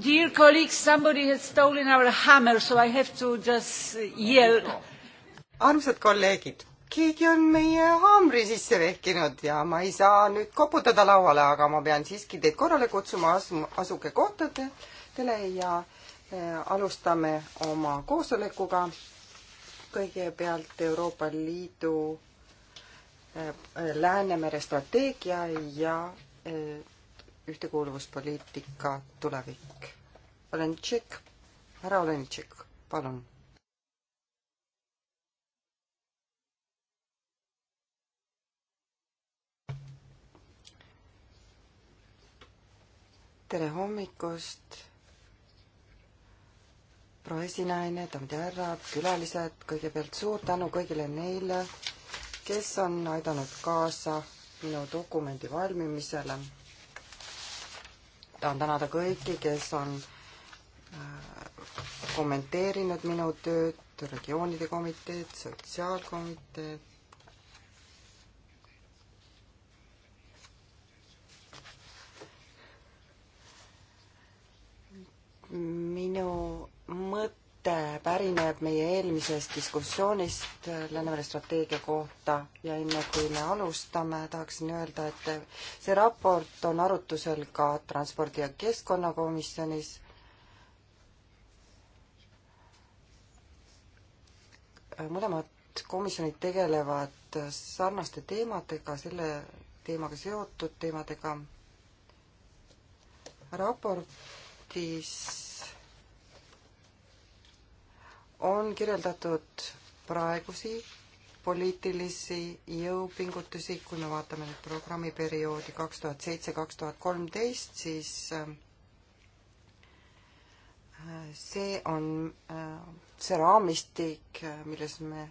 Dear colleagues, somebody has stolen our hammer, so I have to just yell. armsad kolleegid, keegi on meie haamri sisse vehkinud ja ma ei saa nüüd koputada lauale, aga ma pean siiski teid korrale kutsuma, asuge kohtadele ja eh, alustame oma koosolekuga. kõigepealt Euroopa Liidu eh, Läänemere strateegia ja eh, ühtekuuluvuspoliitika tulevik. Olenitšik, härra Olenitšik, palun. tere hommikust, proua esinaine, daamid ja härrad, külalised, kõigepealt suur tänu kõigile neile, kes on aidanud kaasa minu dokumendi valmimisele tahan tänada kõiki, kes on äh, kommenteerinud minu tööd, regioonide komiteed, sotsiaalkomiteed. minu mõte mõte äh, pärineb meie eelmisest diskussioonist äh, Läänemere strateegia kohta ja enne kui me alustame, tahaksin öelda, et äh, see raport on arutusel ka Transpordi- ja Keskkonnakomisjonis. mõlemad komisjonid tegelevad sarnaste teemadega, selle teemaga seotud teemadega. raportis on kirjeldatud praegusi poliitilisi jõupingutusi, kui me vaatame nüüd programmiperioodi kaks tuhat seitse, kaks tuhat kolmteist, siis äh, see on äh, see raamistik, äh, milles me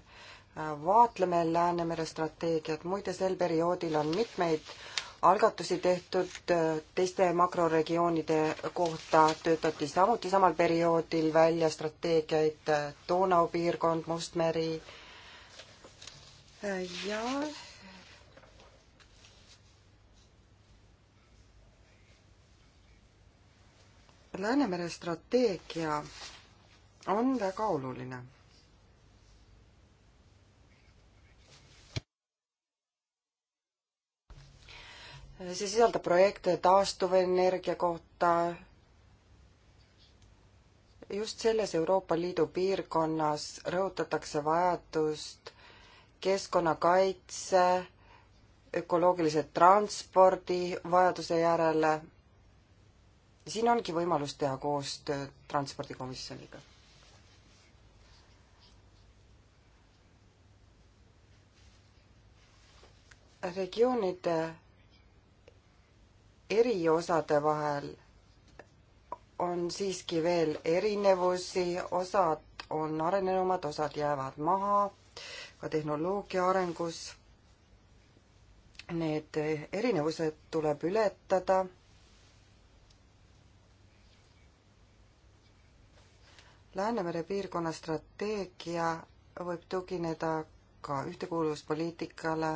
vaatleme Läänemere strateegiat, muide sel perioodil on mitmeid algatusi tehtud äh, teiste makroregioonide kohta, töötati samuti samal perioodil välja strateegiaid äh, Donau piirkond, Mustmeri äh, ja Läänemere strateegia on väga oluline see sisaldab projekte taastuvenergia kohta, just selles Euroopa Liidu piirkonnas rõhutatakse vajadust keskkonnakaitse, ökoloogilise transpordi vajaduse järele. siin ongi võimalus teha koostööd Transpordikomisjoniga. regioonide eri osade vahel on siiski veel erinevusi, osad on arenenumad, osad jäävad maha, ka tehnoloogia arengus. Need erinevused tuleb ületada. Läänemere piirkonna strateegia võib tugineda ka ühtekuuluvuspoliitikale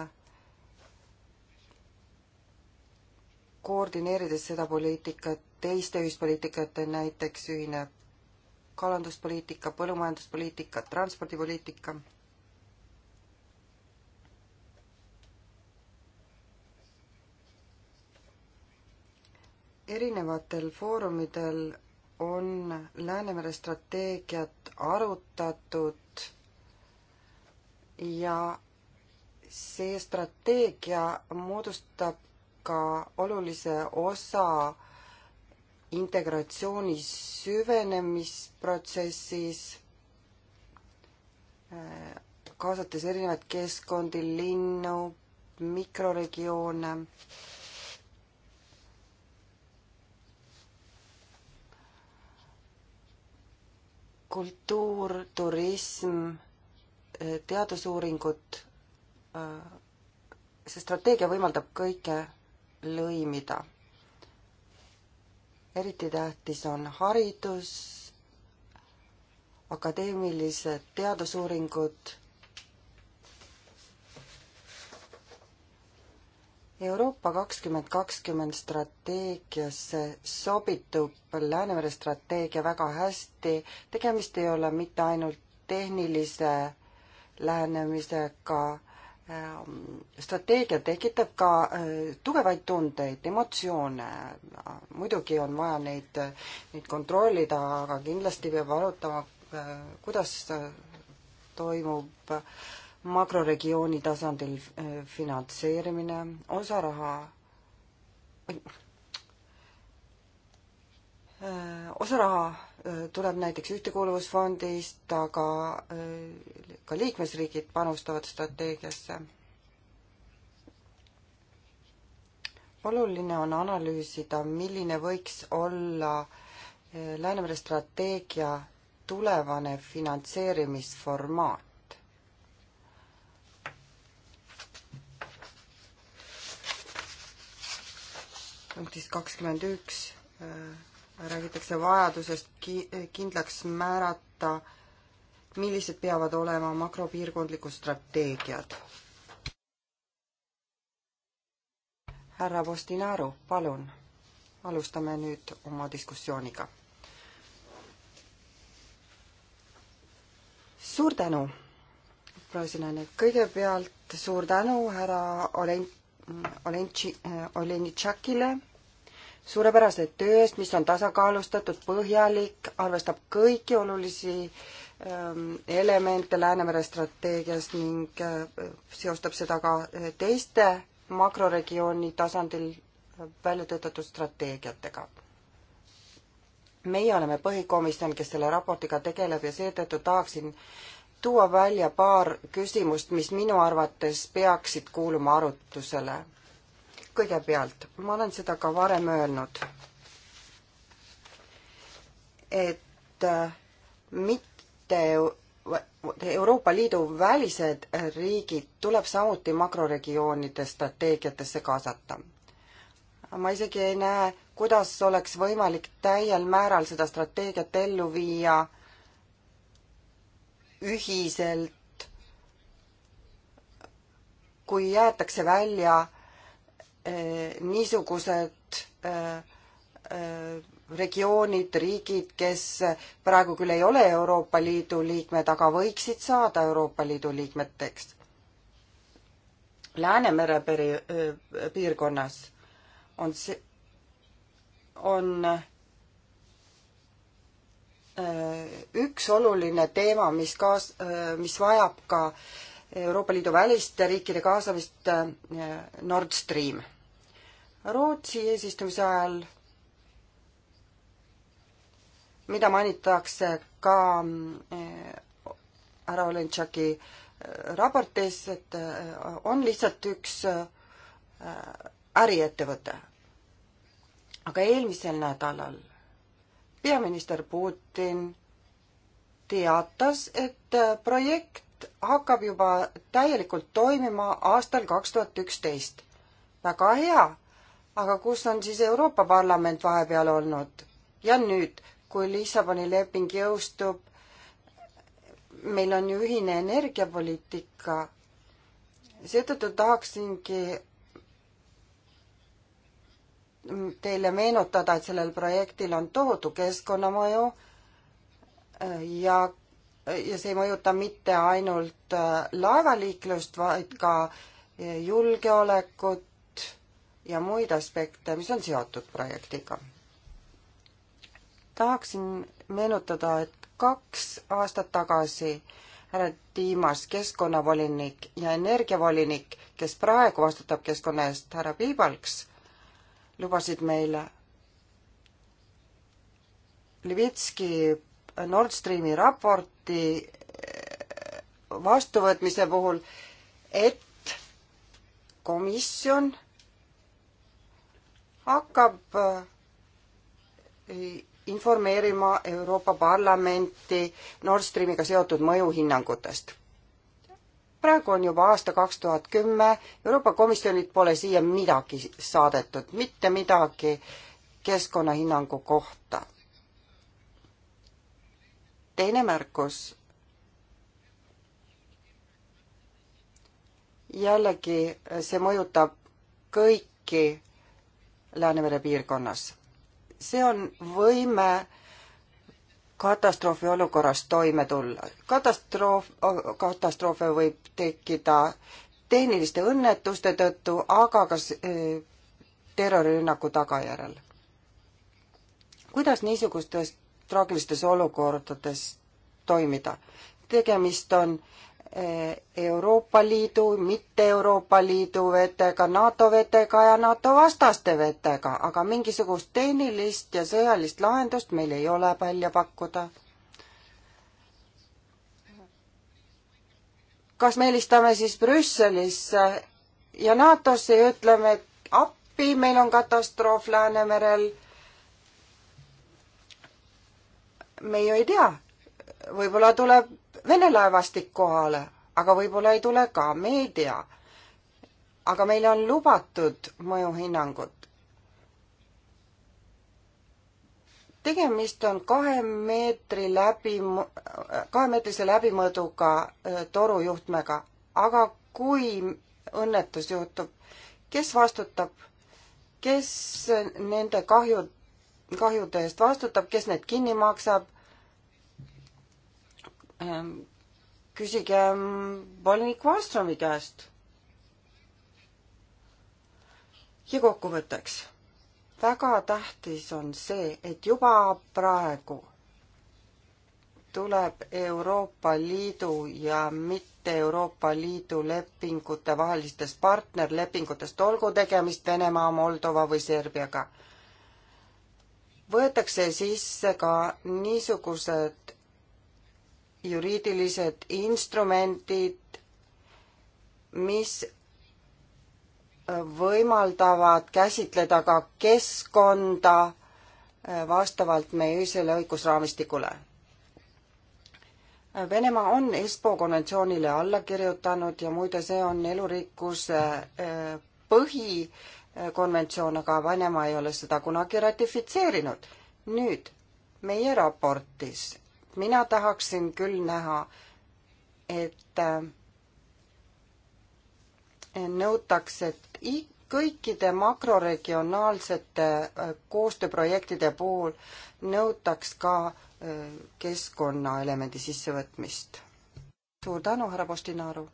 koordineerides seda poliitikat teiste ühispoliitikate, näiteks ühine kalanduspoliitika, põllumajanduspoliitika, transpordipoliitika. erinevatel foorumidel on Läänemere strateegiat arutatud ja see strateegia moodustab ka olulise osa integratsiooni süvenemisprotsessis, äh, kaasates erinevaid keskkondi, linnu, mikroregioone. kultuur, turism, äh, teadusuuringud, äh, see strateegia võimaldab kõike lõimida. eriti tähtis on haridus, akadeemilised teadusuuringud. Euroopa kakskümmend kakskümmend strateegiasse sobitub Läänemere strateegia väga hästi, tegemist ei ole mitte ainult tehnilise lähenemisega, Ehm, strateegia tekitab ka eh, tugevaid tundeid, emotsioone. muidugi on vaja neid, neid kontrollida, aga kindlasti peab arutama, eh, kuidas eh, toimub makroregiooni tasandil finantseerimine, osa raha, Äh, osa raha äh, tuleb näiteks Ühtekuuluvusfondist, aga äh, ka liikmesriigid panustavad strateegiasse. oluline on analüüsida, milline võiks olla Läänemere strateegia tulevane finantseerimisformaat. punktis kakskümmend üks räägitakse vajadusest ki-, kindlaks määrata, millised peavad olema makropiirkondlikud strateegiad. härra Postinaru, palun, alustame nüüd oma diskussiooniga. suur tänu, Prosinane, kõigepealt suur tänu härra Olen-, Olenitši-, Olenitšakile suurepärase töö eest, mis on tasakaalustatud, põhjalik, arvestab kõiki olulisi ähm, elemente Läänemere strateegias ning äh, seostab seda ka äh, teiste makroregiooni tasandil äh, välja töötatud strateegiatega. meie oleme põhikomisjon, kes selle raportiga tegeleb ja seetõttu tahaksin tuua välja paar küsimust, mis minu arvates peaksid kuuluma arutusele kõigepealt, ma olen seda ka varem öelnud, et äh, mitte Euroopa Liidu välised riigid tuleb samuti makroregioonide strateegiatesse kaasata. ma isegi ei näe, kuidas oleks võimalik täiel määral seda strateegiat ellu viia ühiselt, kui jäetakse välja äh, Eh, niisugused eh, eh, regioonid, riigid, kes praegu küll ei ole Euroopa Liidu liikmed, aga võiksid saada Euroopa Liidu liikmeteks. Läänemere peri-, piirkonnas on see, on üks oluline teema, mis kaas-, mis vajab ka Euroopa Liidu väliste riikide kaasamist, Nord Stream Rootsi eesistumise ajal, mida mainitakse ka eh, härra Olentšaki eh, raportis, et eh, on lihtsalt üks äriettevõte. aga eelmisel nädalal peaminister Putin teatas, et projekt hakkab juba täielikult toimima aastal kaks tuhat üksteist. väga hea, aga kus on siis Euroopa Parlament vahepeal olnud? ja nüüd, kui Lissaboni leping jõustub, meil on ju ühine energiapoliitika, seetõttu tahaksingi teile meenutada, et sellel projektil on tohutu keskkonnamõju ja, ja see ei mõjuta mitte ainult laevaliiklust, vaid ka julgeolekut, ja muid aspekte, mis on seotud projektiga. tahaksin meenutada, et kaks aastat tagasi härra Tiimas, keskkonnavolinik ja energiavolinik, kes praegu vastutab keskkonna eest, härra Piibalks, lubasid meile Levitski Nord Streami raporti eh, vastuvõtmise puhul, et komisjon hakkab äh, informeerima Euroopa Parlamenti Nord Streamiga seotud mõjuhinnangutest. praegu on juba aasta kaks tuhat kümme, Euroopa Komisjonilt pole siia midagi saadetud, mitte midagi keskkonnahinnangu kohta. teine märkus. jällegi, see mõjutab kõiki Läänemere piirkonnas. see on võime katastroofi olukorras toime tulla. katastroof, katastroofe võib tekkida tehniliste õnnetuste tõttu, aga ka e, terrorirünnaku tagajärjel. kuidas niisugustes traagilistes olukordades toimida? tegemist on Euroopa Liidu, mitte Euroopa Liidu vetega, NATO vetega ja NATO vastaste vetega, aga mingisugust tehnilist ja sõjalist lahendust meil ei ole välja pakkuda. kas me helistame siis Brüsselisse ja NATO-sse ja ütleme, et appi, meil on katastroof Läänemerel. me ju ei tea, võib-olla tuleb Vene laevastik kohale, aga võib-olla ei tule ka, me ei tea. aga meile on lubatud mõjuhinnangud. tegemist on kahe meetri läbi, kahemeetrise läbimõõduga torujuhtmega, aga kui õnnetus juhtub, kes vastutab, kes nende kahju, kahjude eest vastutab, kes need kinni maksab Ähm, küsige ähm, volinik Valstromi käest. ja kokkuvõtteks, väga tähtis on see, et juba praegu tuleb Euroopa Liidu ja mitte Euroopa Liidu lepingute vahelistest partnerlepingutest, olgu tegemist Venemaa, Moldova või Serbiaga, võetakse sisse ka niisugused juriidilised instrumendid, mis äh, võimaldavad käsitleda ka keskkonda äh, vastavalt meie ühisele õigusraamistikule. Äh, Venemaa on Espoo konventsioonile alla kirjutanud ja muide, see on elurikkuse põhikonventsioon, aga Venemaa ei ole seda kunagi ratifitseerinud. nüüd meie raportis mina tahaksin küll näha, et äh, nõutakse, et kõikide makroregionaalsete äh, koostööprojektide puhul nõutaks ka äh, keskkonnaelemendi sissevõtmist. suur tänu, härra Postinaru.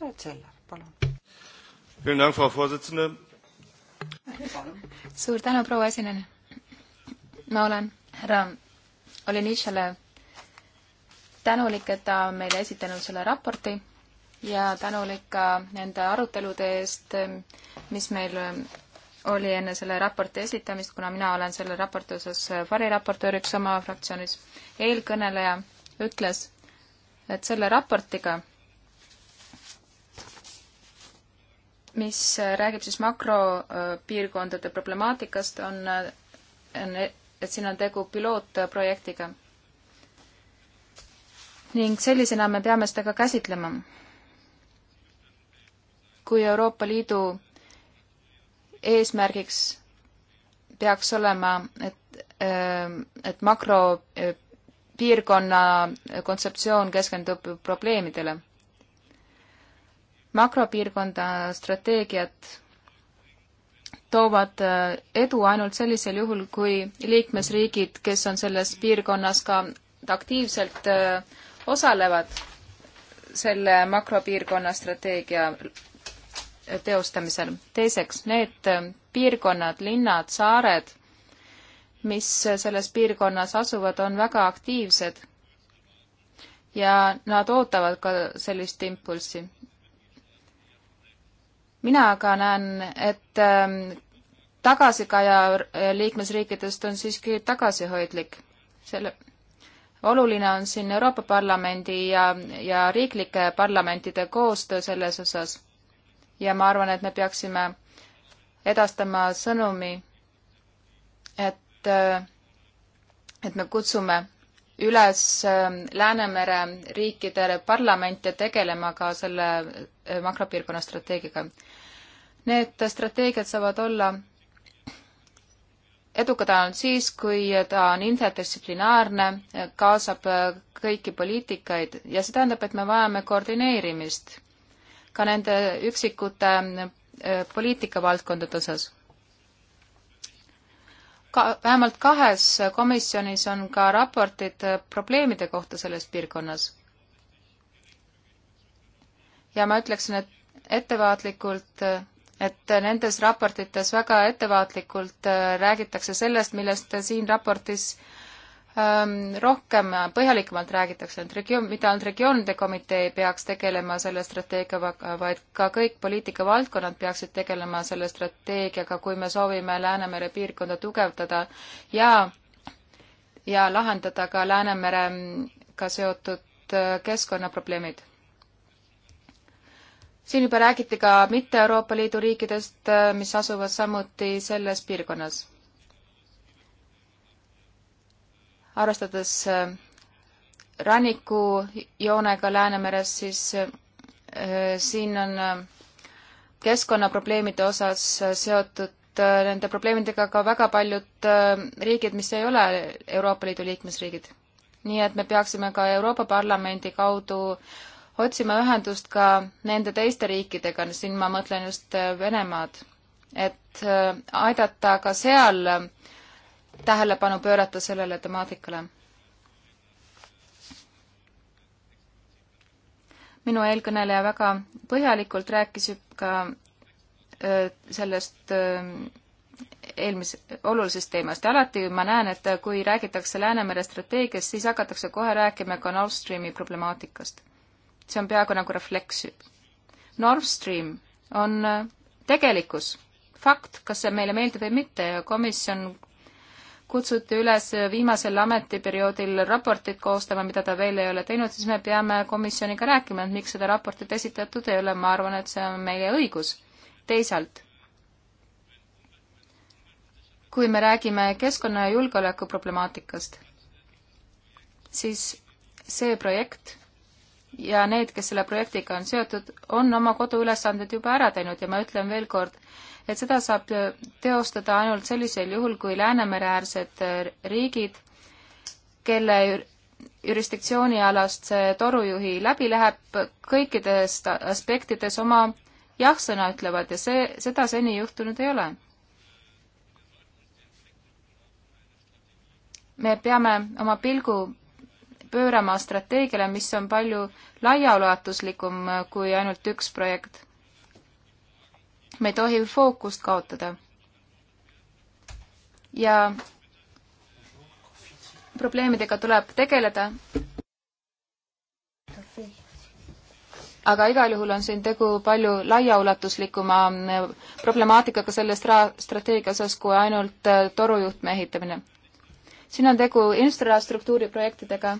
Märt Seller, palun. suur tänu, proua esineja. ma olen härra olin Iisale tänulik, et ta on meile esitanud selle raporti ja tänulik ka nende arutelude eest, mis meil oli enne selle raporti esitamist, kuna mina olen selle raporti osas variraportööriks oma fraktsioonis. eelkõneleja ütles, et selle raportiga, mis räägib siis makropiirkondade problemaatikast, on, on et siin on tegu pilootprojektiga. ning sellisena me peame seda ka käsitlema. kui Euroopa Liidu eesmärgiks peaks olema, et, ähm, et makropiirkonna kontseptsioon keskendub probleemidele. makropiirkonda strateegiat toovad äh, edu ainult sellisel juhul, kui liikmesriigid, kes on selles piirkonnas ka aktiivselt äh, osalevad selle makropiirkonna strateegia teostamisel. teiseks, need äh, piirkonnad, linnad, saared, mis selles piirkonnas asuvad, on väga aktiivsed ja nad ootavad ka sellist impulssi mina aga näen, et ähm, tagasikaja liikmesriikidest on siiski tagasihoidlik. selle, oluline on siin Euroopa Parlamendi ja, ja riiklike parlamentide koostöö selles osas. ja ma arvan, et me peaksime edastama sõnumi, et, äh, et me kutsume üles äh, Läänemere riikide parlamente tegelema ka selle äh, makropiirkonna strateegiaga. Need strateegiad saavad olla edukad ainult siis, kui ta on interdistsiplinaarne, kaasab kõiki poliitikaid ja see tähendab, et me vajame koordineerimist ka nende üksikute e, poliitikavaldkondade osas. ka, vähemalt kahes komisjonis on ka raportid probleemide kohta selles piirkonnas. ja ma ütleksin, et ettevaatlikult et nendes raportites väga ettevaatlikult äh, räägitakse sellest, millest siin raportis ähm, rohkem, põhjalikumalt räägitakse, et regioon, mitte ainult regioonide komitee ei peaks tegelema selle strateegiaga, vaid ka kõik poliitikavaldkonnad peaksid tegelema selle strateegiaga, kui me soovime Läänemere piirkonda tugevdada ja, ja lahendada ka Läänemerega seotud äh, keskkonnaprobleemid siin juba räägiti ka mitte Euroopa Liidu riikidest, äh, mis asuvad samuti selles piirkonnas. arvestades äh, rannikujoonega Läänemeres, siis äh, siin on keskkonnaprobleemide osas seotud nende probleemidega ka väga paljud riigid, mis ei ole Euroopa Liidu liikmesriigid. nii et me peaksime ka Euroopa Parlamendi kaudu otsima ühendust ka nende teiste riikidega, siin ma mõtlen just äh, Venemaad, et äh, aidata ka seal äh, tähelepanu pöörata sellele temaatikale. minu eelkõneleja väga põhjalikult rääkis ka sellest eelmis-, olulisest teemast ja alati ma näen, et kui räägitakse Läänemere strateegiast, siis hakatakse kohe rääkima ka Nord Streami problemaatikast see on peaaegu nagu refleks. Nord Stream on äh, tegelikkus, fakt, kas see meile meeldib või mitte ja komisjon kutsuti üles viimasel ametiperioodil raportit koostama, mida ta veel ei ole teinud, siis me peame komisjoniga rääkima, et miks seda raportit esitatud ei ole, ma arvan, et see on meie õigus. teisalt, kui me räägime keskkonna ja julgeoleku problemaatikast, siis see projekt ja need, kes selle projektiga on seotud, on oma koduülesanded juba ära teinud ja ma ütlen veel kord, et seda saab teostada ainult sellisel juhul, kui Läänemere-äärsed riigid, kelle jurisdiktsioonialast see torujuhi läbi läheb, kõikidest aspektides oma jah-sõna ütlevad ja see, seda seni juhtunud ei ole. me peame oma pilgu pöörama strateegiale, mis on palju laiaulatuslikum äh, kui ainult üks projekt. me ei tohi fookust kaotada. ja probleemidega tuleb tegeleda. aga igal juhul on siin tegu palju laiaulatuslikuma äh, problemaatikaga selle stra-, strateegia osas kui ainult äh, torujuhtme ehitamine siin on tegu infrastruktuuri projektidega,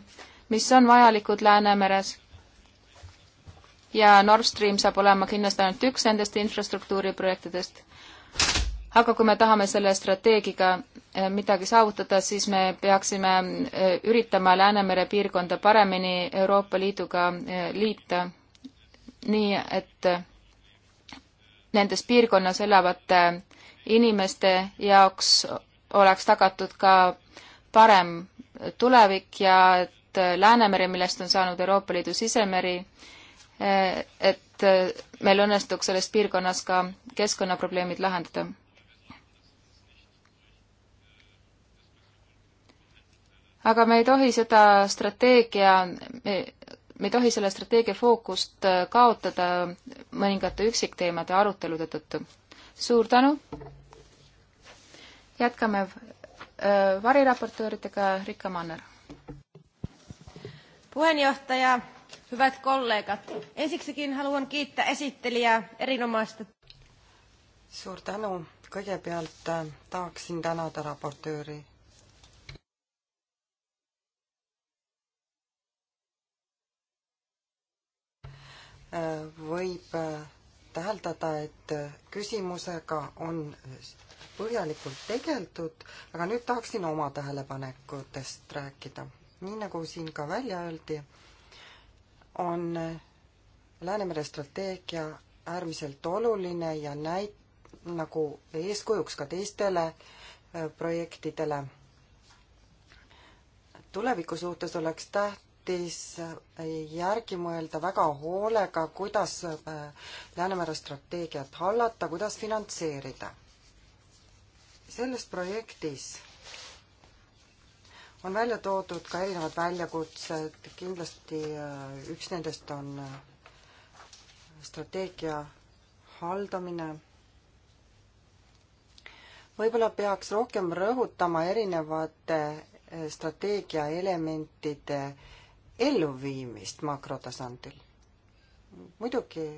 mis on vajalikud Läänemeres. ja Nord Stream saab olema kindlasti ainult üks nendest infrastruktuuri projektidest. aga kui me tahame selle strateegiga eh, midagi saavutada, siis me peaksime eh, üritama Läänemere piirkonda paremini Euroopa Liiduga eh, liita, nii et nendes piirkonnas elavate inimeste jaoks oleks tagatud ka parem tulevik ja et Läänemeri, millest on saanud Euroopa Liidu sisemeri, et meil õnnestuks selles piirkonnas ka keskkonnaprobleemid lahendada. aga me ei tohi seda strateegia, me ei tohi selle strateegia fookust kaotada mõningate üksikteemade arutelude tõttu. suur tänu! jätkame Äh, variraportööridega Rika Manner. puheenjohtaja, hyvät kollegat, ensiksikin haluan kiittää esittelijää erinomaista. suur tänu, kõigepealt äh, tahaksin tänada raportööri äh, võib täheldada, et küsimusega on põhjalikult tegeldud, aga nüüd tahaksin oma tähelepanekutest rääkida. nii nagu siin ka välja öeldi, on Läänemere strateegia äärmiselt oluline ja näit-, nagu eeskujuks ka teistele äh, projektidele. tuleviku suhtes oleks tähtis äh, järgi mõelda väga hoolega, kuidas äh, Läänemere strateegiat hallata, kuidas finantseerida selles projektis on välja toodud ka erinevad väljakutsed, kindlasti äh, üks nendest on äh, strateegia haldamine. võib-olla peaks rohkem rõhutama erinevate äh, strateegia elementide elluviimist makrotasandil. muidugi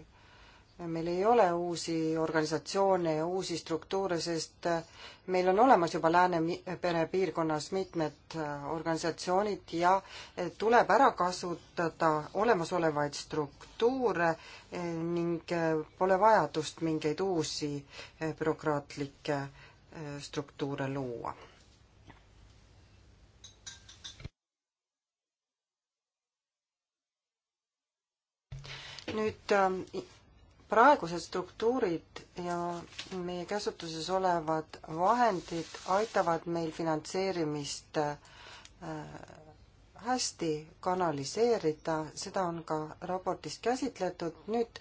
meil ei ole uusi organisatsioone ja uusi struktuure, sest äh, meil on olemas juba Läänemere piirkonnas mitmed äh, organisatsioonid ja äh, tuleb ära kasutada olemasolevaid struktuure ning pole vajadust mingeid uusi bürokraatlikke struktuure luua nüüd ähm, praegused struktuurid ja meie käsutuses olevad vahendid aitavad meil finantseerimist äh, hästi kanaliseerida, seda on ka raportis käsitletud, nüüd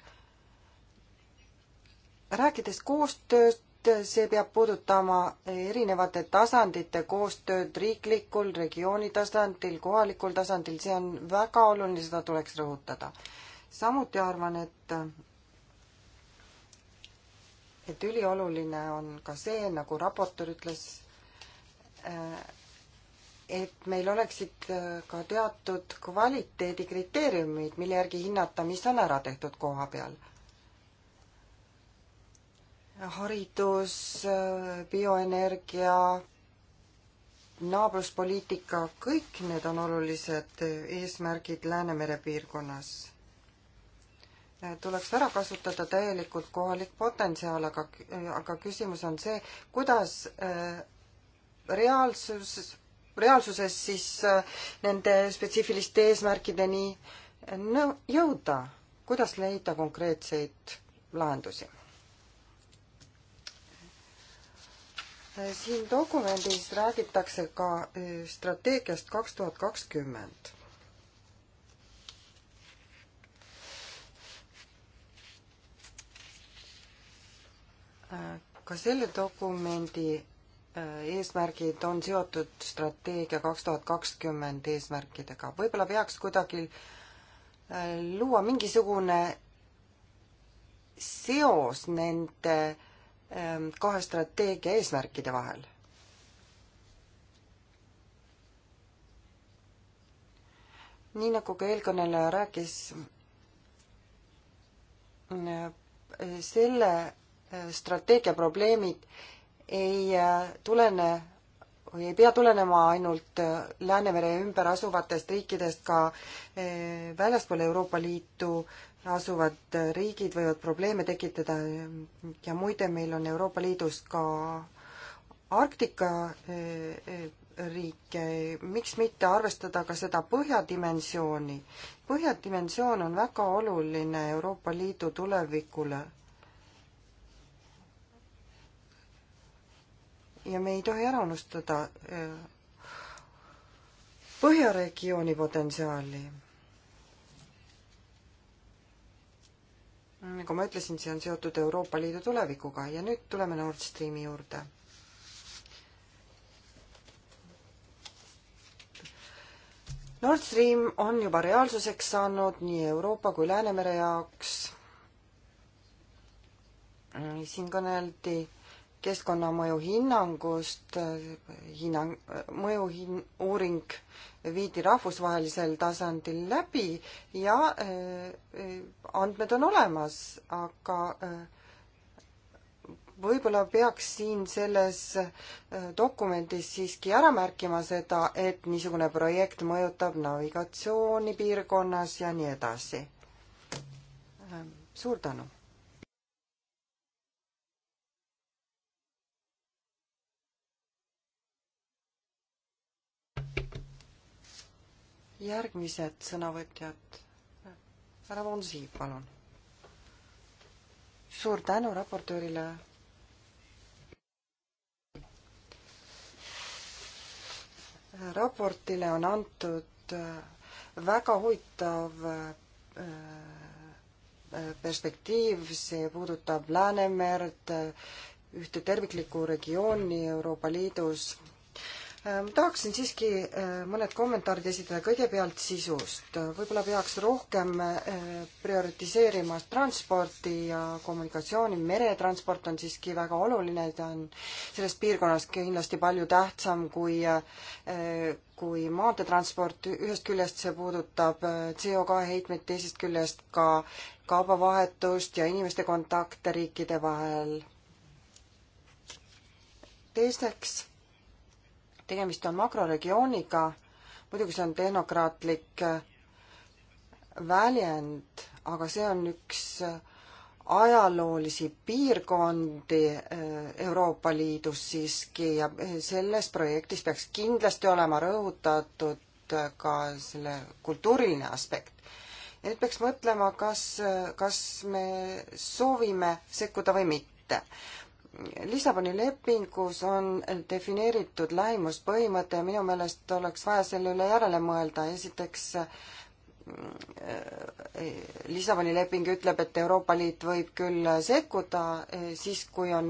rääkides koostööst, see peab puudutama erinevate tasandite koostööd riiklikul, regiooni tasandil, kohalikul tasandil, see on väga oluline, seda tuleks rõhutada. samuti arvan, et et ülioluline on ka see, nagu raportöör ütles, äh, et meil oleksid äh, ka teatud kvaliteedikriteeriumid, mille järgi hinnata, mis on ära tehtud koha peal. haridus, äh, bioenergia, naabruspoliitika, kõik need on olulised eesmärgid Läänemere piirkonnas tuleks ära kasutada täielikult kohalik potentsiaal, aga, aga küsimus on see, kuidas äh, reaalsus, reaalsuses siis äh, nende spetsiifiliste eesmärkideni äh, jõuda, kuidas leida konkreetseid lahendusi? siin dokumendis räägitakse ka strateegiast kaks tuhat kakskümmend Äh, ka selle dokumendi äh, eesmärgid on seotud strateegia kaks tuhat kakskümmend eesmärkidega. võib-olla peaks kuidagi äh, luua mingisugune seos nende ähm, kahe strateegia eesmärkide vahel? nii nagu ka eelkõneleja rääkis, selle strateegia probleemid ei äh, tulene või ei pea tulenema ainult äh, Läänemere ümber asuvatest riikidest, ka äh, väljaspool Euroopa Liitu asuvad riigid võivad probleeme tekitada ja muide, meil on Euroopa Liidus ka Arktika riike, miks mitte arvestada ka seda põhjadimensiooni. põhjadimensioon on väga oluline Euroopa Liidu tulevikule ja me ei tohi ära unustada äh, põhjaregiooni potentsiaali. nagu ma ütlesin, see on seotud Euroopa Liidu tulevikuga ja nüüd tuleme Nord Streami juurde. Nord Stream on juba reaalsuseks saanud nii Euroopa kui Läänemere jaoks. siin kõneldi keskkonnamõju hinnangust, hinnang, mõjuhin-, uuring viidi rahvusvahelisel tasandil läbi ja eh, andmed on olemas, aga eh, võib-olla peaks siin selles dokumendis siiski ära märkima seda, et niisugune projekt mõjutab navigatsiooni piirkonnas ja nii edasi. suur tänu! järgmised sõnavõtjad. härra Vonsi, palun. suur tänu raportöörile. raportile on antud äh, väga huvitav äh, äh, perspektiiv, see puudutab Läänemerd, ühte terviklikku regiooni Euroopa Liidus Ehm, tahaksin siiski ehm, mõned kommentaarid esitada, kõigepealt sisust. võib-olla peaks rohkem ehm, prioritiseerima transporti ja kommunikatsiooni, meretransport on siiski väga oluline, ta on selles piirkonnas kindlasti palju tähtsam kui kui maanteetransport, ühest küljest see puudutab CO2 heitmeid, teisest küljest ka kaubavahetust ja inimeste kontakte riikide vahel. teiseks tegemist on makroregiooniga, muidugi see on tehnokraatlik äh, väljend, aga see on üks äh, ajaloolisi piirkondi äh, Euroopa Liidus siiski ja selles projektis peaks kindlasti olema rõhutatud ka selle kultuuriline aspekt. ja nüüd peaks mõtlema, kas, kas me soovime sekkuda või mitte. Lissaboni lepingus on defineeritud lähimuspõhimõte ja minu meelest oleks vaja selle üle järele mõelda. esiteks äh, äh, Lissaboni leping ütleb, et Euroopa Liit võib küll sekkuda äh, siis, kui on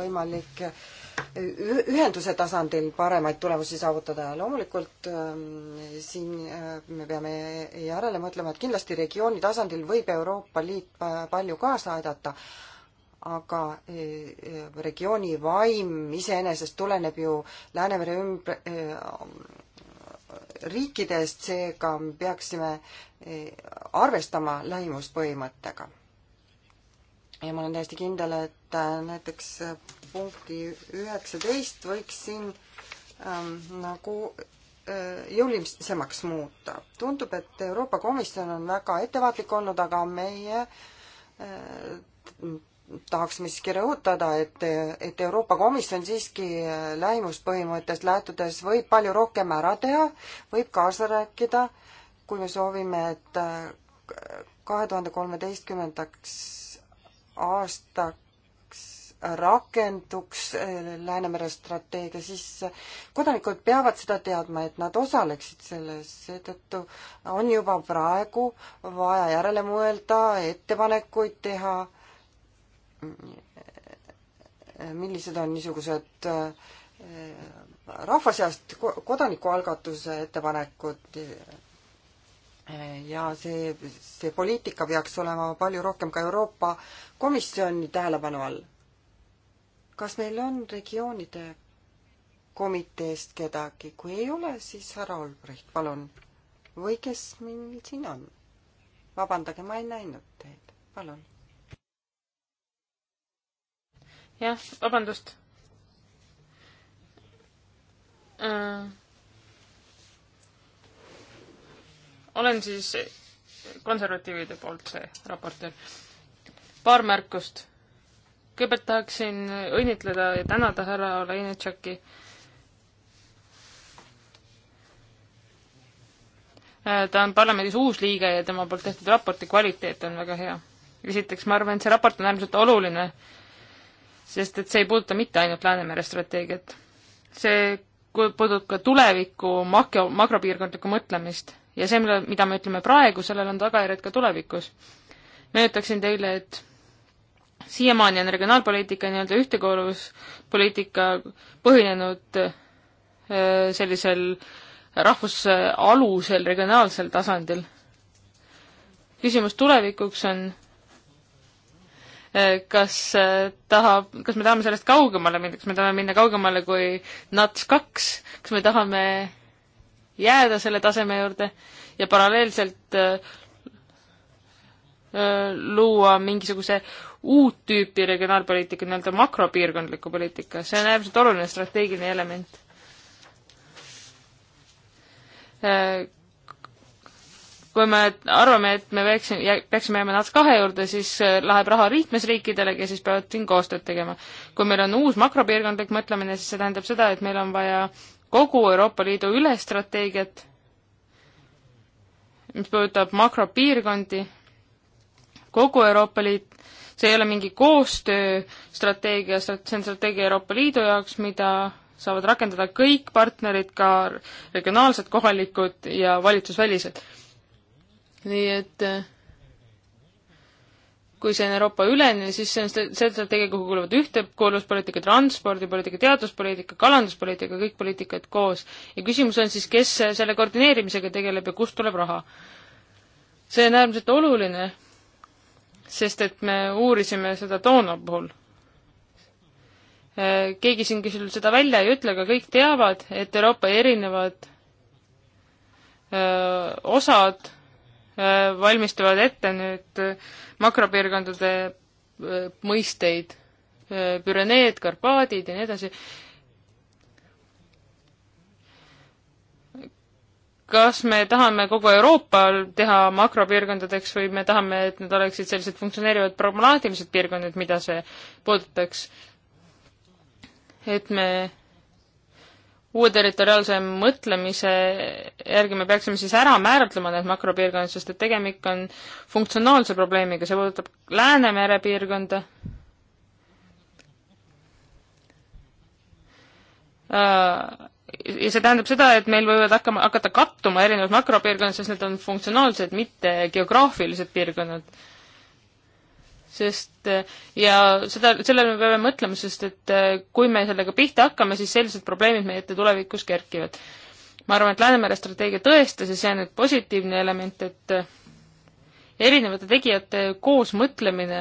võimalik ühenduse tasandil paremaid tulemusi saavutada ja loomulikult siin me peame järele mõtlema, et kindlasti regiooni tasandil võib Euroopa Liit palju kaasa aidata, aga e, e, regiooni vaim iseenesest tuleneb ju Läänemere ümber riikidest, seega me peaksime e, arvestama lähimuspõhimõttega. ja ma olen täiesti kindel, et äh, näiteks äh, punkti üheksateist võiks siin ähm, nagu äh, jõulisemaks muuta. tundub, et Euroopa Komisjon on väga ettevaatlik olnud, aga meie äh, tahaksime siiski rõhutada, et, et Euroopa Komisjon siiski lähimuspõhimõttest lähtudes võib palju rohkem ära teha, võib kaasa rääkida, kui me soovime, et kahe tuhande kolmeteistkümnendaks aastaks rakenduks Läänemere strateegia, siis kodanikud peavad seda teadma, et nad osaleksid selles, seetõttu on juba praegu vaja järele mõelda, ettepanekuid teha millised on niisugused äh, rahva seast kodanikualgatuse ettepanekud ja see, see poliitika peaks olema palju rohkem ka Euroopa Komisjoni tähelepanu all. kas meil on regioonide komiteest kedagi, kui ei ole, siis härra Olbrecht, palun. või kes meil siin on? vabandage, ma ei näinud teid, palun jah, vabandust. Äh, olen siis konservatiivide poolt see raportöör. paar märkust. kõigepealt tahaksin õnnitleda ja tänada härra Olenitšaki äh, ta on parlamendis uus liige ja tema poolt tehtud raporti kvaliteet on väga hea. esiteks, ma arvan, et see raport on äärmiselt oluline sest et see ei puuduta mitte ainult Läänemere strateegiat. see puudutab ka tulevikku, makro, makropiirkondlikku mõtlemist ja see, mille, mida me ütleme praegu, sellel on tagajärjed ka tulevikus. meenutaksin teile, et siiamaani on regionaalpoliitika nii-öelda ühtekuuluvuspoliitika põhinenud äh, sellisel rahvusalusel regionaalsel tasandil. küsimus tulevikuks on, Eh, kas eh, tahab, kas me tahame sellest kaugemale minna, kas me tahame minna kaugemale kui NATS kaks, kas me tahame jääda selle taseme juurde ja paralleelselt eh, luua mingisuguse uut tüüpi regionaalpoliitika, nii-öelda makropiirkondlikku poliitika, see on äärmiselt oluline strateegiline element kui me arvame, et me peaksime, peaksime jääma NATS kahe juurde, siis äh, läheb raha liikmesriikidele, kes siis peavad siin koostööd tegema. kui meil on uus makropiirkondlik mõtlemine, siis see tähendab seda, et meil on vaja kogu Euroopa Liidu üle strateegiat, mis puudutab makropiirkondi, kogu Euroopa Liit, see ei ole mingi koostööstrateegia, see on strateegia Euroopa Liidu jaoks, mida saavad rakendada kõik partnerid, ka regionaalsed, kohalikud ja valitsusvälised nii et äh, kui see on Euroopa ülene, siis see on strateegia, kuhu kuuluvad ühtekuuluvuspoliitika, transpordipoliitika, teaduspoliitika, kalanduspoliitika, kõik poliitikad koos. ja küsimus on siis, kes selle koordineerimisega tegeleb ja kust tuleb raha. see on äärmiselt oluline, sest et me uurisime seda toona puhul. Äh, keegi siin küll seda välja ei ütle, aga kõik teavad, et Euroopa erinevad öö, äh, osad Äh, valmistavad ette nüüd äh, makropiirkondade äh, mõisteid, Püreneed, Karpaadid ja nii edasi. kas me tahame kogu Euroopal teha makropiirkondadeks või me tahame, et need oleksid sellised funktsioneerivad problemaatilised piirkonnad, mida see puudutaks? et me uue territoriaalse mõtlemise järgi me peaksime siis ära määratlema need makropiirkonnad, sest et tegemik on funktsionaalse probleemiga, see puudutab Läänemere piirkonda. Äh, ja see tähendab seda, et meil võivad hakkama, hakata kattuma erinevad makropiirkonnad, sest need on funktsionaalsed, mitte geograafilised piirkonnad sest eh, ja seda, sellele me peame mõtlema, sest et eh, kui me sellega pihta hakkame, siis sellised probleemid meie ette tulevikus kerkivad. ma arvan, et Läänemere strateegia tõestas ja see on nüüd positiivne element, et eh, erinevate tegijate koosmõtlemine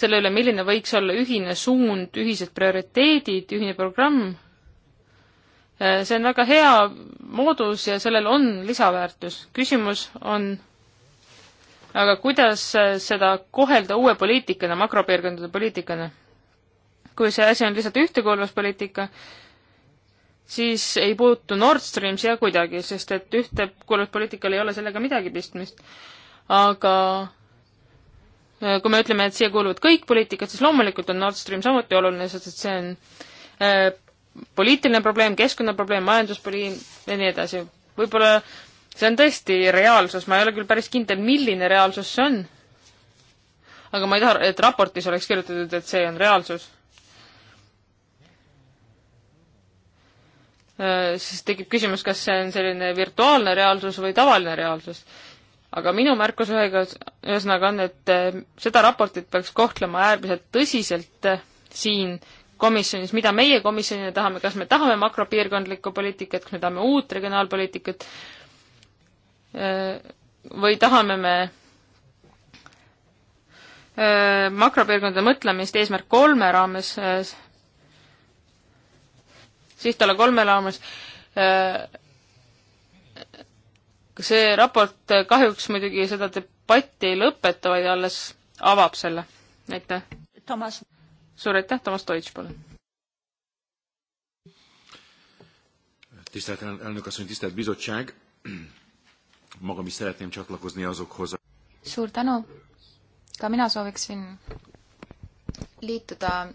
selle üle, milline võiks olla ühine suund, ühised prioriteedid, ühine programm, see on väga hea moodus ja sellel on lisaväärtus. küsimus on aga kuidas äh, seda kohelda uue poliitikana, makropiirkondade poliitikana? kui see asi on lihtsalt ühtekuuluvuspoliitika, siis ei puutu Nord Stream siia kuidagi, sest et ühtekuuluvuspoliitikal ei ole sellega midagi pistmist. aga äh, kui me ütleme, et siia kuuluvad kõik poliitikad, siis loomulikult on Nord Stream samuti oluline, sest et see on äh, poliitiline probleem, keskkonnaprobleem, majanduspoliim ja nii edasi. võib-olla see on tõesti reaalsus, ma ei ole küll päris kindel, milline reaalsus see on. aga ma ei taha, et raportis oleks kirjutatud, et see on reaalsus. Äh, siis tekib küsimus, kas see on selline virtuaalne reaalsus või tavaline reaalsus. aga minu märkus ühega, ühesõnaga on, et äh, seda raportit peaks kohtlema äärmiselt tõsiselt äh, siin komisjonis, mida meie komisjonina tahame, kas me tahame makropiirkondlikku poliitikat, kas me tahame uut regionaalpoliitikat, Äh, või tahame me äh, makropiirkondade mõtlemist eesmärk kolme raames, äh, sihtala kolme raames. see raport kahjuks muidugi seda debatti ei lõpeta, vaid alles avab selle. aitäh. suur aitäh, Toomas Deutsch, palun. tisztelt elnök asszony, tisztelt bizottság! magam is szeretném csatlakozni azokhoz. Suur tänu! Ka mina sooviksin liituda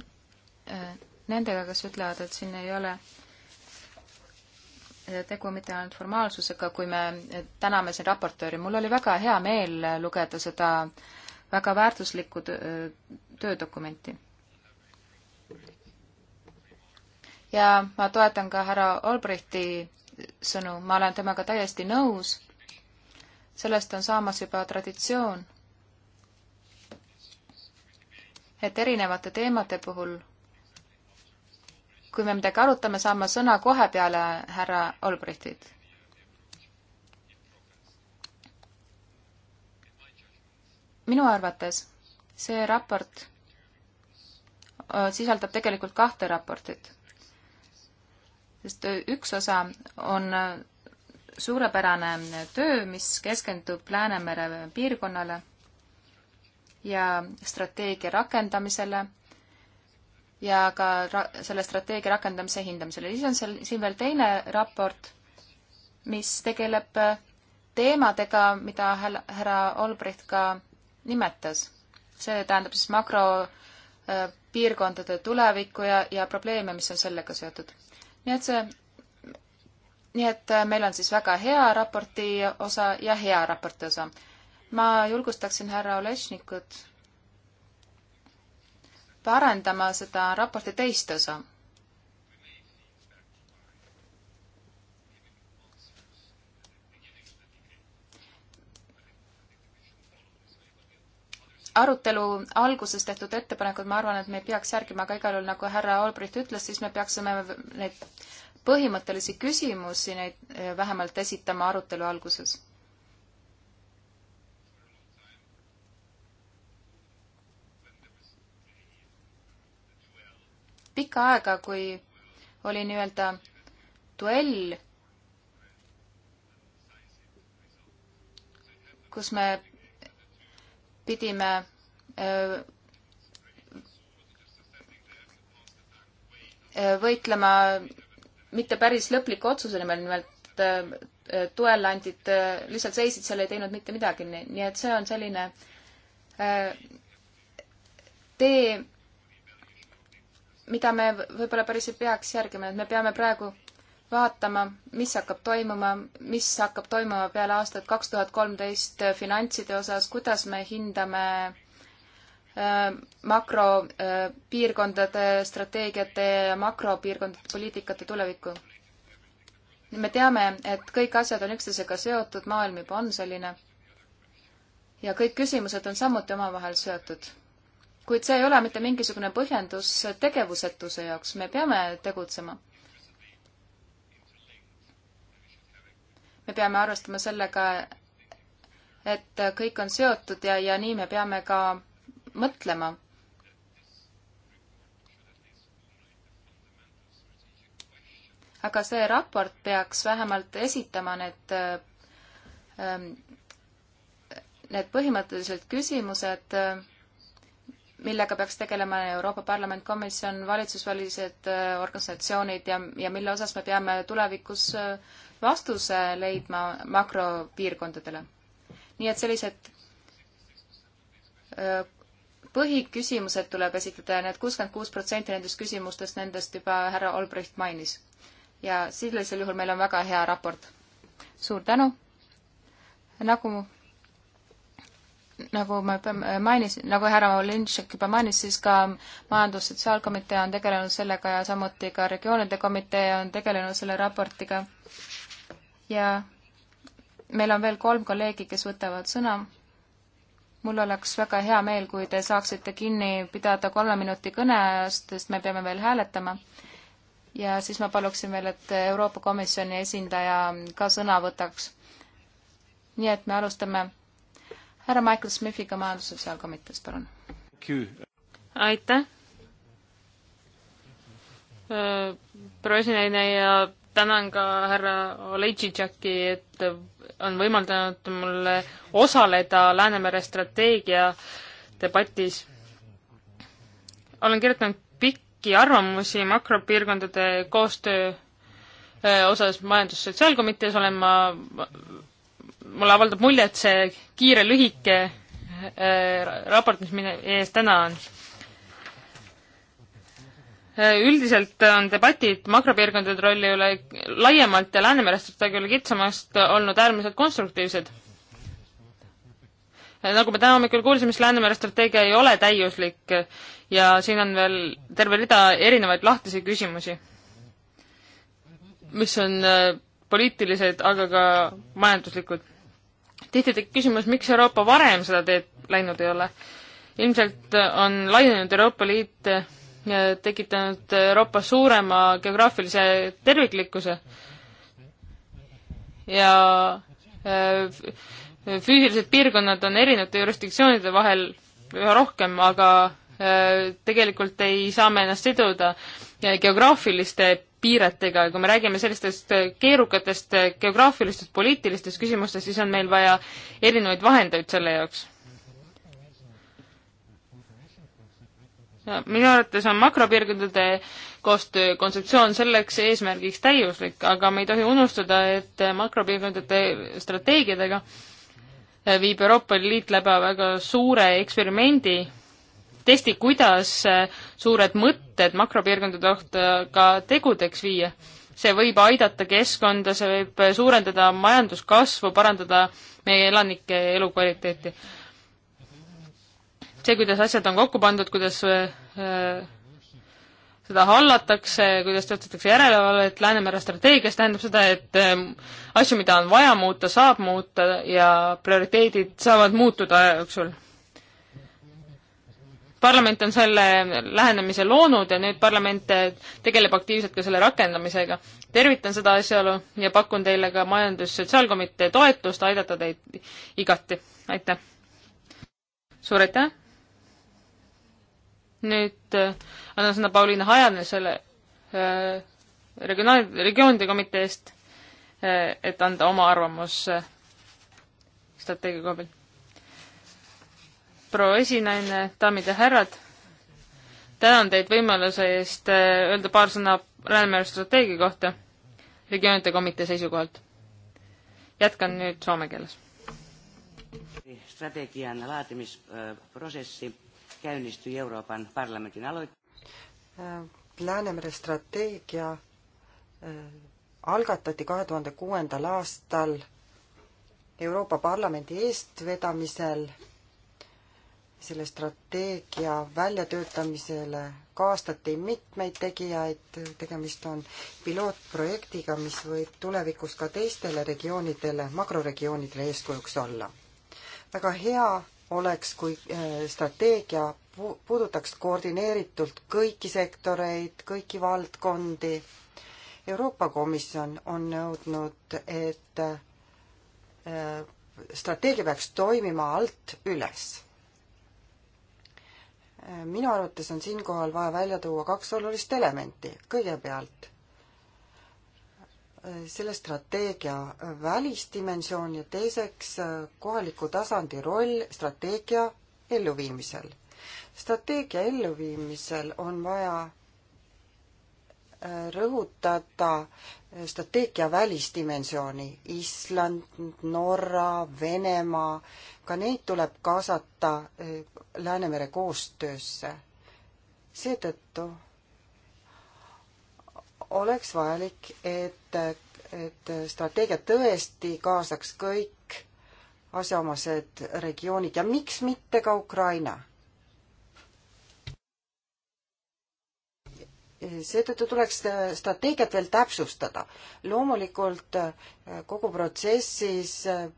nendega, kes ütlevad, et siin ei ole tegu mitte ainult formaalsusega, kui me täname siin raportööri. mul oli väga hea meel lugeda seda väga väärtuslikku töödokumenti. ja ma toetan ka härra Albrechti sõnu, ma olen temaga täiesti nõus sellest on saamas juba traditsioon, et erinevate teemade puhul, kui me midagi arutame, saame sõna kohe peale härra Albrechtit minu arvates see raport äh, sisaldab tegelikult kahte raportit, sest äh, üks osa on äh, suurepärane töö, mis keskendub Läänemere piirkonnale ja strateegia rakendamisele ja ka ra selle strateegia rakendamise hindamisele. siis on seal siin veel teine raport, mis tegeleb teemadega, mida härra Olbricht ka nimetas. see tähendab siis makropiirkondade äh, tulevikku ja, ja probleeme, mis on sellega seotud. nii et see nii et äh, meil on siis väga hea raporti osa ja hea raporti osa. ma julgustaksin härra Olešnikut parandama seda raporti teist osa. arutelu alguses tehtud ettepanekud, ma arvan, et me ei peaks järgima, aga igal juhul nagu härra Albrecht ütles, siis me peaksime need põhimõttelisi küsimusi neid eh, vähemalt esitama arutelu alguses. pikka aega, kui oli nii-öelda duell, kus me pidime öö, eh, võitlema mitte päris lõpliku otsuse nimel, nimelt duellandid äh, äh, lihtsalt seisid seal, ei teinud mitte midagi, nii et see on selline äh, tee, mida me võib-olla päris ei peaks järgima, et me peame praegu vaatama, mis hakkab toimuma, mis hakkab toimuma peale aastat kaks tuhat kolmteist finantside osas, kuidas me hindame Äh, makropiirkondade äh, strateegiate ja makropiirkondade poliitikate tulevikku. me teame, et kõik asjad on üksteisega seotud, maailm juba on selline. ja kõik küsimused on samuti omavahel seotud. kuid see ei ole mitte mingisugune põhjendus tegevusetuse jaoks, me peame tegutsema. me peame arvestama sellega, et kõik on seotud ja, ja nii me peame ka mõtlema aga see raport peaks vähemalt esitama need, ähm, need põhimõttelised küsimused, millega peaks tegelema Euroopa Parlament, komisjon, valitsusvälised äh, organisatsioonid ja, ja mille osas me peame tulevikus äh, vastuse leidma makropiirkondadele. nii et sellised äh, põhiküsimused tuleb esitada ja need kuuskümmend kuus protsenti nendest küsimustest, nendest juba härra Olbricht mainis. ja sellisel juhul meil on väga hea raport. suur tänu! nagu nagu ma juba mainisin, nagu härra Lindšek juba mainis, siis ka Majandus-Sotsiaalkomitee on tegelenud sellega ja samuti ka regioonide komitee on tegelenud selle raportiga. ja meil on veel kolm kolleegi, kes võtavad sõna mul oleks väga hea meel, kui te saaksite kinni pidada kolme minuti kõneajast, sest me peame veel hääletama. ja siis ma paluksin veel, et Euroopa Komisjoni esindaja ka sõna võtaks. nii et me alustame härra Michael Smithiga Majandus- ja Sotsiaalkomiteest, palun. aitäh. Äh, proua esinaine ja tänan ka härra Olejtšitšaki, et on võimaldanud mul osaleda Läänemere strateegia debatis. olen kirjutanud pikki arvamusi makropiirkondade koostöö osas Majandus-Sotsiaalkomitees olen ma, mulle avaldab mulje, et see kiire lühike raport, mis minu ees täna on üldiselt on debatid makropiirkondade rolli üle laiemalt ja Läänemerest küll kitsamast olnud äärmiselt konstruktiivsed. nagu me täna hommikul kuulsime, siis Läänemere strateegia ei ole täiuslik ja siin on veel terve rida erinevaid lahtisi küsimusi, mis on äh, poliitilised, aga ka majanduslikud. tihti tekib küsimus, miks Euroopa varem seda teed läinud ei ole. ilmselt on laienenud Euroopa Liit Äh, tekitanud Euroopas suurema geograafilise terviklikkuse ja äh, füüsilised piirkonnad on erinevate jurisdiktsioonide vahel üha rohkem, aga äh, tegelikult ei saa me ennast siduda geograafiliste piiretega ja kui me räägime sellistest keerukatest geograafilistest poliitilistest küsimustest, siis on meil vaja erinevaid vahendeid selle jaoks. minu arvates on makropiirkondade koostöö kontseptsioon selleks eesmärgiks täiuslik, aga me ei tohi unustada, et makropiirkondade strateegiadega viib Euroopa Liit läbi väga suure eksperimendi, testi, kuidas suured mõtted makropiirkondade kohta ka tegudeks viia. see võib aidata keskkonda, see võib suurendada majanduskasvu, parandada meie elanike elukvaliteeti see, kuidas asjad on kokku pandud, kuidas äh, seda hallatakse, kuidas teostatakse järelevalvet Läänemere strateegias, tähendab seda, et ähm, asju, mida on vaja muuta, saab muuta ja prioriteedid saavad muutuda aja jooksul. parlament on selle lähenemise loonud ja nüüd parlament äh, tegeleb aktiivselt ka selle rakendamisega. tervitan seda asjaolu ja pakun teile ka Majandus-Sotsiaalkomitee toetust aidata teid igati. aitäh! suur aitäh! nüüd äh, annan sõna Pauliina Hajanusele äh, regionaal-, regioonide komiteest, äh, et anda oma arvamus strateegia koha peal. proua esinaine, daamid ja härrad, tänan teid võimaluse eest öelda paar sõna Läänemere strateegia kohta regioonide komitee seisukohalt. jätkan nüüd soome keeles. strategian laatimisprosessi äh, käynnistyi Euroopan parlamentin aloit-. Äh, Läänemere strateegia äh, algatati kahe tuhande kuuendal aastal Euroopa Parlamendi eestvedamisel selle strateegia väljatöötamisele kaastati mitmeid tegijaid, tegemist on pilootprojektiga, mis võib tulevikus ka teistele regioonidele, makroregioonidele eeskujuks olla. väga hea oleks, kui äh, strateegia puudutaks koordineeritult kõiki sektoreid, kõiki valdkondi. Euroopa Komisjon on nõudnud, et äh, strateegia peaks toimima alt üles. Äh, minu arvates on siinkohal vaja välja tuua kaks olulist elementi. kõigepealt selle strateegia välisdimensioon ja teiseks äh, kohaliku tasandi roll strateegia elluviimisel. strateegia elluviimisel on vaja äh, rõhutada äh, strateegia välisdimensiooni. Island, Norra, Venemaa, ka neid tuleb kaasata Läänemere koostöösse. seetõttu oleks vajalik, et, et strateegia tõesti kaasaks kõik asjaomased regioonid ja miks mitte ka Ukraina. seetõttu tuleks strateegiat veel täpsustada. loomulikult eh, kogu protsessis eh,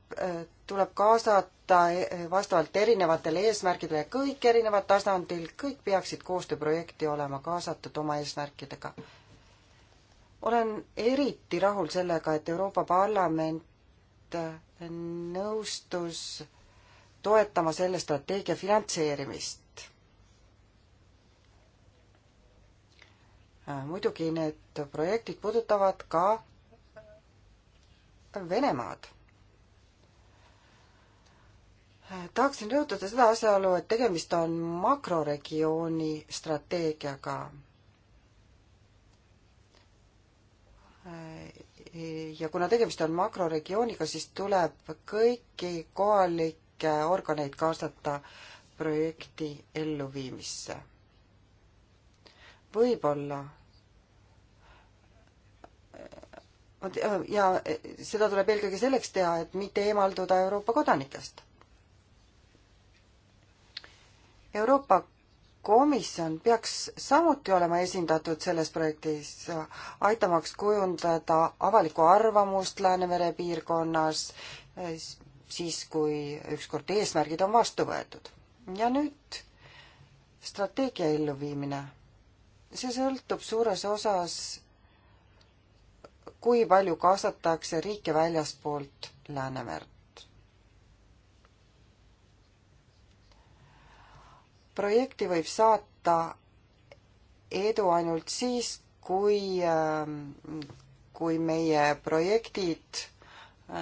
tuleb kaasata eh, vastavalt erinevatele eesmärkidele kõik erinevad tasandil, kõik peaksid koostööprojekti olema kaasatud oma eesmärkidega olen eriti rahul sellega, et Euroopa Parlament nõustus toetama selle strateegia finantseerimist. muidugi need projektid puudutavad ka Venemaad. tahaksin rõhutada seda asjaolu, et tegemist on makroregiooni strateegiaga ja kuna tegemist on makroregiooniga, siis tuleb kõiki kohalikke organeid kaasata projekti elluviimisse. võib-olla ja seda tuleb eelkõige selleks teha, et mitte eemalduda Euroopa kodanikest. Euroopa komisjon peaks samuti olema esindatud selles projektis, aitamaks kujundada avalikku arvamust Läänemere piirkonnas siis, kui ükskord eesmärgid on vastu võetud. ja nüüd strateegia elluviimine. see sõltub suures osas, kui palju kaasatakse riike väljaspoolt Läänemerd. projekti võib saata edu ainult siis, kui, ähm, kui meie projektid äh,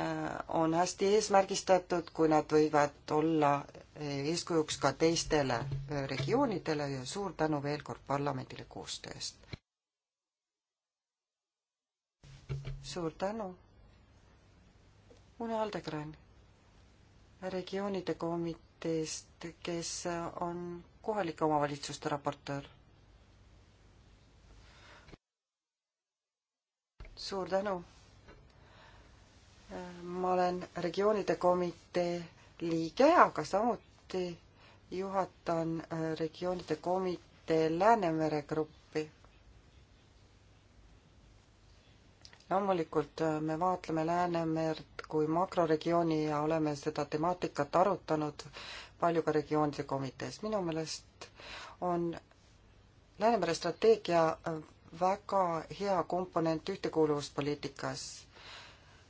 on hästi eesmärgistatud, kui nad võivad olla äh, eeskujuks ka teistele äh, regioonidele ja suur tänu veel kord parlamendile koostöö eest. suur tänu. Une Aldegren, regioonide komitee eest, kes on kohalike omavalitsuste raportöör. suur tänu. ma olen regioonide komitee liige, aga samuti juhatan regioonide komitee Läänemere gruppi loomulikult äh, me vaatleme Läänemerd kui makroregiooni ja oleme seda temaatikat arutanud palju ka regioonide komitees. minu meelest on Läänemere strateegia äh, väga hea komponent ühtekuuluvuspoliitikas.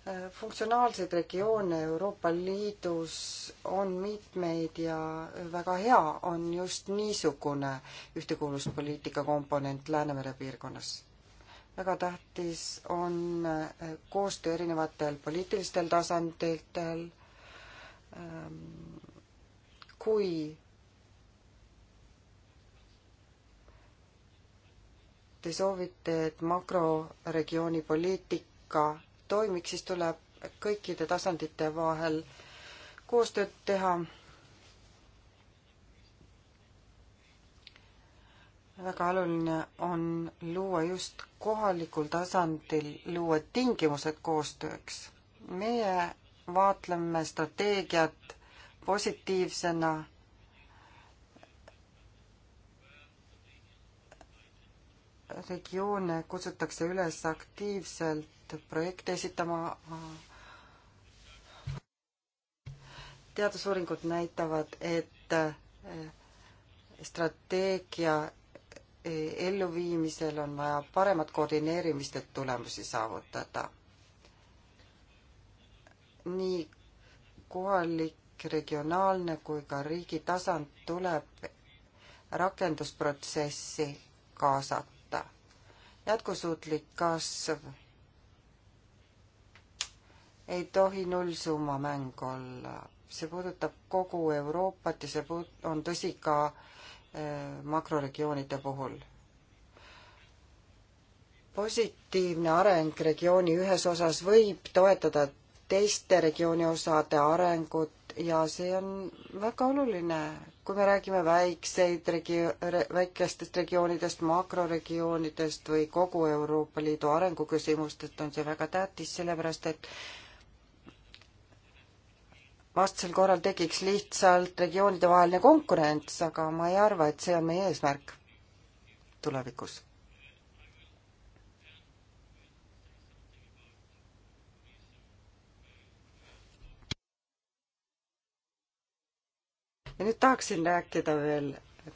Äh, funktsionaalseid regioone Euroopa Liidus on mitmeid ja väga hea on just niisugune ühtekuuluvuspoliitika komponent Läänemere piirkonnas väga tähtis on äh, koostöö erinevatel poliitilistel tasanditel. Ähm, kui te soovite, et makroregiooni poliitika toimiks, siis tuleb kõikide tasandite vahel koostööd teha väga oluline on luua just kohalikul tasandil, luua tingimused koostööks. meie vaatleme strateegiat positiivsena regioone kutsutakse üles aktiivselt projekte esitama. teadusuuringud näitavad, et eh, strateegia E, elluviimisel on vaja paremat koordineerimist, et tulemusi saavutada. nii kohalik, regionaalne kui ka riigi tasand tuleb rakendusprotsessi kaasata. jätkusuutlik kasv ei tohi nullsumma mäng olla. see puudutab kogu Euroopat ja see puut-, on tõsi ka äh, Äh, makroregioonide puhul. positiivne areng regiooni ühes osas võib toetada teiste regiooni osade arengut ja see on väga oluline, kui me räägime väikseid regio-, väikestest regioonidest, makroregioonidest või kogu Euroopa Liidu arenguküsimustest, on see väga tähtis, sellepärast et vastasel korral tekiks lihtsalt regioonide vaheline konkurents, aga ma ei arva, et see on meie eesmärk tulevikus. ja nüüd tahaksin rääkida veel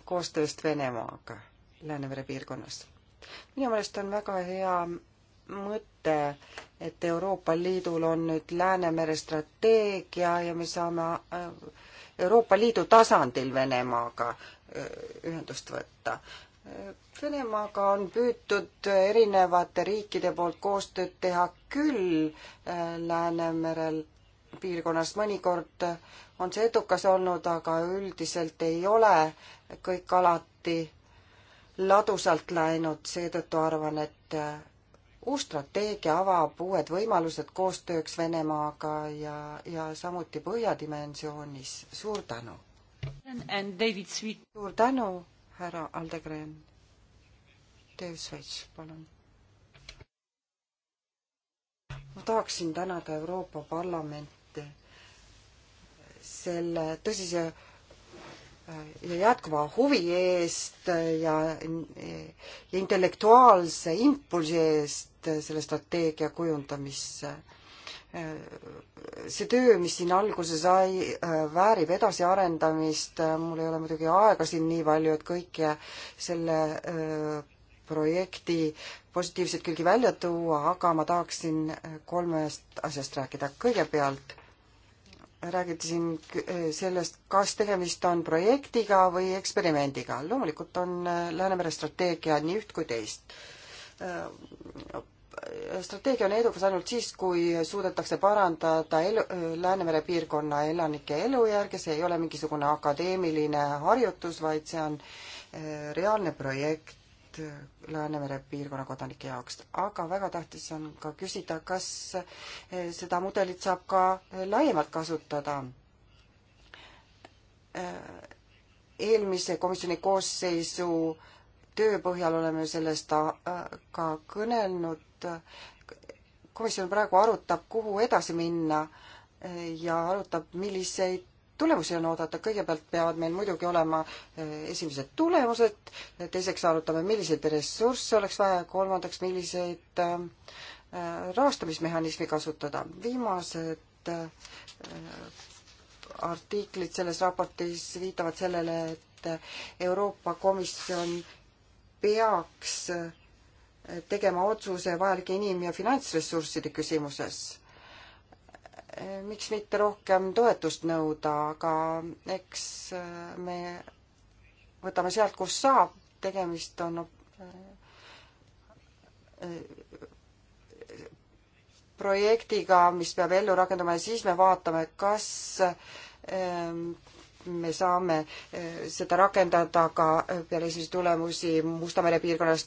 koostööst Venemaaga Läänemere piirkonnas. minu meelest on väga hea mõte, et Euroopa Liidul on nüüd Läänemere strateegia ja me saame äh, Euroopa Liidu tasandil Venemaaga äh, ühendust võtta. Venemaaga on püütud erinevate riikide poolt koostööd teha küll äh, Läänemerel piirkonnas, mõnikord on see edukas olnud, aga üldiselt ei ole kõik alati ladusalt läinud, seetõttu arvan, et uus strateegia avab uued võimalused koostööks Venemaaga ja, ja samuti Põhjadimensioonis. suur tänu! suur tänu, härra Aldegren! Dave Switch, palun! ma tahaksin tänada Euroopa Parlamenti selle tõsise ja jätkuva huvi eest ja, ja intellektuaalse impulsi eest selle strateegia kujundamisse. see töö, mis siin alguse sai, väärib edasiarendamist, mul ei ole muidugi aega siin nii palju, et kõike selle äh, projekti positiivseid külgi välja tuua, aga ma tahaksin kolmest asjast rääkida. kõigepealt räägiti siin äh, sellest, kas tegemist on projektiga või eksperimendiga. loomulikult on äh, Läänemere strateegia nii üht kui teist. Äh, strateegia on edukas ainult siis, kui suudetakse parandada elu, Läänemere piirkonna elanike elujärge, see ei ole mingisugune akadeemiline harjutus, vaid see on äh, reaalne projekt äh, Läänemere piirkonna kodanike jaoks. aga väga tähtis on ka küsida, kas seda mudelit saab ka laiemalt kasutada. eelmise komisjoni koosseisu äh, töö põhjal oleme sellest äh, ka kõnelnud. komisjon praegu arutab, kuhu edasi minna äh, ja arutab, milliseid tulemusi on oodata, kõigepealt peavad meil muidugi olema äh, esimesed tulemused, teiseks arutame, milliseid ressursse oleks vaja ja kolmandaks, milliseid rahastamismehhanismi kasutada. viimased artiklid selles raportis viitavad sellele, et Euroopa Komisjon peaks eh, tegema otsuse vajalike inim- ja finantsressursside küsimuses. Eh, miks mitte rohkem toetust nõuda, aga eks eh, me võtame sealt, kus saab, tegemist on projektiga, mis peab ellu rakendama ja siis me vaatame, kas me saame eh, seda rakendada ka eh, peale esimesi tulemusi Musta mere piirkonnas,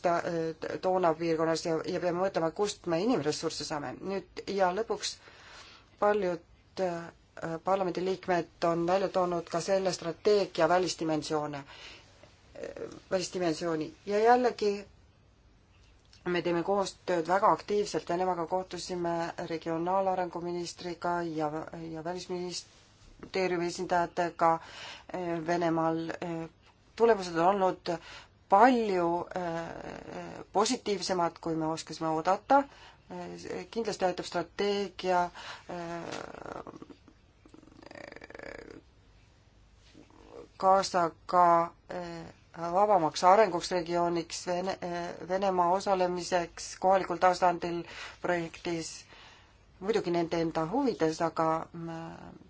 Doona eh, piirkonnas ja, ja peame mõtlema, kust me inimressursse saame. nüüd ja lõpuks paljud parlamendiliikmed on välja toonud ka selle strateegia välisdimensioone, välisdimensiooni ja jällegi me teeme koostööd väga aktiivselt ja temaga kohtusime regionaalarengu ministriga ja, ja välisminist-, ministeeriumi esindajatega eh, Venemaal. Eh, tulemused on olnud palju eh, positiivsemad, kui me oskasime oodata. kindlasti aitab strateegia kaasa ka vabamaks arenguks regiooniks Vene, Venemaa osalemiseks kohalikul tasandil projektis, muidugi nende enda huvides, aga mm,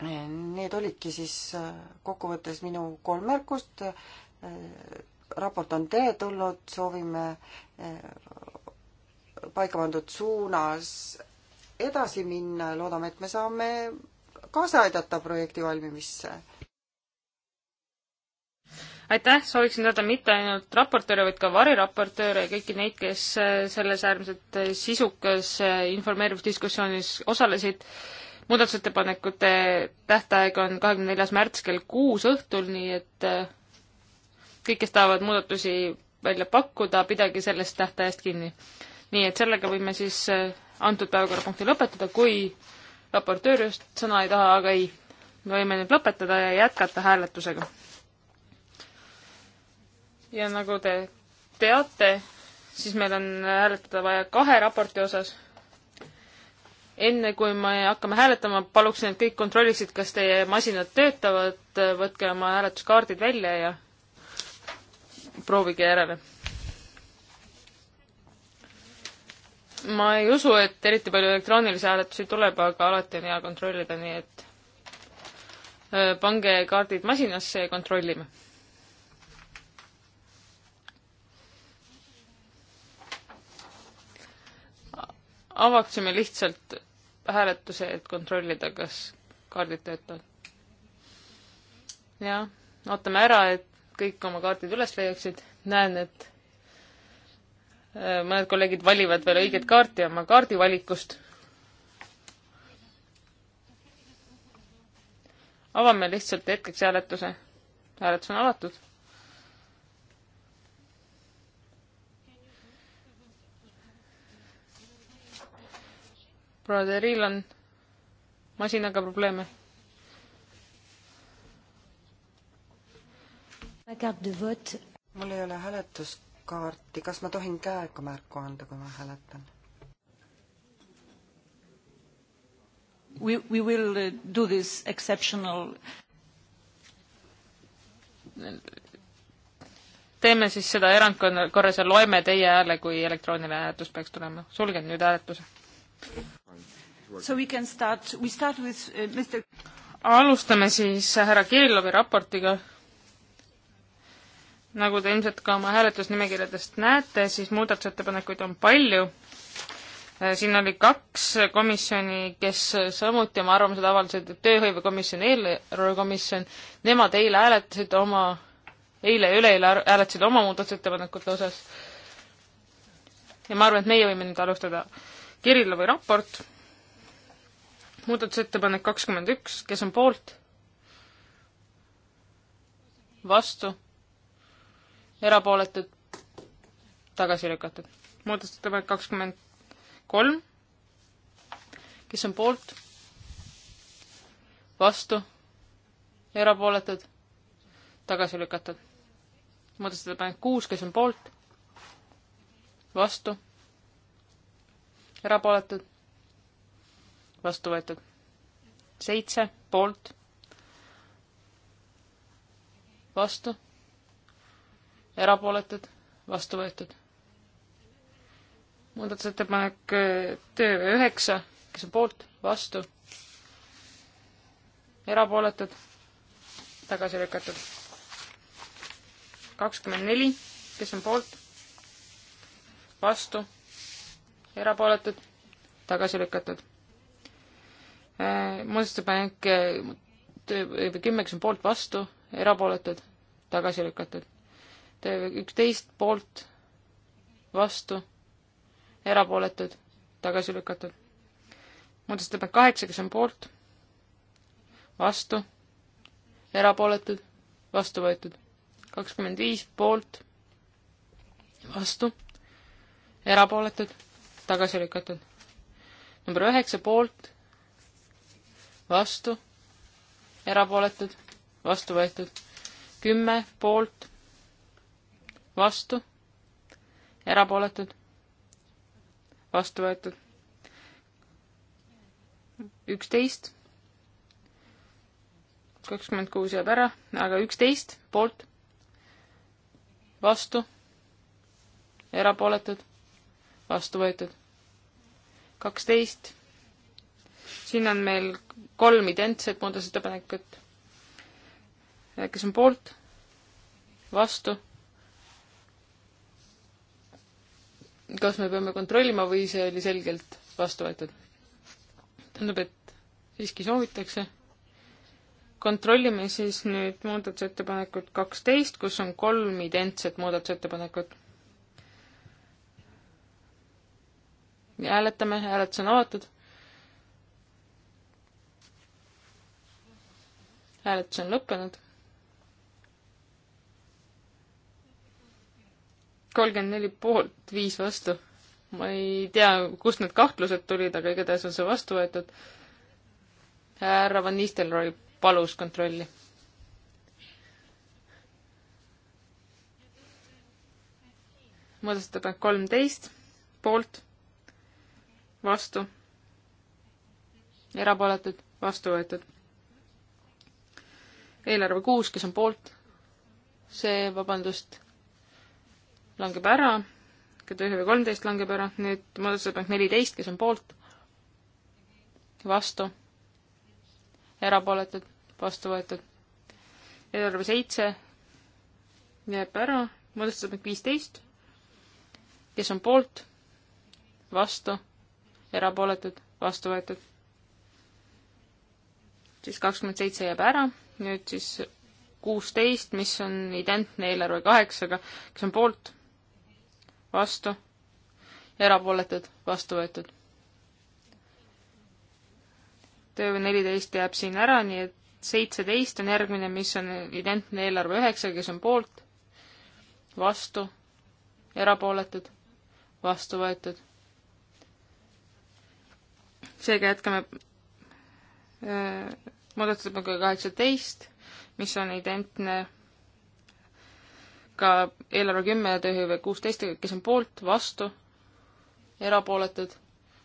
Need olidki siis äh, kokkuvõttes minu kolm märkust. Äh, raport on teretulnud, soovime äh, paika pandud suunas edasi minna ja loodame, et me saame kaasa aidata projekti valmimisse. aitäh, sooviksin tänada mitte ainult raportööre, vaid ka variraportööre ja kõiki neid, kes selles äärmiselt sisukas informeerivas diskussioonis osalesid muudatusettepanekute tähtaeg on kahekümne neljas märts kell kuus õhtul, nii et äh, kõik, kes tahavad muudatusi välja pakkuda, pidage sellest tähtajast kinni. nii et sellega võime siis äh, antud päevakorrapunkti lõpetada, kui raportöör just sõna ei taha, aga ei, me võime nüüd lõpetada ja jätkata hääletusega. ja nagu te teate, siis meil on hääletada vaja kahe raporti osas enne kui me hakkame hääletama, paluksin, et kõik kontrolliksid, kas teie masinad töötavad, võtke oma hääletuskaardid välja ja proovige järele. ma ei usu, et eriti palju elektroonilisi hääletusi tuleb, aga alati on hea kontrollida, nii et pange kaardid masinasse ja kontrollime avaksime lihtsalt hääletuse, et kontrollida, kas kaardid töötavad. jah, ootame ära, et kõik oma kaardid üles leiaksid. näen, et äh, mõned kolleegid valivad veel õiget kaarti oma kaardivalikust. avame lihtsalt hetkeks hääletuse. hääletus on avatud proua Deril on masinaga probleeme. mul ei ole hääletuskaarti, kas ma tohin käega märku anda, kui ma hääletan? We, we will uh, do this exceptional teeme siis seda erandkorras ja loeme teie hääle, kui elektrooniline hääletus peaks tulema. sulgen nüüd hääletuse Start. Start with... Uh, alustame siis härra Kirillovi raportiga. nagu te ilmselt ka oma hääletusnimekirjadest näete, siis muudatusettepanekuid on palju. Äh, siin oli kaks komisjoni, kes samuti oma arvamused avaldasid, tööhõivekomisjon, eelarvekomisjon, nemad eile hääletasid oma, eile ja üleeile hääletasid oma muudatusettepanekute osas. ja ma arvan, et meie võime nüüd alustada Kirillovi raport, muudatusettepanek kakskümmend üks, kes on poolt? vastu? erapooletud? tagasi lükatud. muudatusettepanek kakskümmend kolm, kes on poolt? vastu? erapooletud? tagasi lükatud. muudatusettepanek kuus, kes on poolt? vastu? erapooletud, vastu võetud. seitse poolt, vastu, erapooletud, vastu võetud. muudatusettepanek töö üheksa, kes on poolt, vastu, erapooletud, tagasi lükatud. kakskümmend neli, kes on poolt, vastu erapooletud, tagasi lükatud. Äh, muudatusettepanek äh, kümme, kes on poolt, vastu, erapooletud, tagasi lükatud. üksteist poolt, vastu, erapooletud, tagasi lükatud. muudatusettepanek kaheksa, kes on poolt, vastu, erapooletud, vastu võetud. kakskümmend viis poolt, vastu, erapooletud tagasi lükatud. number üheksa poolt, vastu, erapooletud, vastu võetud. kümme poolt, vastu, erapooletud, vastu võetud. üksteist, kakskümmend kuus jääb ära, aga üksteist poolt, vastu, erapooletud vastu võetud. kaksteist. siin on meil kolm identset muudatusettepanekut. kes on poolt? vastu? kas me peame kontrollima või see oli selgelt vastu võetud? tundub, et siiski soovitakse. kontrollime siis nüüd muudatusettepanekut kaksteist, kus on kolm identset muudatusettepanekut hääletame, hääletus on avatud. hääletus on lõppenud. kolmkümmend neli poolt, viis vastu. ma ei tea, kust need kahtlused tulid, aga igatahes on see vastu võetud. härra Van Nistelrooy palus kontrolli muudatusettepanek kolmteist, poolt, vastu, erapooletud, vastu võetud. eelarve kuus, kes on poolt, see, vabandust, langeb ära, keda ühe või kolmteist langeb ära, nüüd muudatusettepanek neliteist, kes on poolt, vastu, erapooletud, vastu võetud. eelarve seitse jääb ära, muudatusettepanek viisteist, kes on poolt, vastu erapooletud, vastu võetud. siis kakskümmend seitse jääb ära, nüüd siis kuusteist, mis on identne eelarve kaheksaga, kes on poolt, vastu, erapooletud, vastu võetud. töö neliteist jääb siin ära, nii et seitseteist on järgmine, mis on identne eelarve üheksaga, kes on poolt, vastu, erapooletud, vastu võetud seega jätkame äh, muudatusettepanekuga kaheksateist, mis on identne ka eelarve kümme ja tööhõive kuusteist, kes on poolt, vastu, erapooletud,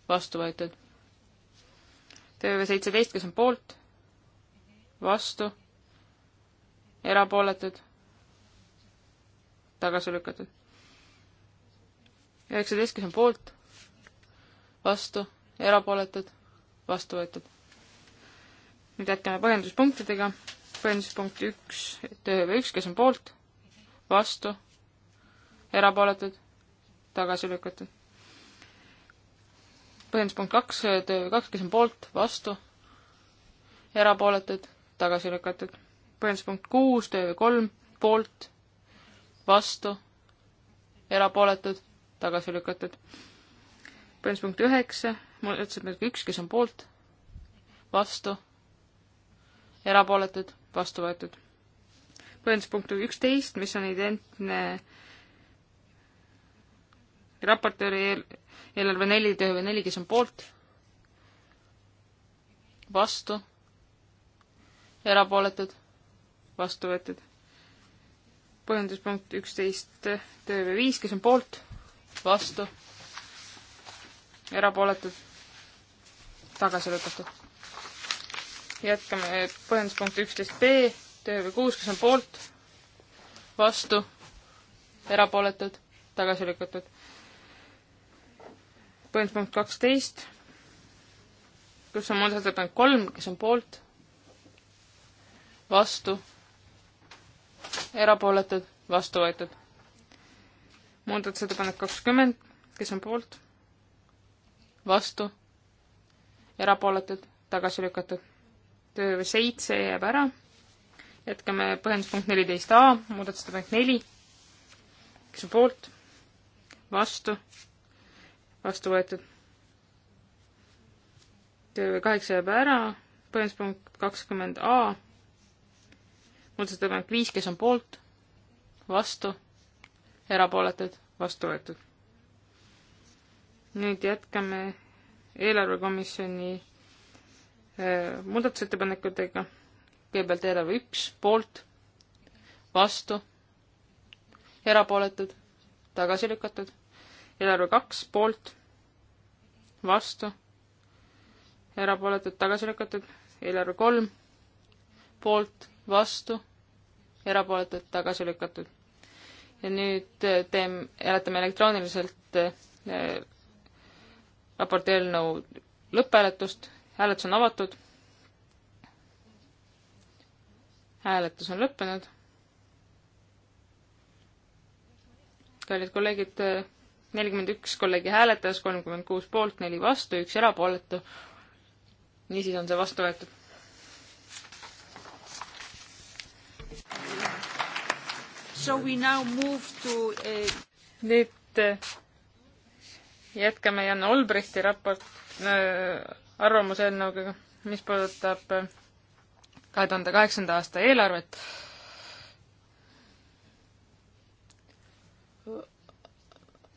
vastu võetud. tööhõive seitseteist, kes on poolt, vastu, erapooletud, tagasi lükatud. üheksateist, kes on poolt, vastu erapooletud, vastu võetud. nüüd jätkame põhjenduspunktidega. põhjenduspunkt üks, tööhõive üks, kes on poolt, vastu, erapooletud, tagasi lükatud. põhjenduspunkt kaks, tööhõive kaks, kes on poolt, vastu, erapooletud, tagasi lükatud. põhjenduspunkt kuus, tööhõive kolm, poolt, vastu, erapooletud, tagasi lükatud. põhjenduspunkt üheksa muudatusettepanek üks, kes on poolt, vastu, erapooletud, vastu võetud. põhjenduspunkt üksteist, mis on identne raportööri eel, eelarve neli, töö neli, kes on poolt, vastu, erapooletud, vastu võetud. põhjenduspunkt üksteist, töö viis, kes on poolt, vastu, erapooletud tagasi lükatud. jätkame põhjenduspunkt üksteist B, töö kuus, kes on poolt, vastu, erapooletud, tagasi lükatud. põhjenduspunkt kaksteist, kus on muudatusettepanek kolm, kes on poolt, vastu, erapooletud, vastu võetud. muudatusettepanek kakskümmend, kes on poolt, vastu erapooletud, tagasi lükatud. töö seitse jääb ära. jätkame põhjenduspunkt neliteist A, muudatusettepanek neli. kes on poolt? vastu? vastu võetud. töö kaheksa jääb ära, põhjenduspunkt kakskümmend A, muudatusettepanek viis, kes on poolt? vastu? erapooletud? vastu võetud. nüüd jätkame eelarvekomisjoni eh, muudatusettepanekutega. kõigepealt eelarve üks, poolt, vastu, erapooletud, tagasi lükatud. eelarve kaks, poolt, vastu, erapooletud, tagasi lükatud. eelarve kolm, poolt, vastu, erapooletud, tagasi lükatud. ja nüüd eh, teeme, hääletame elektrooniliselt eh, raporti eelnõu lõpphääletust, hääletus on avatud. hääletus on lõppenud. kallid kolleegid, nelikümmend üks kolleegi hääletas, kolmkümmend kuus poolt, neli vastu, üks erapooletu. niisiis on see vastu võetud. So we now move to uh... nüüd eh, jätkame Jan Olbrichti raport äh,, arvamuseelnõuga, mis puudutab äh, kahe tuhande kaheksanda aasta eelarvet.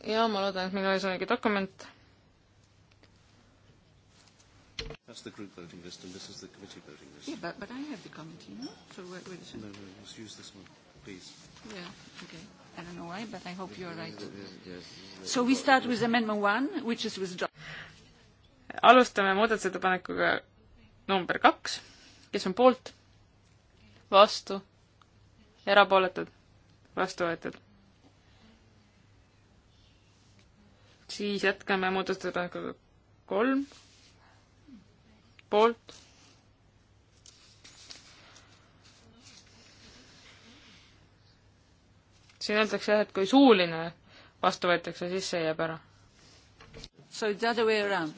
ja ma loodan, et meil oli see õige dokument. That's the group voting list and this is the committee voting list. Yeah, but, but I have the committee, no? So wait, wait a second. No, no, just use this one, please. Yeah, okay. I don't know why, but I hope you are right. So we start with amendment one, which is withdrawn. alustame muudatusettepanekuga number kaks, kes on poolt, vastu, erapooletud, vastu võetud. siis jätkame muudatusettepanekuga kolm, poolt siin öeldakse jah, et kui suuline vastu võetakse, siis see jääb ära. So the other way around.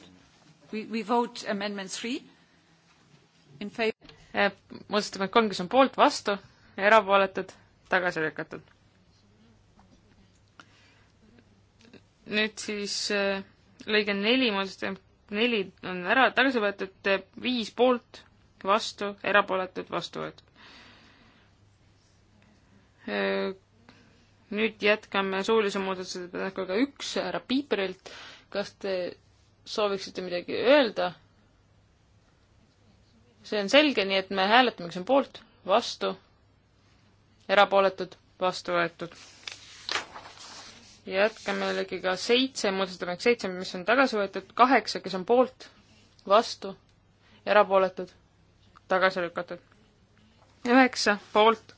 We, we vote amendment three in favor. Äh, muudatusettepanek kolm, kes on poolt, vastu, erapooletud, tagasi lükatud. nüüd siis äh, lõige neli, muudatusettepanek neli on ära, tagasi võetud, viis poolt, vastu, erapooletud, vastu võetud äh, nüüd jätkame suulise muudatusettepanekuga üks härra Piiperilt. kas te sooviksite midagi öelda? see on selge, nii et me hääletame, kes on poolt, vastu, erapooletud, vastu võetud. jätkame jällegi ka seitse, muudatusettepanek seitse, mis on tagasi võetud, kaheksa, kes on poolt, vastu, erapooletud, tagasi lükatud. üheksa, poolt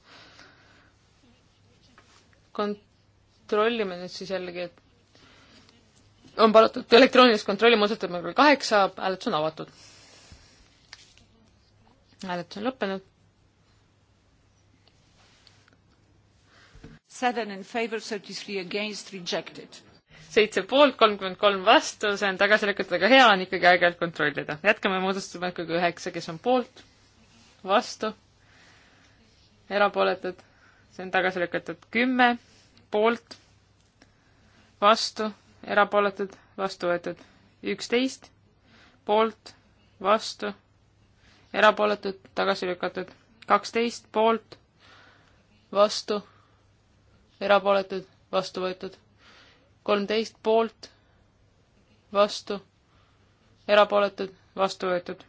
kontrollime nüüd siis jällegi, et on palutud elektroonilist kontrolli muudatusettepanek number kaheksa, hääletus on avatud. hääletus on lõppenud. Seven in favor, thirty three against, rejected. seitse poolt, kolmkümmend kolm vastu, see on tagasi lükatud, aga hea on ikkagi aeg-ajalt kontrollida. jätkame muudatusettepanekuga üheksa, kes on poolt, vastu, erapooletud see on tagasi lükatud kümme poolt, vastu, erapooletud, vastu võetud üksteist poolt, vastu, erapooletud, tagasi lükatud kaksteist poolt, vastu, erapooletud, vastu võetud kolmteist poolt, vastu, erapooletud, vastu võetud.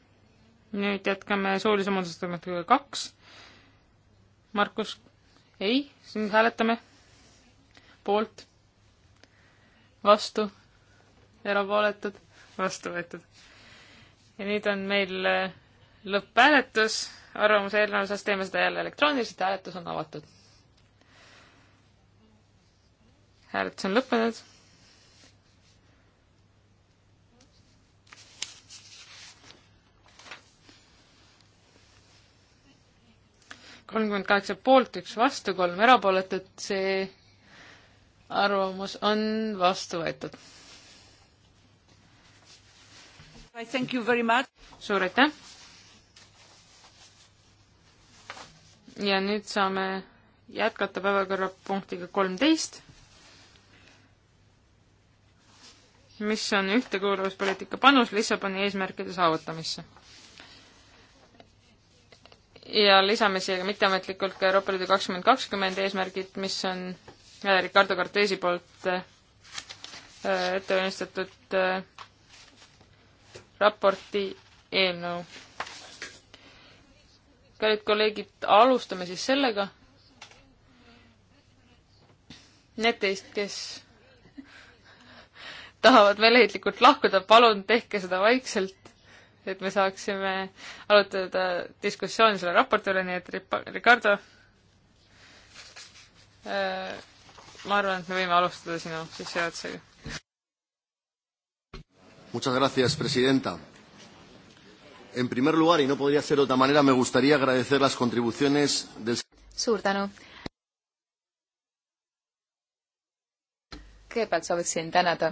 nüüd jätkame suulise muudatusettepanekuga kaks. Markus ei, siin hääletame poolt, vastu, erapooletud, vastu võetud. ja nüüd on meil äh, lõpphääletus, arvamuse eelnõu osas teeme seda jälle elektrooniliselt, hääletus on avatud. hääletus on lõppenud kolmkümmend kaheksa poolt, üks vastu, kolm erapooletut, see arvamus on vastu võetud. suur aitäh! ja nüüd saame jätkata päevakorrapunktiga kolmteist, mis on ühtekuuluvuspoliitika panus Lissaboni eesmärkide saavutamisse ja lisame siia ka mitteametlikult ka Euroopa Liidu kakskümmend kakskümmend eesmärgid, mis on Ricardo Cortesi poolt äh, ette valmistatud äh, raporti eelnõu. kallid kolleegid, alustame siis sellega. Need teist, kes tahavad meeleheitlikult lahkuda, palun tehke seda vaikselt et me saaksime arutada diskussiooni selle raporti üle, nii et Ricardo, äh, ma arvan, et me võime alustada sinu sissejuhatusega. Muchas gracias, presidenta. En primer lugar, y no podría ser de otra manera, me gustaría agradecer las contribuciones del. Suur tänu. kõigepealt sooviksin tänada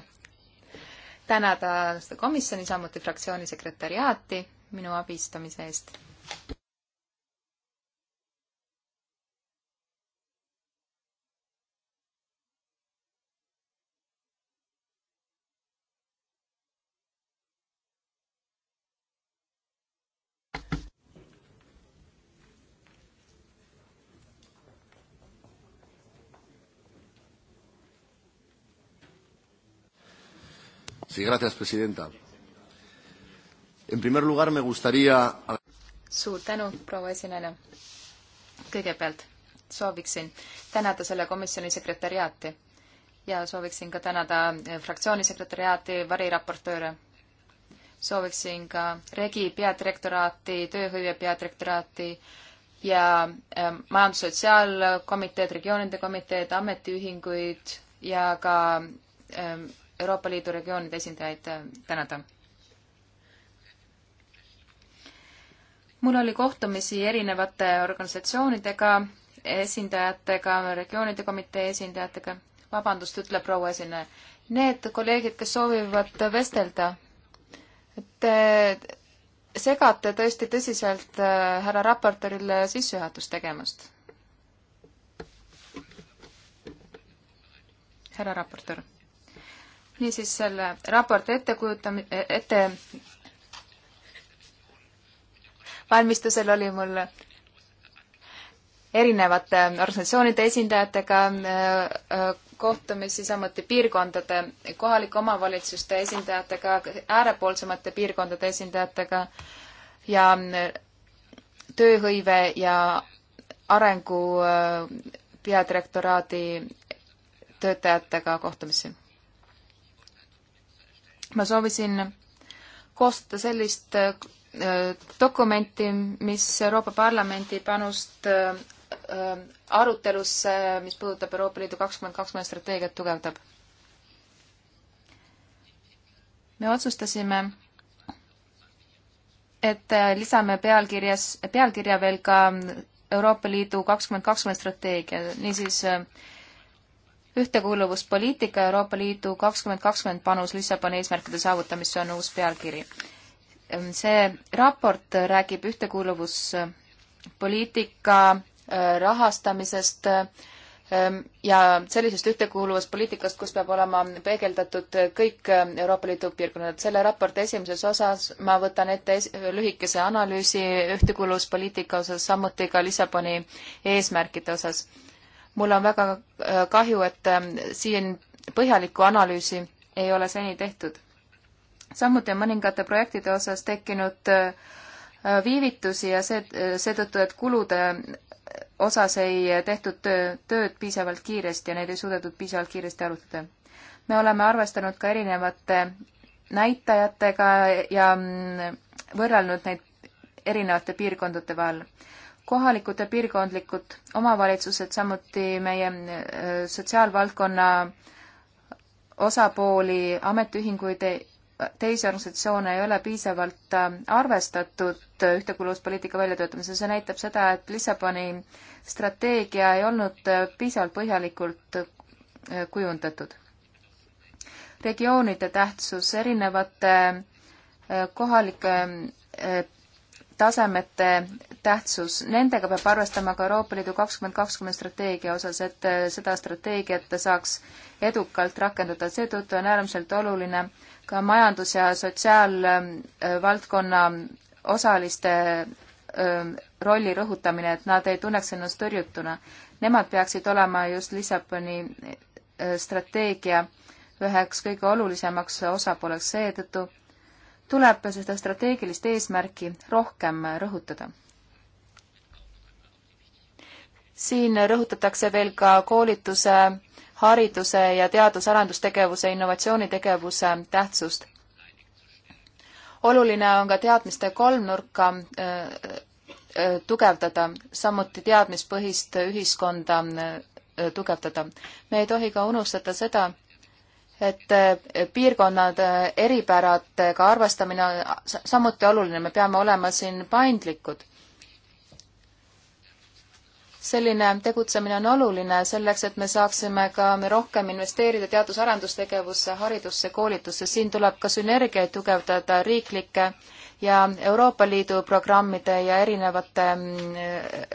tänada seda komisjoni, samuti fraktsiooni sekretäriaati minu abistamise eest. Sí, gracias, presidenta. En primer lugar me gustaría... suur tänu, proua esinejana. kõigepealt sooviksin tänada selle komisjoni sekretäriaati ja sooviksin ka tänada eh, fraktsiooni sekretäriaati, variraportööre. sooviksin ka Regi peadirektoraati, tööhõive peadirektoraati ja ähm, eh, majandussotsiaalkomiteed, regioonide komiteed, ametiühinguid ja ka ähm, Euroopa Liidu regioonide esindajaid äh, tänada. mul oli kohtumisi erinevate organisatsioonidega, esindajatega, regioonide komitee esindajatega, vabandust, ütleb proua esineja. Need kolleegid, kes soovivad vestelda, et segate tõesti tõsiselt äh, härra raportöörile sissejuhatust tegemast. härra raportöör niisiis selle raporti ettekujutam-, ette valmistusel oli mul erinevate organisatsioonide esindajatega äh, äh, kohtumisi, samuti piirkondade, kohalike omavalitsuste esindajatega, äärepoolsemate piirkondade esindajatega ja äh, tööhõive ja arengu peadirektoraadi töötajatega kohtumisi ma soovisin koostada sellist äh, dokumenti, mis Euroopa Parlamendi panust äh, äh, arutelusse, mis puudutab Euroopa Liidu kakskümmend kakskümmend strateegiat, tugevdab. me otsustasime, et lisame pealkirjas, pealkirja veel ka Euroopa Liidu kakskümmend kakskümmend strateegia, niisiis ühtekuuluvuspoliitika Euroopa Liidu kakskümmend kakskümmend panus Lissaboni eesmärkide saavutamisse on uus pealkiri. Ehm, see raport räägib ühtekuuluvuspoliitika äh, rahastamisest ehm, ja sellisest ühtekuuluvuspoliitikast, kus peab olema peegeldatud kõik äh, Euroopa Liidu piirkonnad. selle raporti esimeses osas ma võtan ette lühikese analüüsi ühtekuuluvuspoliitika osas, samuti ka Lissaboni eesmärkide osas mul on väga äh, kahju, et äh, siin põhjalikku analüüsi ei ole seni tehtud. samuti on mõningate projektide osas tekkinud äh, viivitusi ja see, seetõttu, et kulude osas ei tehtud töö, tööd piisavalt kiiresti ja neid ei suudetud piisavalt kiiresti arutada. me oleme arvestanud ka erinevate näitajatega ja mm, võrrelnud neid erinevate piirkondade vahel kohalikud ja piirkondlikud omavalitsused, samuti meie äh, sotsiaalvaldkonna osapooli, ametiühinguid, teisi organisatsioone ei ole piisavalt äh, arvestatud äh, ühtekuuluvuspoliitika väljatöötamises, see näitab seda, et Lissaboni strateegia ei olnud piisavalt põhjalikult kujundatud. regioonide tähtsus, erinevate kohalike tasemete tähtsus, nendega peab arvestama ka Euroopa Liidu kakskümmend kakskümmend strateegia osas, et äh, seda strateegiat saaks edukalt rakendada, seetõttu on äärmiselt oluline ka majandus- ja sotsiaalvaldkonna äh, osaliste ähm, rolli rõhutamine, et nad ei tunneks ennast tõrjutuna. Nemad peaksid olema just Lissaboni äh, strateegia üheks kõige olulisemaks osapooleks, seetõttu tuleb seda strateegilist eesmärki rohkem rõhutada siin rõhutatakse veel ka koolituse, hariduse ja teadus-arendustegevuse, innovatsioonitegevuse tähtsust. oluline on ka teadmiste kolmnurka äh, äh, tugevdada, samuti teadmispõhist ühiskonda äh, tugevdada. me ei tohi ka unustada seda, et piirkonnad eripäradega arvestamine on samuti oluline, me peame olema siin paindlikud selline tegutsemine on oluline selleks, et me saaksime ka rohkem investeerida teadus-arendustegevusse, haridusse, koolitusse. siin tuleb ka sünergiaid tugevdada riiklike ja Euroopa Liidu programmide ja erinevate mm,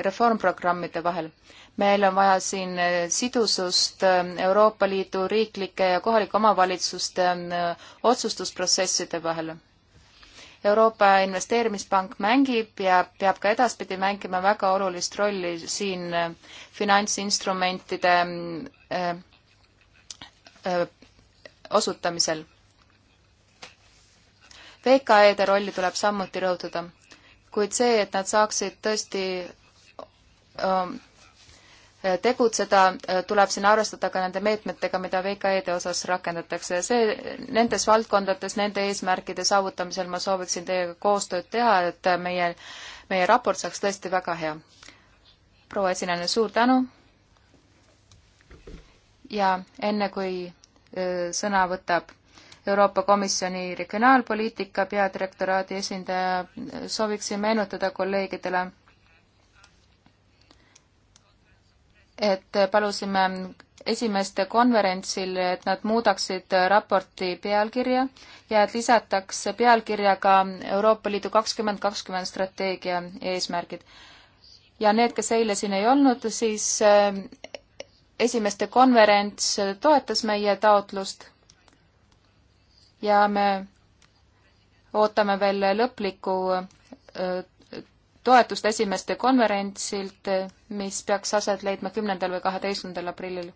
reformprogrammide vahel. meil on vaja siin sidusust mm, Euroopa Liidu riiklike ja kohalike omavalitsuste mm, otsustusprotsesside vahel Euroopa Investeerimispank mängib ja peab ka edaspidi mängima väga olulist rolli siin äh, finantsinstrumentide äh, äh, osutamisel. VKE-de rolli tuleb samuti rõhutada, kuid see, et nad saaksid tõesti tegutseda, tuleb siin arvestada ka nende meetmetega, mida VKE-de osas rakendatakse. see, nendes valdkondades, nende eesmärkide saavutamisel ma sooviksin teiega koostööd teha, et meie, meie raport saaks tõesti väga hea. proua esinejana, suur tänu! ja enne, kui sõna võtab Euroopa Komisjoni regionaalpoliitika peadirektoraadi esindaja, sooviksin meenutada kolleegidele, et palusime esimeste konverentsil, et nad muudaksid raporti pealkirja ja et lisataks pealkirjaga Euroopa Liidu kakskümmend kakskümmend strateegia eesmärgid. ja need, kes eile siin ei olnud, siis eh, esimeste konverents toetas meie taotlust ja me ootame veel lõplikku eh, toetust esimeste konverentsilt, mis peaks aset leidma kümnendal või kaheteistkümnendal aprillil.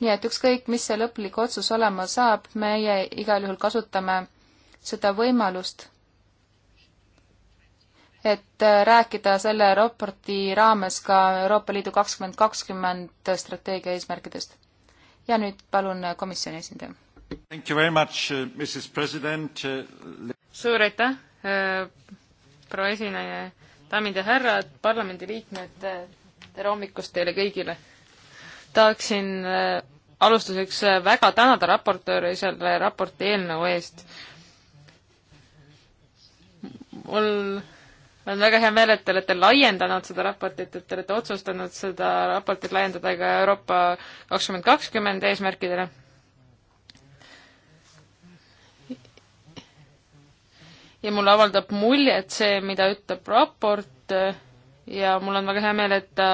nii et ükskõik, mis see lõplik otsus olema saab, meie igal juhul kasutame seda võimalust, et rääkida selle raporti raames ka Euroopa Liidu kakskümmend kakskümmend strateegia eesmärkidest. ja nüüd palun komisjoni esindaja. Uh, uh, suur aitäh uh, proua esinaine, daamid ja härrad, parlamendiliikmed, tere hommikust teile kõigile! tahaksin äh, alustuseks äh, väga tänada raportööri selle raporti eelnõu eest. mul on väga hea meel, et te olete laiendanud seda raportit, et te olete otsustanud seda raportit laiendada ka Euroopa kakskümmend kakskümmend eesmärkidele ja mulle avaldab muljet see, mida ütleb raport ja mul on väga hea meel, et ta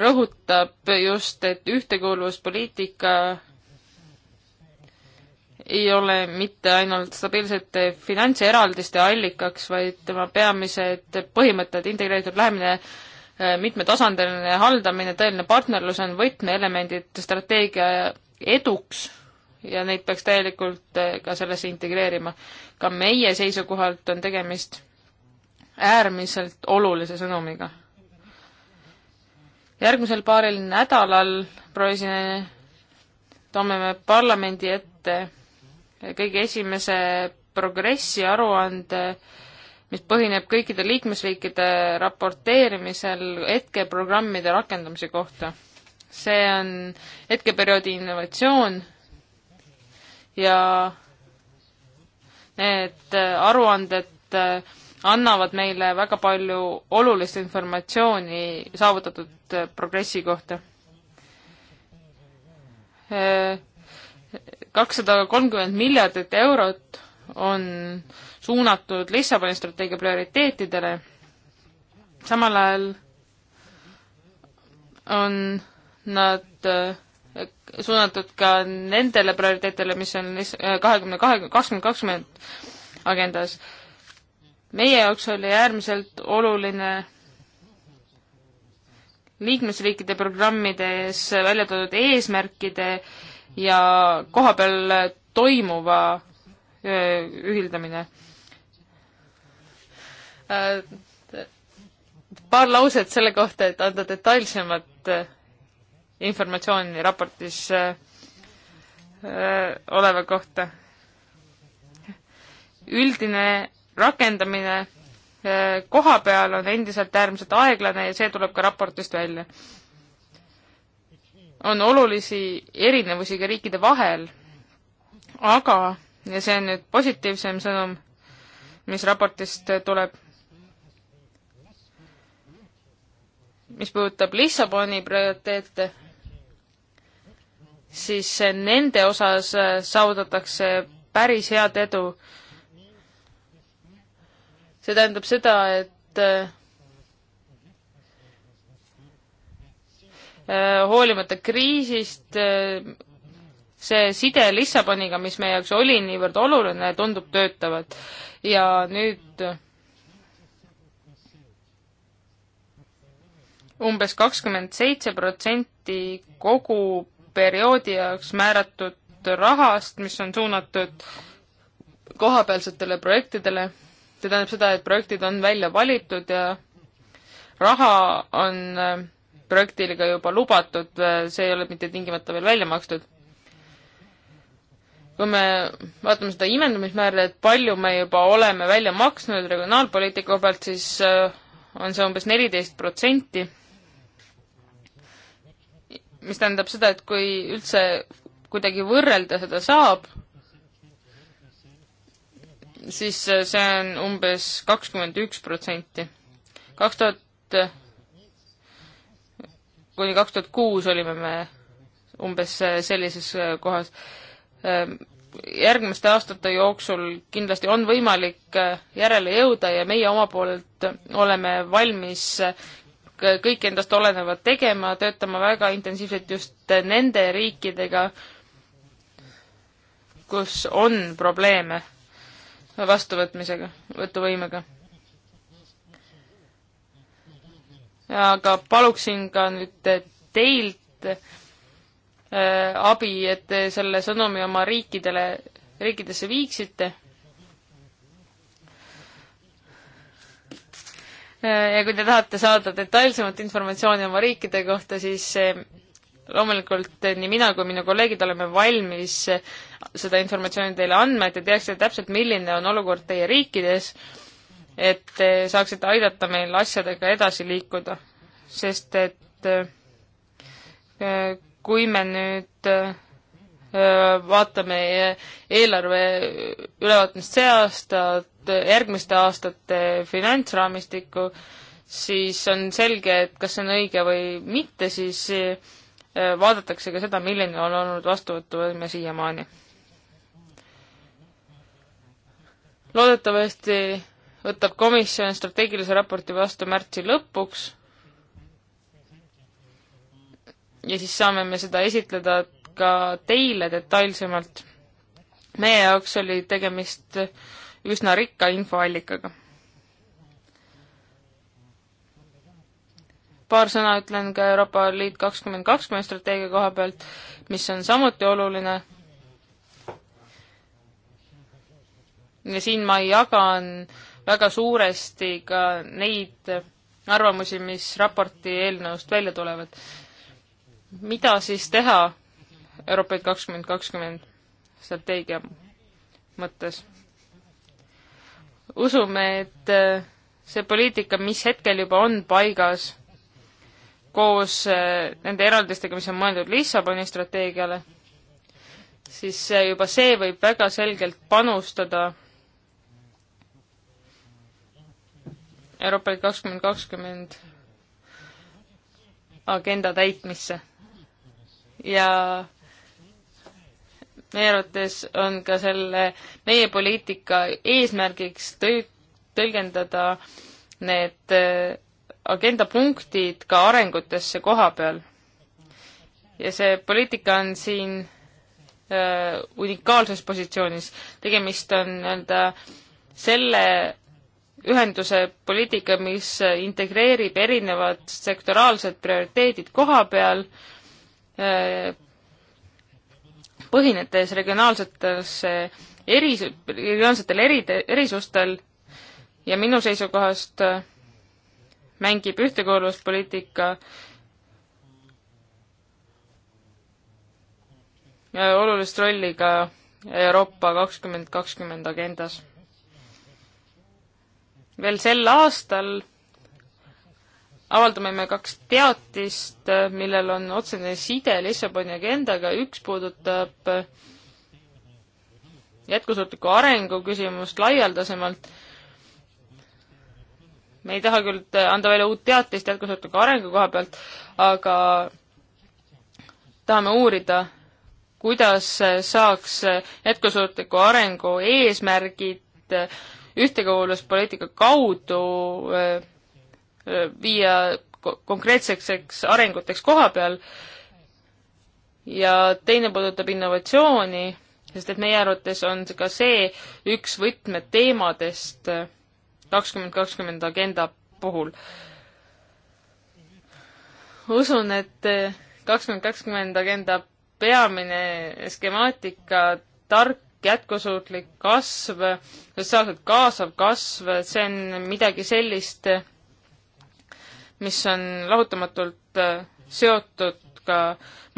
rõhutab just, et ühtekuuluvuspoliitika ei ole mitte ainult stabiilsete finantseraldiste allikaks, vaid tema peamised põhimõtted, integreeritud lähemine, mitmetasandiline haldamine, tõeline partnerlus on võtmeelemendid strateegia eduks ja neid peaks täielikult eh, ka sellesse integreerima. ka meie seisukohalt on tegemist äärmiselt olulise sõnumiga. järgmisel paaril nädalal proovin, toome me parlamendi ette kõige esimese progressi aruande, mis põhineb kõikide liikmesriikide raporteerimisel hetkeprogrammide rakendamise kohta. see on hetkeperioodi innovatsioon ja need aruanded äh, annavad meile väga palju olulist informatsiooni saavutatud äh, progressi kohta. Äh, kakssada kolmkümmend miljardit eurot on suunatud Lissaboni strateegia prioriteetidele, samal ajal on nad äh, suunatud ka nendele prioriteetele, mis on äh, kahekümne kahe, kakskümmend kakskümmend agendas. meie jaoks oli äärmiselt oluline liikmesriikide programmides välja toodud eesmärkide ja kohapeal toimuva ühildamine. Äh, paar lauset selle kohta, et anda detailsemat informatsiooni raportis äh, oleva kohta. üldine rakendamine äh, koha peal on endiselt äärmiselt aeglane ja see tuleb ka raportist välja. on olulisi erinevusi ka riikide vahel, aga, ja see on nüüd positiivsem sõnum, mis raportist tuleb, mis puudutab Lissaboni prioriteete siis nende osas äh, saavutatakse päris head edu. see tähendab seda, et äh, äh, hoolimata kriisist see side Lissaboniga, mis meie jaoks oli niivõrd oluline, tundub töötavat. ja nüüd umbes kakskümmend seitse protsenti kogu perioodi jaoks määratud rahast, mis on suunatud kohapealsetele projektidele. see tähendab seda, et projektid on välja valitud ja raha on äh, projektile ka juba lubatud, see ei ole mitte tingimata veel välja makstud. kui me vaatame seda imendumismäära, et palju me juba oleme välja maksnud regionaalpoliitika pealt, siis äh, on see umbes neliteist protsenti mis tähendab seda, et kui üldse kuidagi võrrelda seda saab, siis see on umbes kakskümmend üks protsenti. kaks tuhat kuni kaks tuhat kuus olime me umbes sellises kohas. järgmiste aastate jooksul kindlasti on võimalik järele jõuda ja meie oma poolelt oleme valmis kõik endast olenevat tegema, töötama väga intensiivselt just nende riikidega, kus on probleeme vastuvõtmisega, võtuvõimega. aga paluksin ka nüüd teilt äh, abi, et te selle sõnumi oma riikidele, riikidesse viiksite Äh, ja kui te tahate saada detailsemat informatsiooni oma riikide kohta, siis äh, loomulikult äh, nii mina kui minu kolleegid oleme valmis seda informatsiooni teile andma, et te teaksite täpselt, milline on olukord teie riikides, et te saaksite aidata meil asjadega edasi liikuda. sest et kui me nüüd vaatame eelarve ülevaatamist see aasta, järgmiste aastate finantsraamistikku, siis on selge, et kas see on õige või mitte, siis vaadatakse ka seda, milline on olnud vastuvõtuvõime siiamaani. loodetavasti võtab komisjon strateegilise raporti vastu märtsi lõpuks ja siis saame me seda esitleda ka teile detailsemalt. meie jaoks oli tegemist üsna rikka infoallikaga. paar sõna ütlen ka Euroopa Liit kakskümmend kakskümmend strateegia koha pealt, mis on samuti oluline ja siin ma jagan väga suuresti ka neid arvamusi, mis raporti eelnõust välja tulevad. mida siis teha Euroopa Liit kakskümmend kakskümmend strateegia mõttes. usume, et äh, see poliitika, mis hetkel juba on paigas, koos äh, nende eraldistega, mis on mõeldud Lissaboni strateegiale, siis juba see võib väga selgelt panustada Euroopa Liit kakskümmend kakskümmend agenda täitmisse. ja meie arvates on ka selle meie poliitika eesmärgiks tõl-, tõlgendada need äh, agenda punktid ka arengutesse koha peal. ja see poliitika on siin äh, unikaalses positsioonis. tegemist on nii-öelda selle ühenduse poliitika, mis integreerib erinevad sektoraalsed prioriteedid koha peal äh,, põhinetes regionaalsetes eh, eris-, regionaalsetel eri, erisustel ja minu seisukohast eh, mängib ühtekuuluvuspoliitika eh, olulist rolli ka Euroopa kakskümmend kakskümmend agendas. veel sel aastal avaldame me kaks teatist, millel on otsene side Lissaboni agendaga, üks puudutab jätkusuutliku arengu küsimust laialdasemalt. me ei taha küll anda välja uut teatist jätkusuutliku arengu koha pealt, aga tahame uurida, kuidas saaks jätkusuutliku arengu eesmärgid ühtekuuluvuspoliitika kaudu viia konkreetseks arenguteks koha peal ja teine puudutab innovatsiooni, sest et meie arvates on ka see üks võtmeteemadest kakskümmend kakskümmend agenda puhul. usun, et kakskümmend kakskümmend agenda peamine skemaatika, tark jätkusuutlik kasv, sotsiaalselt kaasav kasv, see on midagi sellist, mis on lahutamatult äh, seotud ka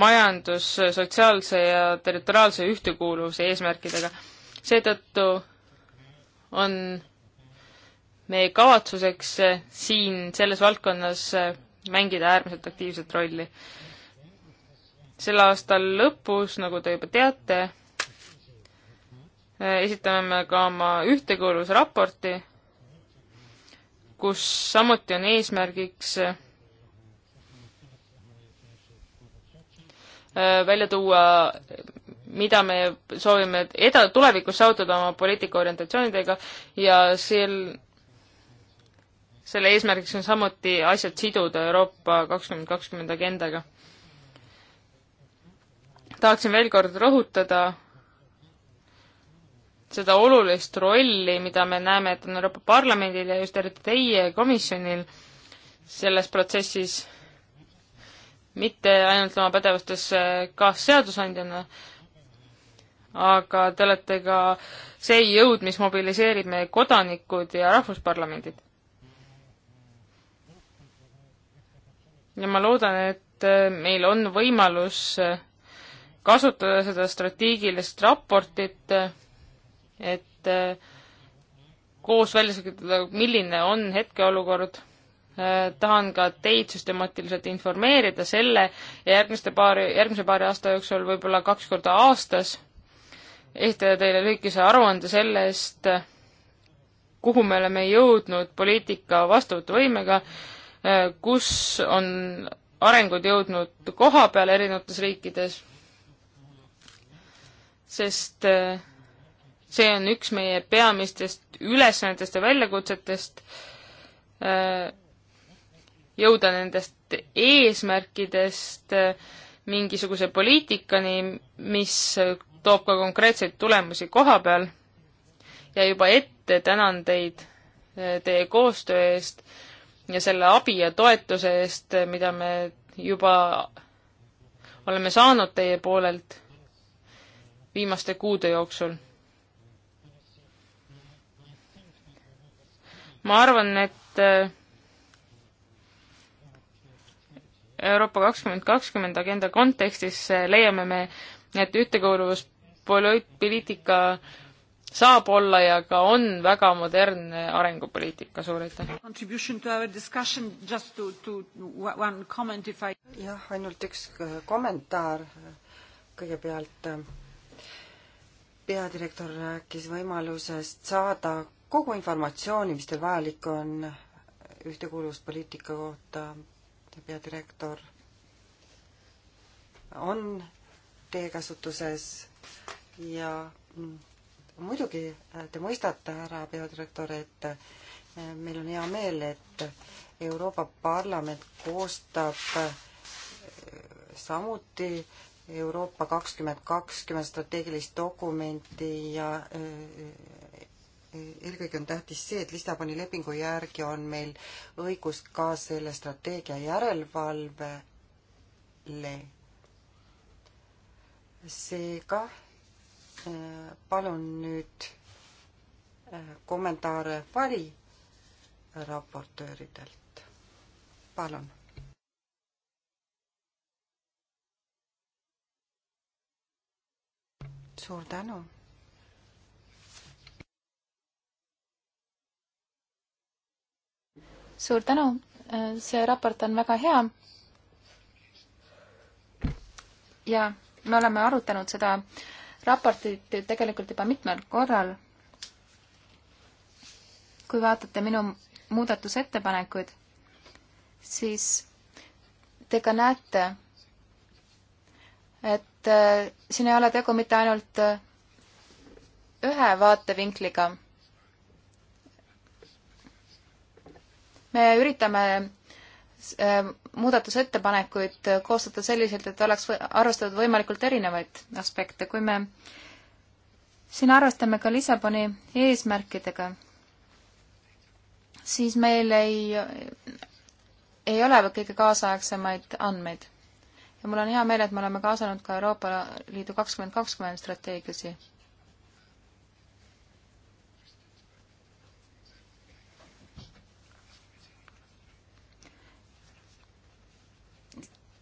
majandus, sotsiaalse ja territoriaalse ühtekuuluvuse eesmärkidega. seetõttu on meie kavatsuseks äh, siin selles valdkonnas äh, mängida äärmiselt aktiivset rolli. selle aasta lõpus, nagu te juba teate, esitame me ka oma ühtekuuluvusraporti kus samuti on eesmärgiks äh, välja tuua, mida me soovime eda-, tulevikus saavutada oma poliitika orientatsioonidega ja seal, selle eesmärgiks on samuti asjad siduda Euroopa kakskümmend kakskümmend agendaga. tahaksin veel kord rõhutada, seda olulist rolli, mida me näeme, et on Euroopa Parlamendil ja just eriti teie komisjonil selles protsessis, mitte ainult oma pädevustes äh, kaasseadusandjana, aga te olete ka see jõud, mis mobiliseerib meie kodanikud ja rahvusparlamendid. ja ma loodan, et äh, meil on võimalus äh, kasutada seda strateegilist raportit et äh, koos välja selgitada, milline on hetkeolukord. Äh, tahan ka teid süstemaatiliselt informeerida selle ja järgmiste paari, järgmise paari aasta jooksul võib-olla kaks korda aastas esitada teile lühikese aruande sellest, kuhu me oleme jõudnud poliitika vastuvõtuvõimega, äh, kus on arengud jõudnud koha peal erinevates riikides, sest äh, see on üks meie peamistest ülesannetest ja väljakutsetest, äh, jõuda nendest eesmärkidest äh, mingisuguse poliitikani, mis toob ka konkreetseid tulemusi koha peal ja juba ette tänan teid äh, teie koostöö eest ja selle abi ja toetuse eest, mida me juba oleme saanud teie poolelt viimaste kuude jooksul ma arvan, et äh, Euroopa kakskümmend kakskümmend agenda kontekstis äh, leiame me, et ühtekuuluvuspoliitika saab olla ja ka on väga modernne arengupoliitika, suur aitäh! jah, ainult üks äh, kommentaar kõigepealt. peadirektor rääkis võimalusest saada kogu informatsiooni, mis teil vajalik on ühtekuuluvuspoliitika kohta, peadirektor on teie käsutuses ja mm, muidugi äh, te mõistate, härra peadirektor, et äh, meil on hea meel, et Euroopa Parlament koostab äh, samuti Euroopa kakskümmend kakskümmend strateegilist dokumenti ja eelkõige on tähtis see, et Lissaboni lepingu järgi on meil õigus ka selle strateegia järelevalvele. seega äh, palun nüüd äh, kommentaare vali raportööridelt. palun suur tänu suur tänu, see raport on väga hea. ja me oleme arutanud seda raportit tegelikult juba mitmel korral. kui vaatate minu muudatusettepanekuid, siis te ka näete, et äh, siin ei ole tegu mitte ainult äh, ühe vaatevinkliga me üritame äh, muudatusettepanekuid koostada selliselt, et oleks arvestatud võimalikult erinevaid aspekte, kui me siin arvestame ka Lissaboni eesmärkidega, siis meil ei, ei ole kõige kaasaegsemaid andmeid. ja mul on hea meel, et me oleme kaasanud ka Euroopa Liidu kakskümmend kakskümmend strateegiasi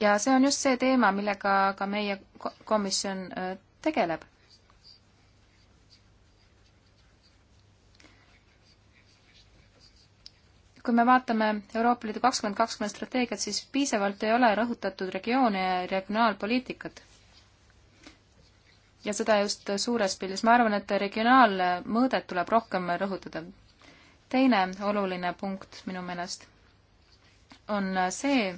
ja see on just see teema, millega ka meie komisjon äh, tegeleb. kui me vaatame Euroopa Liidu kakskümmend kakskümmend strateegiat, siis piisavalt ei ole rõhutatud regioone ja regionaalpoliitikat. ja seda just suures pildis. ma arvan, et regionaalmõõdet tuleb rohkem rõhutada. teine oluline punkt minu meelest on see,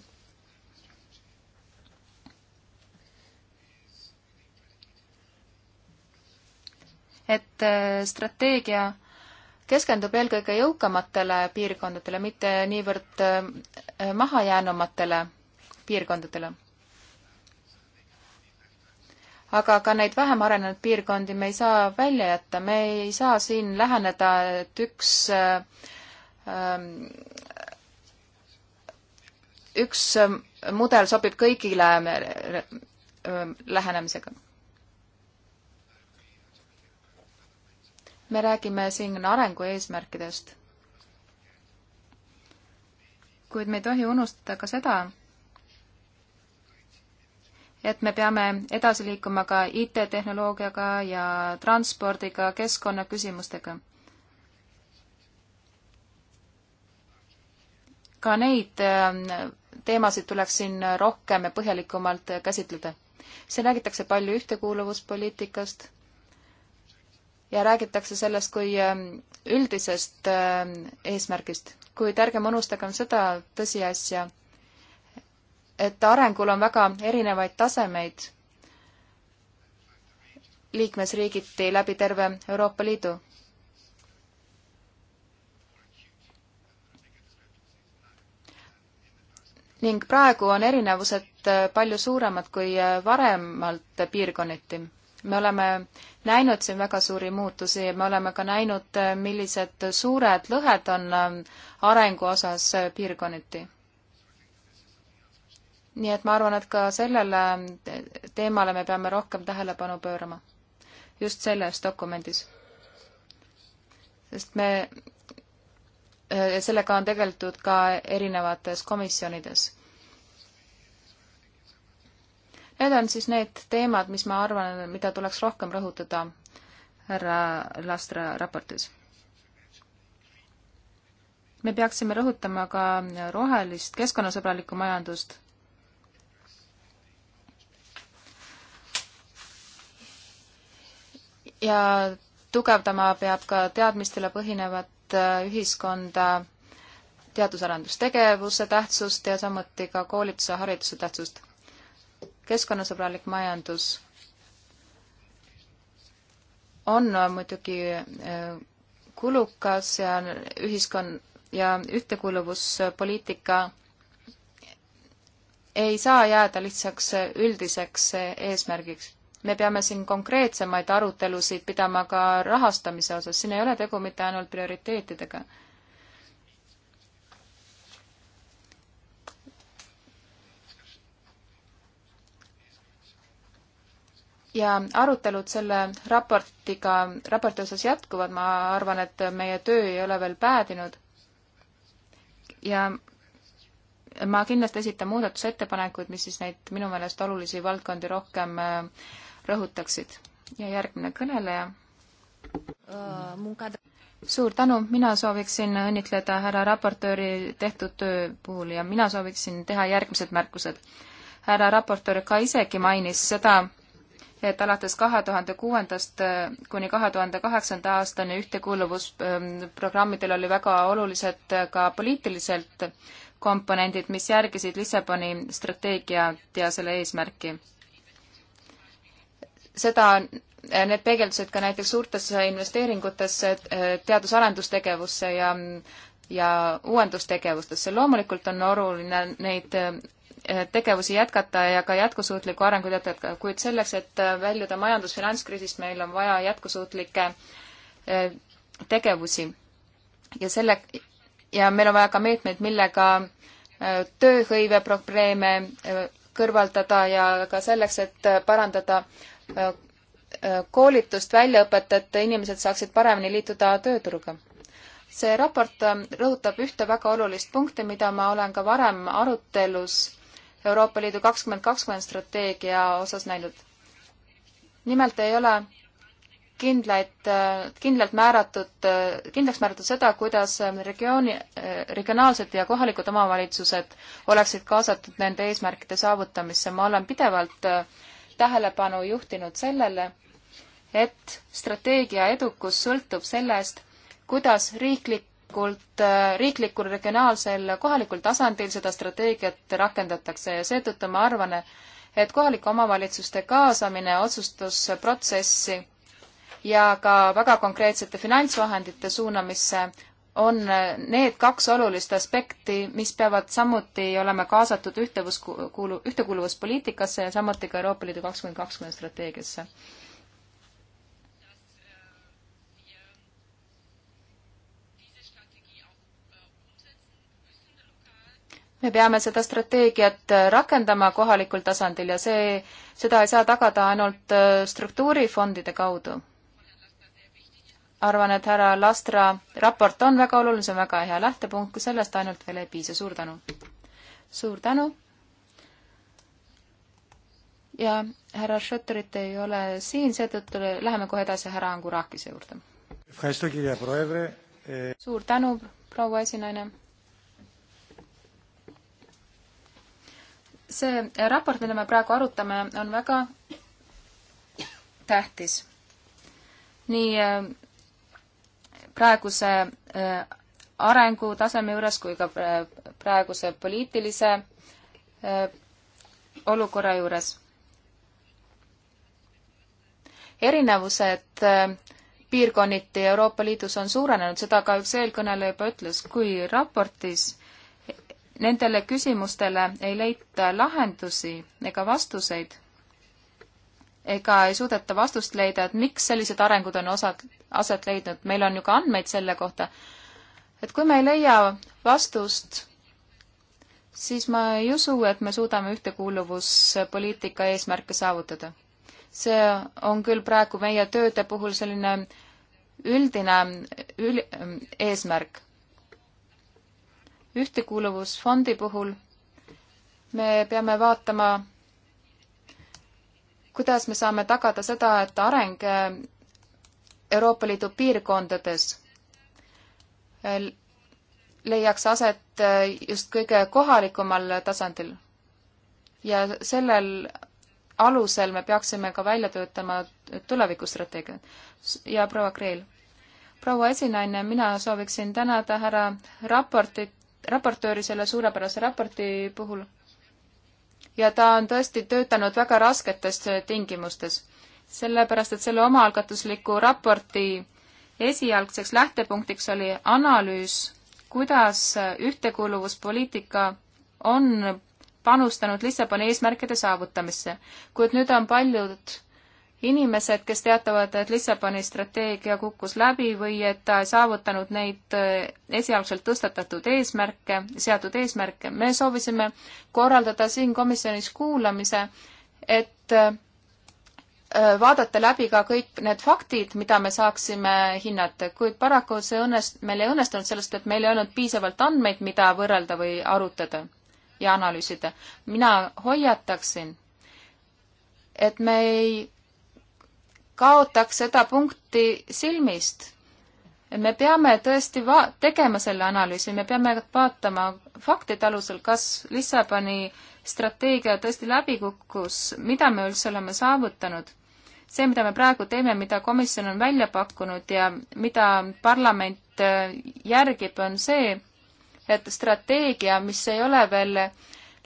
et äh, strateegia keskendub eelkõige jõukamatele piirkondadele, mitte niivõrd äh, mahajäänumatele piirkondadele. aga ka neid vähem arenenud piirkondi me ei saa välja jätta, me ei saa siin läheneda, et üks äh, ähm, üks mudel sobib kõigile lähenemisega me räägime siin arengu eesmärkidest. kuid me ei tohi unustada ka seda, et me peame edasi liikuma ka IT-tehnoloogiaga ja transpordiga, keskkonnaküsimustega. ka neid äh, teemasid tuleks siin rohkem ja põhjalikumalt äh, käsitleda. siin räägitakse palju ühtekuuluvuspoliitikast ja räägitakse sellest kui ähm, üldisest ähm, eesmärgist, kuid ärgem unustagem seda tõsiasja, et arengul on väga erinevaid tasemeid liikmesriigiti läbi terve Euroopa Liidu ning praegu on erinevused äh, palju suuremad kui äh, varemalt piirkonniti me oleme näinud siin väga suuri muutusi ja me oleme ka näinud, eh, millised suured lõhed on eh, arengu osas eh, piirkonniti. nii et ma arvan, et ka sellele teemale me peame rohkem tähelepanu pöörama. just selles dokumendis. sest me, sellega on tegeldud ka erinevates komisjonides Need on siis need teemad, mis ma arvan, mida tuleks rohkem rõhutada härra Lastra raportis. me peaksime rõhutama ka rohelist keskkonnasõbralikku majandust. ja tugevdama peab ka teadmistele põhinevat äh, ühiskonda, teadus-arendustegevuse tähtsust ja samuti ka koolituse, hariduse tähtsust keskkonnasõbralik majandus on muidugi äh, kulukas ja ühiskon- ja ühtekuuluvuspoliitika ei saa jääda lihtsaks äh, üldiseks äh, eesmärgiks. me peame siin konkreetsemaid arutelusid pidama ka rahastamise osas, siin ei ole tegu mitte ainult prioriteetidega ja arutelud selle raportiga, raporti osas jätkuvad, ma arvan, et meie töö ei ole veel päädinud. ja ma kindlasti esitan muudatusettepanekuid, mis siis neid minu meelest olulisi valdkondi rohkem äh, rõhutaksid. ja järgmine kõneleja uh,. suur tänu, mina sooviksin õnnitleda härra raportööri tehtud töö puhul ja mina sooviksin teha järgmised märkused. härra raportöör ka isegi mainis seda, et alates kahe tuhande kuuendast kuni kahe tuhande kaheksanda aastani ühtekuuluvusprogrammidel oli väga olulised ka poliitiliselt komponendid, mis järgisid Lissaboni strateegiat ja selle eesmärki. seda, need peegeldusid ka näiteks suurtesse investeeringutesse teadus-arendustegevusse ja ja uuendustegevustesse. loomulikult on oluline neid tegevusi jätkata ja ka jätkusuutlikku arengut jätkata, kuid selleks, et äh, väljuda majandusfinantskriisist, meil on vaja jätkusuutlikke äh, tegevusi. ja selle, ja meil on vaja ka meetmeid, millega äh, tööhõive probleeme kõrvaldada ja ka selleks, et parandada koolitust, väljaõpet, et inimesed saaksid paremini liituda tööturuga see raport rõhutab ühte väga olulist punkti, mida ma olen ka varem arutelus Euroopa Liidu kakskümmend kakskümmend strateegia osas näinud. nimelt ei ole kindlaid, kindlalt määratud, kindlaks määratud seda, kuidas regiooni, regionaalsed ja kohalikud omavalitsused oleksid kaasatud nende eesmärkide saavutamisse. ma olen pidevalt äh, tähelepanu juhtinud sellele, et strateegia edukus sõltub sellest, kuidas riiklik tegelikult äh, riiklikul, regionaalsel, kohalikul tasandil seda strateegiat rakendatakse ja seetõttu ma arvan, et kohalike omavalitsuste kaasamine otsustusprotsessi ja ka väga konkreetsete finantsvahendite suunamisse on äh, need kaks olulist aspekti, mis peavad samuti olema kaasatud ühtevuskuulu, ühtekuuluvuspoliitikasse ja samuti ka Euroopa Liidu kakskümmend kakskümmend strateegiasse me peame seda strateegiat äh, rakendama kohalikul tasandil ja see, seda ei saa tagada ainult äh, struktuurifondide kaudu. arvan, et härra Lastra raport on väga oluline, see on väga hea lähtepunkt, kui sellest ainult veel ei piisa, suur tänu! suur tänu! ja härra Schotterit ei ole siin, seetõttu läheme kohe edasi härra Angurakise juurde. suur tänu, proua esinaine! see raport, mida me praegu arutame, on väga tähtis. nii äh, praeguse äh, arengutaseme juures kui ka äh, praeguse poliitilise olukorra juures. erinevused piirkonniti Euroopa Liidus on suurenenud, seda ka üks eelkõneleja juba ütles, kui raportis nendele küsimustele ei leita lahendusi ega vastuseid ega ei suudeta vastust leida, et miks sellised arengud on osad, aset leidnud, meil on ju ka andmeid selle kohta. et kui me ei leia vastust, siis ma ei usu, et me suudame ühtekuuluvuspoliitika eesmärke saavutada. see on küll praegu meie tööde puhul selline üldine ül-, eesmärk ühtekuuluvusfondi puhul me peame vaatama, kuidas me saame tagada seda, et areng Euroopa Liidu piirkondades leiaks aset just kõige kohalikumal tasandil. ja sellel alusel me peaksime ka välja töötama tulevikustrateegiat. ja proua Kreel? proua esinaine, mina sooviksin tänada härra raportit raportööri selle suurepärase raporti puhul. ja ta on tõesti töötanud väga rasketes tingimustes, sellepärast et selle omaalgatusliku raporti esialgseks lähtepunktiks oli analüüs, kuidas ühtekuuluvuspoliitika on panustanud Lissaboni eesmärkide saavutamisse, kuid nüüd on paljud inimesed, kes teatavad, et Lissaboni strateegia kukkus läbi või et ta ei saavutanud neid äh, esialgselt tõstatatud eesmärke, seatud eesmärke. me soovisime korraldada siin komisjonis kuulamise, et äh, vaadata läbi ka kõik need faktid, mida me saaksime hinnata, kuid paraku see õnnest-, meil ei õnnestunud sellest, et meil ei olnud piisavalt andmeid, mida võrrelda või arutada ja analüüsida. mina hoiataksin, et me ei kaotaks seda punkti silmist. me peame tõesti va-, tegema selle analüüsi, me peame vaatama faktide alusel, kas Lissaboni strateegia tõesti läbi kukkus, mida me üldse oleme saavutanud. see, mida me praegu teeme, mida komisjon on välja pakkunud ja mida parlament järgib, on see, et strateegia, mis ei ole veel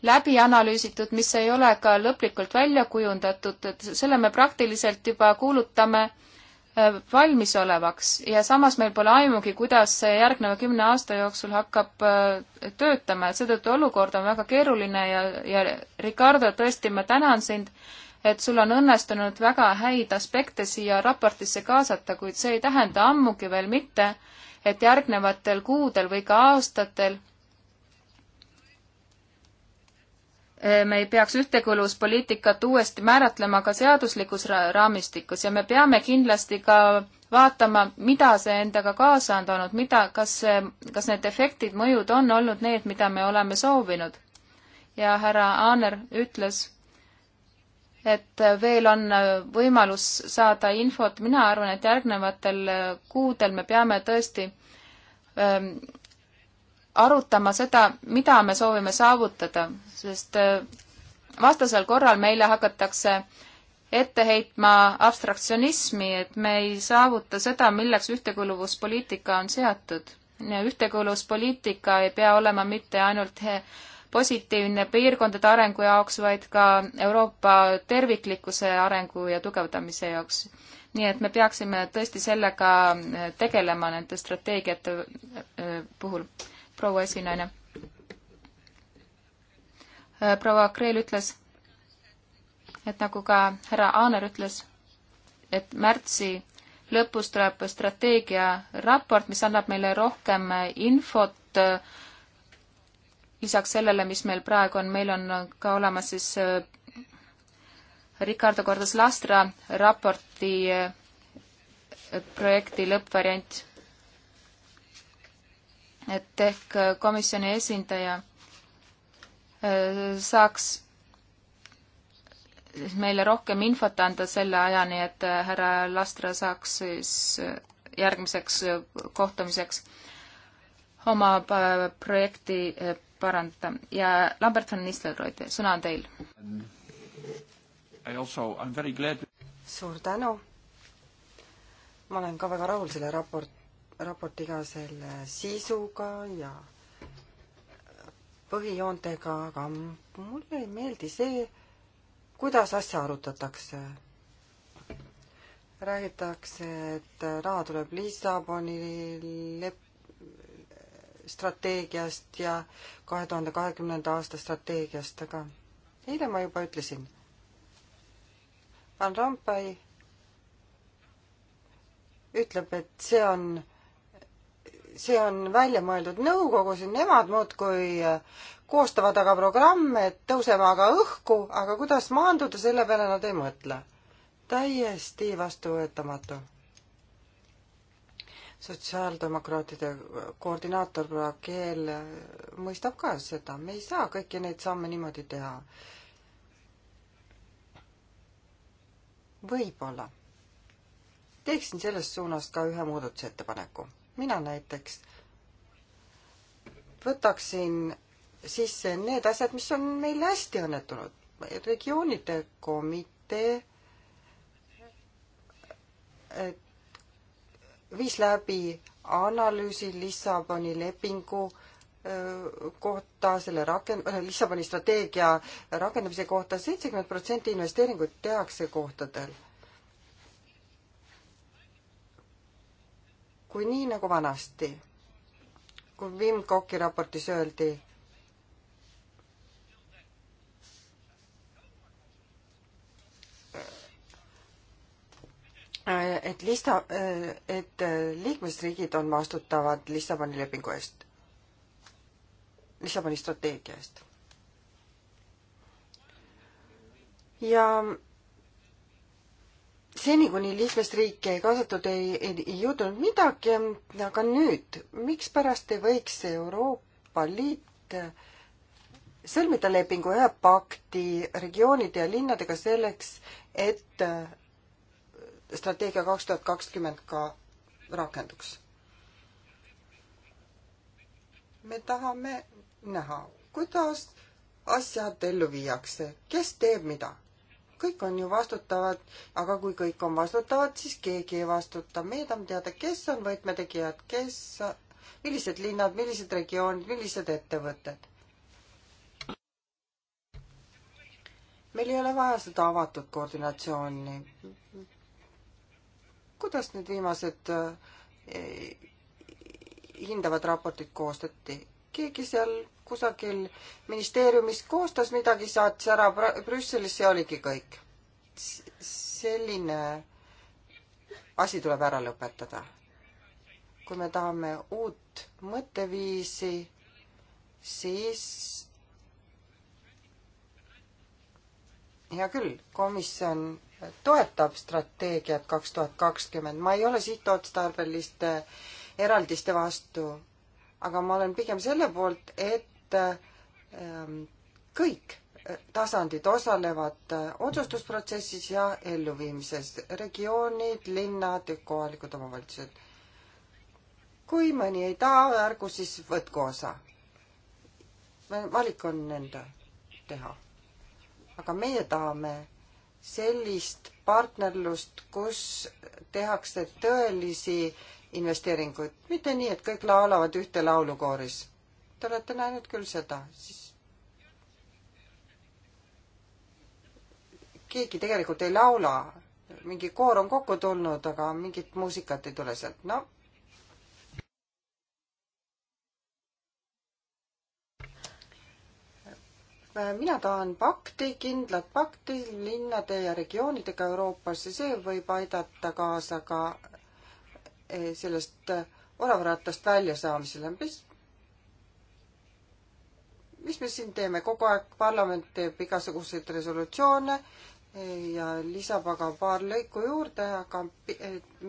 läbi analüüsitud, mis ei ole ka lõplikult välja kujundatud, et selle me praktiliselt juba kuulutame äh, valmisolevaks ja samas meil pole aimugi, kuidas see järgneva kümne aasta jooksul hakkab äh, töötama, et seetõttu olukord on väga keeruline ja, ja Ricardo, tõesti, ma tänan sind, et sul on õnnestunud väga häid aspekte siia raportisse kaasata, kuid see ei tähenda ammugi veel mitte, et järgnevatel kuudel või ka aastatel Äh, me ei peaks ühtekuuluvuspoliitikat uuesti määratlema ka seaduslikus raamistikus ja me peame kindlasti ka vaatama, mida see endaga kaasa on toonud, mida, kas, kas need efektid, mõjud on olnud need, mida me oleme soovinud. ja härra Aaner ütles, et veel on võimalus saada infot, mina arvan, et järgnevatel kuudel me peame tõesti ähm, arutama seda, mida me soovime saavutada, sest äh, vastasel korral meile hakatakse ette heitma abstraktsionismi, et me ei saavuta seda, milleks ühtekuuluvuspoliitika on seatud. ühtekuuluvuspoliitika ei pea olema mitte ainult positiivne piirkondade arengu jaoks, vaid ka Euroopa terviklikkuse arengu ja tugevdamise jaoks. nii et me peaksime tõesti sellega äh, tegelema nende strateegiate äh, puhul proua esinaine. Äh, proua Kreel ütles, et nagu ka härra Aaner ütles, et märtsi lõpus tuleb strateegiaraport, mis annab meile rohkem äh, infot äh, lisaks sellele, mis meil praegu on, meil on ka olemas siis Ricardo Cordas Lastra raporti projekti lõppvariant et ehk komisjoni esindaja äh, saaks meile rohkem infot anda selle ajani, et äh, härra Lastra saaks siis äh, järgmiseks kohtumiseks oma projekti parandada ja Lambert von Nistelrooid, sõna on teil. suur tänu. ma olen ka väga rahul selle raport, raportiga, selle sisuga ja põhijoontega, aga mulle ei meeldi see, kuidas asja arutatakse. räägitakse, et raha tuleb Lissaboni lep-, strateegiast ja kahe tuhande kahekümnenda aasta strateegiast, aga eile ma juba ütlesin, Van Rompuy ütleb, et see on see on välja mõeldud nõukogus ja nemad muudkui äh, koostavad aga programme, et tõuseme aga õhku, aga kuidas maanduda, selle peale nad ei mõtle. täiesti vastuvõetamatu. sotsiaaldemokraatide koordinaator Keel äh, mõistab ka seda, me ei saa kõiki neid samme niimoodi teha. võib-olla teeksin selles suunas ka ühe muudatusettepaneku mina näiteks võtaksin sisse need asjad, mis on meil hästi õnnetunud. regioonide komitee viis läbi analüüsi Lissaboni lepingu kohta, selle rakend-, äh, Lissaboni strateegia rakendamise kohta, seitsekümmend protsenti investeeringuid tehakse kohtadel kui nii nagu vanasti, kui Wim Koki raportis öeldi, et lista, et liikmesriigid on vastutavad Lissaboni lepingu eest, Lissaboni strateegia eest. ja seni, kuni liikmesriike kaasatud ei, ei, ei juhtunud midagi, aga nüüd, mikspärast ei võiks Euroopa Liit sõlmida lepingu ühe pakti regioonide ja linnadega selleks, et strateegia kaks tuhat kakskümmend ka rakenduks? me tahame näha, kuidas asjad ellu viiakse, kes teeb mida kõik on ju vastutavad, aga kui kõik on vastutavad, siis keegi ei vastuta. meie tahame teada, kes on võtmetegijad, kes, millised linnad, millised regioonid, millised ettevõtted. meil ei ole vaja seda avatud koordinatsiooni. kuidas need viimased eh, hindavad raportid koostati? keegi seal kusagil ministeeriumis koostas midagi, saatis ära Brüsselisse ja oligi kõik. selline asi tuleb ära lõpetada. kui me tahame uut mõtteviisi, siis hea küll, komisjon toetab strateegiat kaks tuhat kakskümmend, ma ei ole sihtotstarbeliste eraldiste vastu, aga ma olen pigem selle poolt, et et ähm, kõik tasandid osalevad äh, otsustusprotsessis ja elluviimises, regioonid, linnad, kohalikud omavalitsused. kui mõni ei taha, ärgu siis võtku osa. valik on nende teha. aga meie tahame sellist partnerlust, kus tehakse tõelisi investeeringuid, mitte nii, et kõik laulavad ühte laulukooris Te olete näinud küll seda, siis keegi tegelikult ei laula, mingi koor on kokku tulnud, aga mingit muusikat ei tule sealt, no. mina tahan pakti, kindlat pakti linnade ja regioonidega Euroopas ja see võib aidata kaasa ka eh, sellest eh, oravaratast väljasaamisele, mis mis me siin teeme, kogu aeg parlament teeb igasuguseid resolutsioone ja lisab aga paar lõiku juurde, aga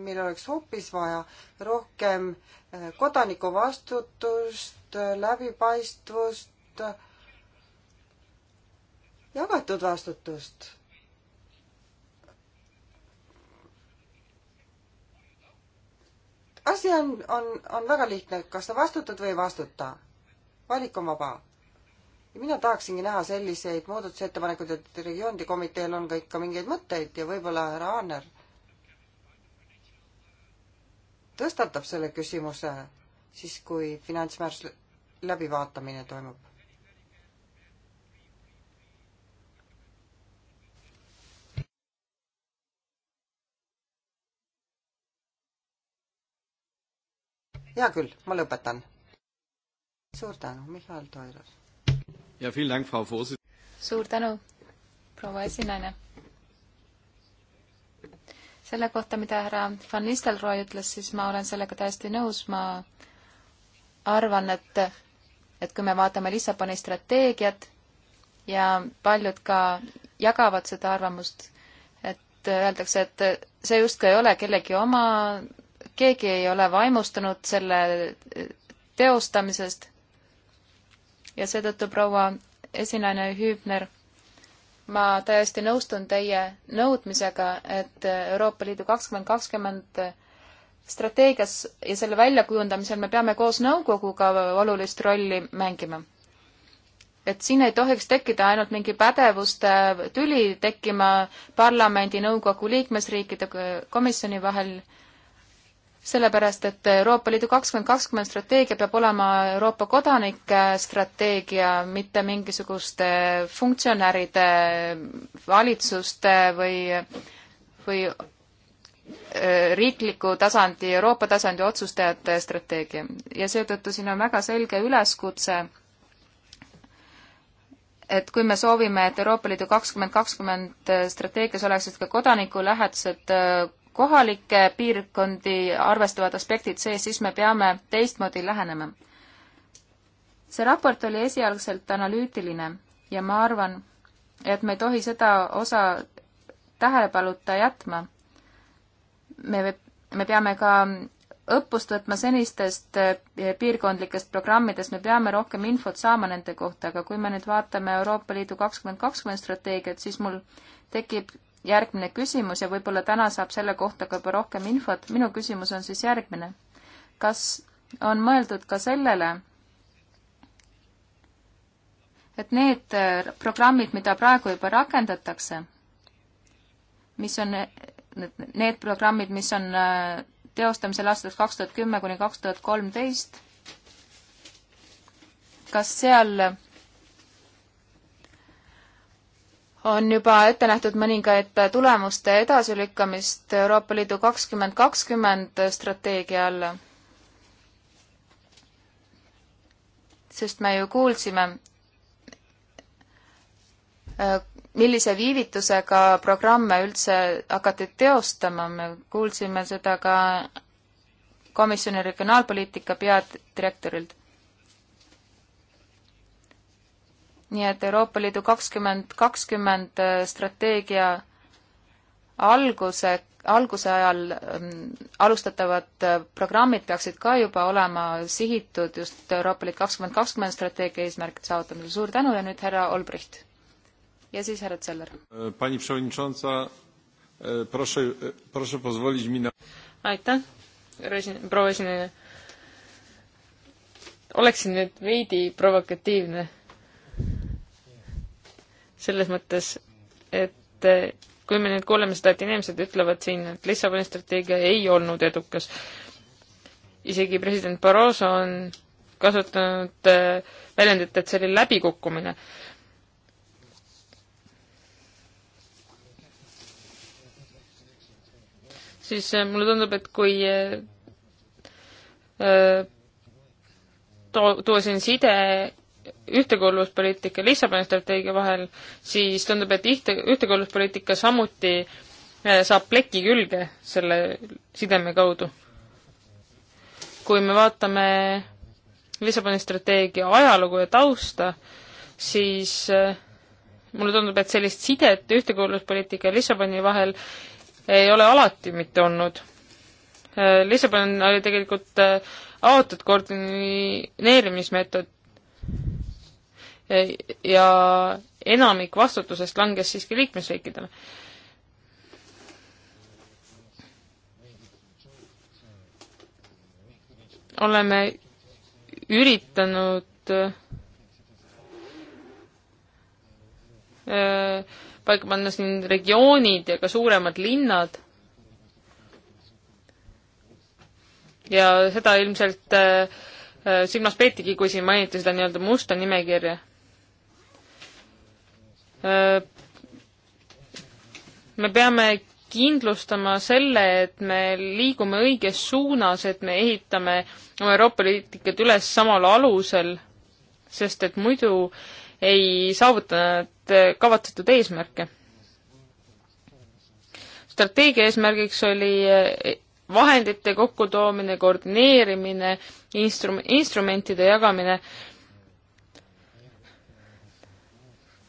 meil oleks hoopis vaja rohkem eh, kodanikuvastutust, läbipaistvust, jagatud vastutust asi on, on, on väga lihtne, kas sa vastutad või ei vastuta. valik on vaba ja mina tahaksingi näha selliseid muudatusettepanekuid, et regioonide komiteel on ka ikka mingeid mõtteid ja võib-olla härra Aaner tõstatab selle küsimuse siis, kui finantsmäärus läbivaatamine toimub. hea küll, ma lõpetan. suur tänu, Mihhail Toiler suur tänu, proua esinaine. selle kohta, mida härra Van Nistelrooy ütles, siis ma olen sellega täiesti nõus, ma arvan, et, et kui me vaatame Lissaboni strateegiat ja paljud ka jagavad seda arvamust, et öeldakse, et see justkui ei ole kellegi oma, keegi ei ole vaimustunud selle teostamisest ja seetõttu, proua esinaine Hübner, ma täiesti nõustun teie nõudmisega, et Euroopa Liidu kakskümmend kakskümmend strateegias ja selle väljakujundamisel me peame koos nõukoguga olulist rolli mängima. et siin ei tohiks tekkida ainult mingi pädevuste tüli tekkima parlamendi, nõukogu, liikmesriikide, komisjoni vahel sellepärast et Euroopa Liidu kakskümmend kakskümmend strateegia peab olema Euroopa kodanike strateegia, mitte mingisuguste funktsionäride, valitsuste või, või äh, riikliku tasandi, Euroopa tasandi otsustajate strateegia. ja seetõttu siin on väga selge üleskutse, et kui me soovime, et Euroopa Liidu kakskümmend kakskümmend strateegias oleksid ka kodanikulähedased äh, kohalikke piirkondi arvestavad aspektid sees, siis me peame teistmoodi lähenema. see raport oli esialgselt analüütiline ja ma arvan, et me ei tohi seda osa tähelepanuta jätma. me, me peame ka õppust võtma senistest eh, piirkondlikest programmidest, me peame rohkem infot saama nende kohta, aga kui me nüüd vaatame Euroopa Liidu kakskümmend kakskümmend strateegiat, siis mul tekib järgmine küsimus ja võib-olla täna saab selle kohta ka juba rohkem infot. minu küsimus on siis järgmine. kas on mõeldud ka sellele, et need äh, programmid, mida praegu juba rakendatakse, mis on need, need programmid, mis on äh, teostamisel aastast kaks tuhat kümme kuni kaks tuhat kolmteist, kas seal on juba ette nähtud mõningaid tulemuste edasilükkamist Euroopa Liidu kakskümmend kakskümmend strateegia alla. sest me ju kuulsime, äh, millise viivitusega programme üldse hakati teostama, me kuulsime seda ka komisjoni regionaalpoliitika peadirektorilt nii et Euroopa Liidu kakskümmend kakskümmend äh, strateegia alguse, alguse ajal ähm, alustatavad äh, programmid peaksid ka juba olema sihitud just Euroopa Liit kakskümmend kakskümmend strateegia eesmärkide saavutamisel. suur tänu ja nüüd härra Olbricht. ja siis härra Zeller. Äh, e, e, aitäh, proua esineja. oleksin nüüd veidi provokatiivne selles mõttes, et eh, kui me nüüd kuuleme seda, et inimesed ütlevad siin, et Lissaboni strateegia ei olnud edukas, isegi president Barroso on kasutanud eh, väljendit, et see oli läbikukkumine. siis eh, mulle tundub, et kui too, tuua siin side ühtekuuluvuspoliitika ja Lissaboni strateegia vahel, siis tundub, et ühte, ühtekuuluvuspoliitika samuti äh, saab pleki külge selle sideme kaudu. kui me vaatame Lissaboni strateegia ajalugu ja tausta, siis äh, mulle tundub, et sellist sidet ühtekuuluvuspoliitika ja Lissaboni vahel ei ole alati mitte olnud. Äh, Lissabon oli tegelikult avatud koordineerimismeetod, ja enamik vastutusest langes siiski liikmesriikidele. oleme üritanud äh, paika panna siin regioonid ja ka suuremad linnad ja seda ilmselt äh, äh silmas peetigi, kui siin mainiti seda nii-öelda musta nimekirja me peame kindlustama selle, et me liigume õiges suunas, et me ehitame oma Euroopa poliitikat üles samal alusel, sest et muidu ei saavuta nad kavatsetud eesmärke. strateegia eesmärgiks oli vahendite kokkutoomine, koordineerimine, instrum-, instrumentide jagamine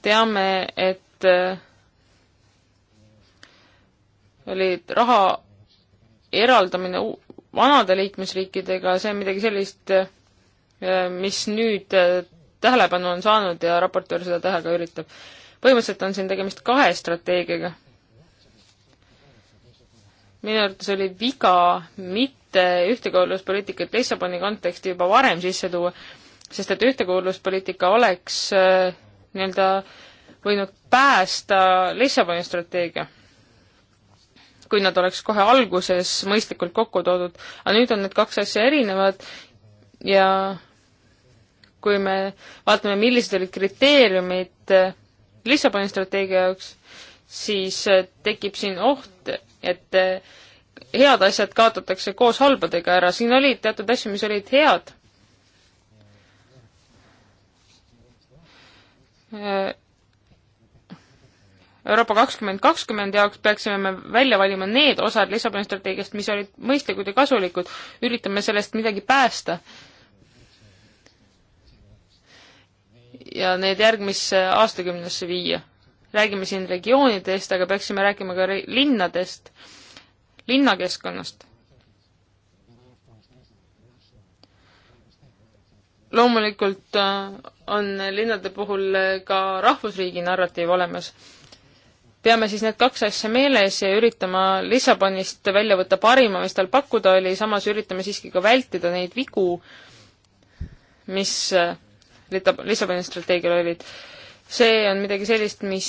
teame, et äh, oli raha eraldamine vanade liikmesriikidega, see on midagi sellist, äh, mis nüüd äh, tähelepanu on saanud ja raportöör seda teha ka üritab. põhimõtteliselt on siin tegemist kahe strateegiaga. minu arvates oli viga mitte ühtekuuluvuspoliitikat Lissaboni konteksti juba varem sisse tuua, sest et ühtekuuluvuspoliitika oleks äh, nii-öelda võinud päästa Lissaboni strateegia, kui nad oleks kohe alguses mõistlikult kokku toodud, aga nüüd on need kaks asja erinevad ja kui me vaatame, millised olid kriteeriumid eh, Lissaboni strateegia jaoks, siis eh, tekib siin oht, et eh, head asjad kaotatakse koos halbadega ära, siin oli teatud asju, mis olid head Euroopa kakskümmend kakskümmend jaoks peaksime me välja valima need osad Lissaboni strateegiast, mis olid mõistlikud ja kasulikud, üritame sellest midagi päästa. ja need järgmisse aastakümnesse viia. räägime siin regioonidest, aga peaksime rääkima ka linnadest, linnakeskkonnast loomulikult äh, on linnade puhul äh, ka rahvusriigi narratiiv olemas. peame siis need kaks asja meeles ja üritama Lissabonist välja võtta parima, mis tal pakkuda oli, samas üritame siiski ka vältida neid vigu, mis äh, Lissaboni strateegial olid. see on midagi sellist, mis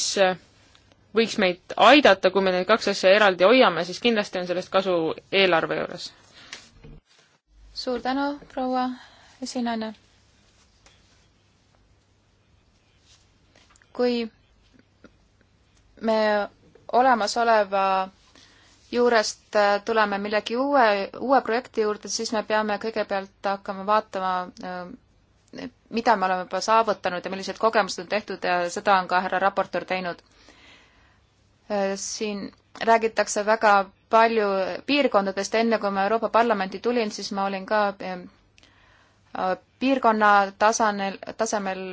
võiks meid aidata, kui me need kaks asja eraldi hoiame, siis kindlasti on sellest kasu eelarve juures. suur tänu, proua esinaine kui me olemasoleva juurest äh, tuleme millegi uue, uue projekti juurde, siis me peame kõigepealt hakkama vaatama, äh, mida me oleme juba saavutanud ja millised kogemused on tehtud ja seda on ka härra raportöör teinud. Äh, siin räägitakse väga palju piirkondadest, enne kui ma Euroopa Parlamenti tulin, siis ma olin ka piirkonna tasanel, tasemel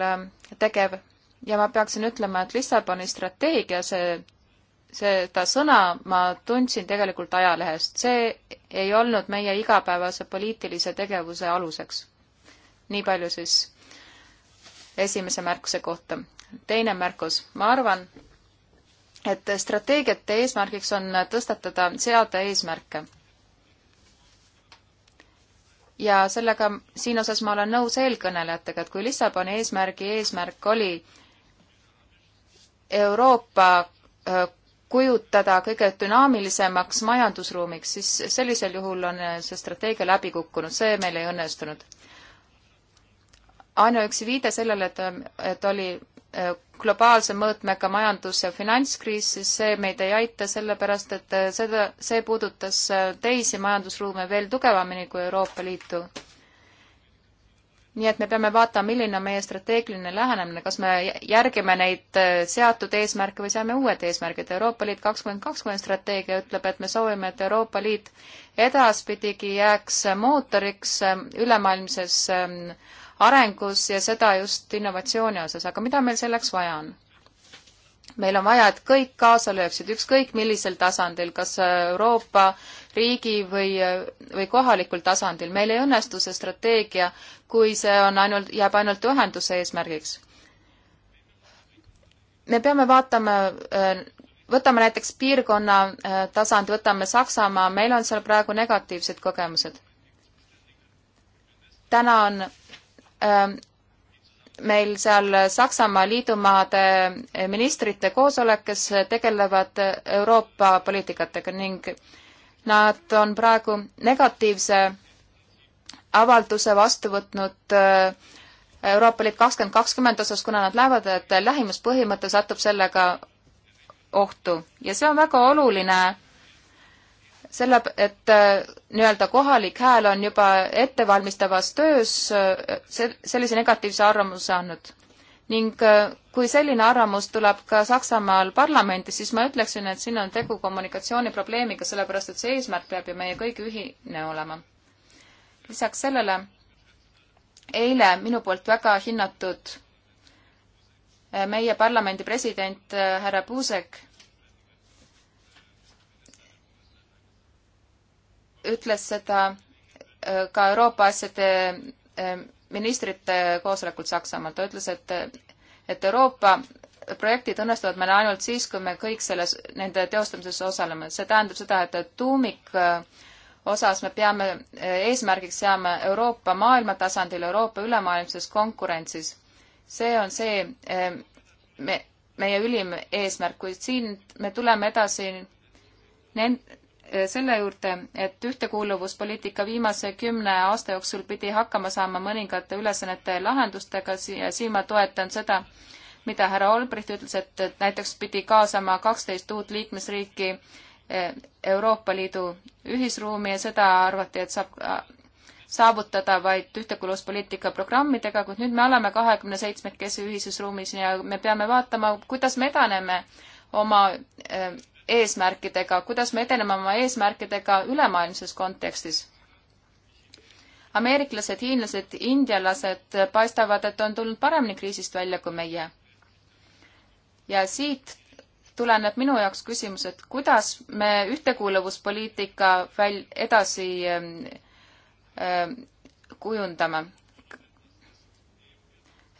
tegev ja ma peaksin ütlema, et Lissaboni strateegia, see, seda sõna ma tundsin tegelikult ajalehest, see ei olnud meie igapäevase poliitilise tegevuse aluseks. nii palju siis esimese märkuse kohta. teine märkus, ma arvan, et strateegiate eesmärgiks on tõstatada, seada eesmärke. ja sellega, siin osas ma olen nõus eelkõnelejatega, et kui Lissaboni eesmärgi eesmärk oli Euroopa äh, kujutada kõige dünaamilisemaks majandusruumiks, siis sellisel juhul on äh, see strateegia läbi kukkunud, see meil ei õnnestunud. ainuüksi viide sellele, et, et oli äh, globaalse mõõtmega majandus- ja finantskriis, siis see meid ei aita, sellepärast et seda, see puudutas teisi majandusruume veel tugevamini kui Euroopa Liitu nii et me peame vaatama, milline on meie strateegiline lähenemine, kas me järgime neid äh, seatud eesmärke või seame uued eesmärgid. Euroopa Liit kakskümmend kakskümmend strateegia ütleb, et me soovime, et Euroopa Liit edaspidigi jääks äh, mootoriks äh, ülemaailmses ähm, arengus ja seda just innovatsiooni osas, aga mida meil selleks vaja on? meil on vaja, et kõik kaasa lööksid, ükskõik millisel tasandil, kas Euroopa riigi või, või kohalikul tasandil. meil ei õnnestu see strateegia, kui see on ainult, jääb ainult ühenduse eesmärgiks. me peame vaatama, äh, võtame näiteks piirkonna äh, tasand, võtame Saksamaa, meil on seal praegu negatiivsed kogemused. täna on ähm, meil seal Saksamaa liidumaade ministrite koosolek, kes tegelevad Euroopa poliitikatega ning äh, Nad on praegu negatiivse avalduse vastu võtnud äh, Euroopa Liit kakskümmend kakskümmend osas, kuna nad näevad, et lähimuspõhimõte satub sellega ohtu ja see on väga oluline selle, et äh, nii-öelda kohalik hääl on juba ettevalmistavas töös äh, sellise negatiivse arvamuse andnud ning äh, kui selline arvamus tuleb ka Saksamaal parlamenti, siis ma ütleksin, et siin on tegu kommunikatsiooniprobleemiga, sellepärast et see eesmärk peab ju meie kõigi ühine olema. lisaks sellele eile minu poolt väga hinnatud äh, meie parlamendi president äh, härra Puusek ütles seda ka Euroopa asjade ministrite koosolekult Saksamaal, ta ütles, et, et Euroopa projektid õnnestuvad meil ainult siis, kui me kõik selles, nende teostamises osaleme. see tähendab seda, et tuumik äh, osas me peame äh, eesmärgiks seama Euroopa maailma tasandil, Euroopa ülemaailmses konkurentsis. see on see äh, me, meie ülim eesmärk, kuid siin me tuleme edasi nend-, Eh, selle juurde, et ühtekuuluvuspoliitika viimase kümne aasta jooksul pidi hakkama saama mõningate ülesannete lahendustega ja siin ma toetan seda, mida härra Olbricht ütles, et, et näiteks pidi kaasama kaksteist uut liikmesriiki eh, Euroopa Liidu ühisruumi ja seda arvati, et saab saavutada vaid ühtekuuluvuspoliitika programmidega, kuid nüüd me oleme kahekümne seitsmekesi ühises ruumis ja me peame vaatama, kuidas me edaneme oma eh, eesmärkidega, kuidas me edeneme oma eesmärkidega ülemaailmses kontekstis. ameeriklased, hiinlased, indialased paistavad, et on tulnud paremini kriisist välja kui meie. ja siit tuleneb minu jaoks küsimus, et kuidas me ühtekuuluvuspoliitika väl-, edasi äh, kujundame.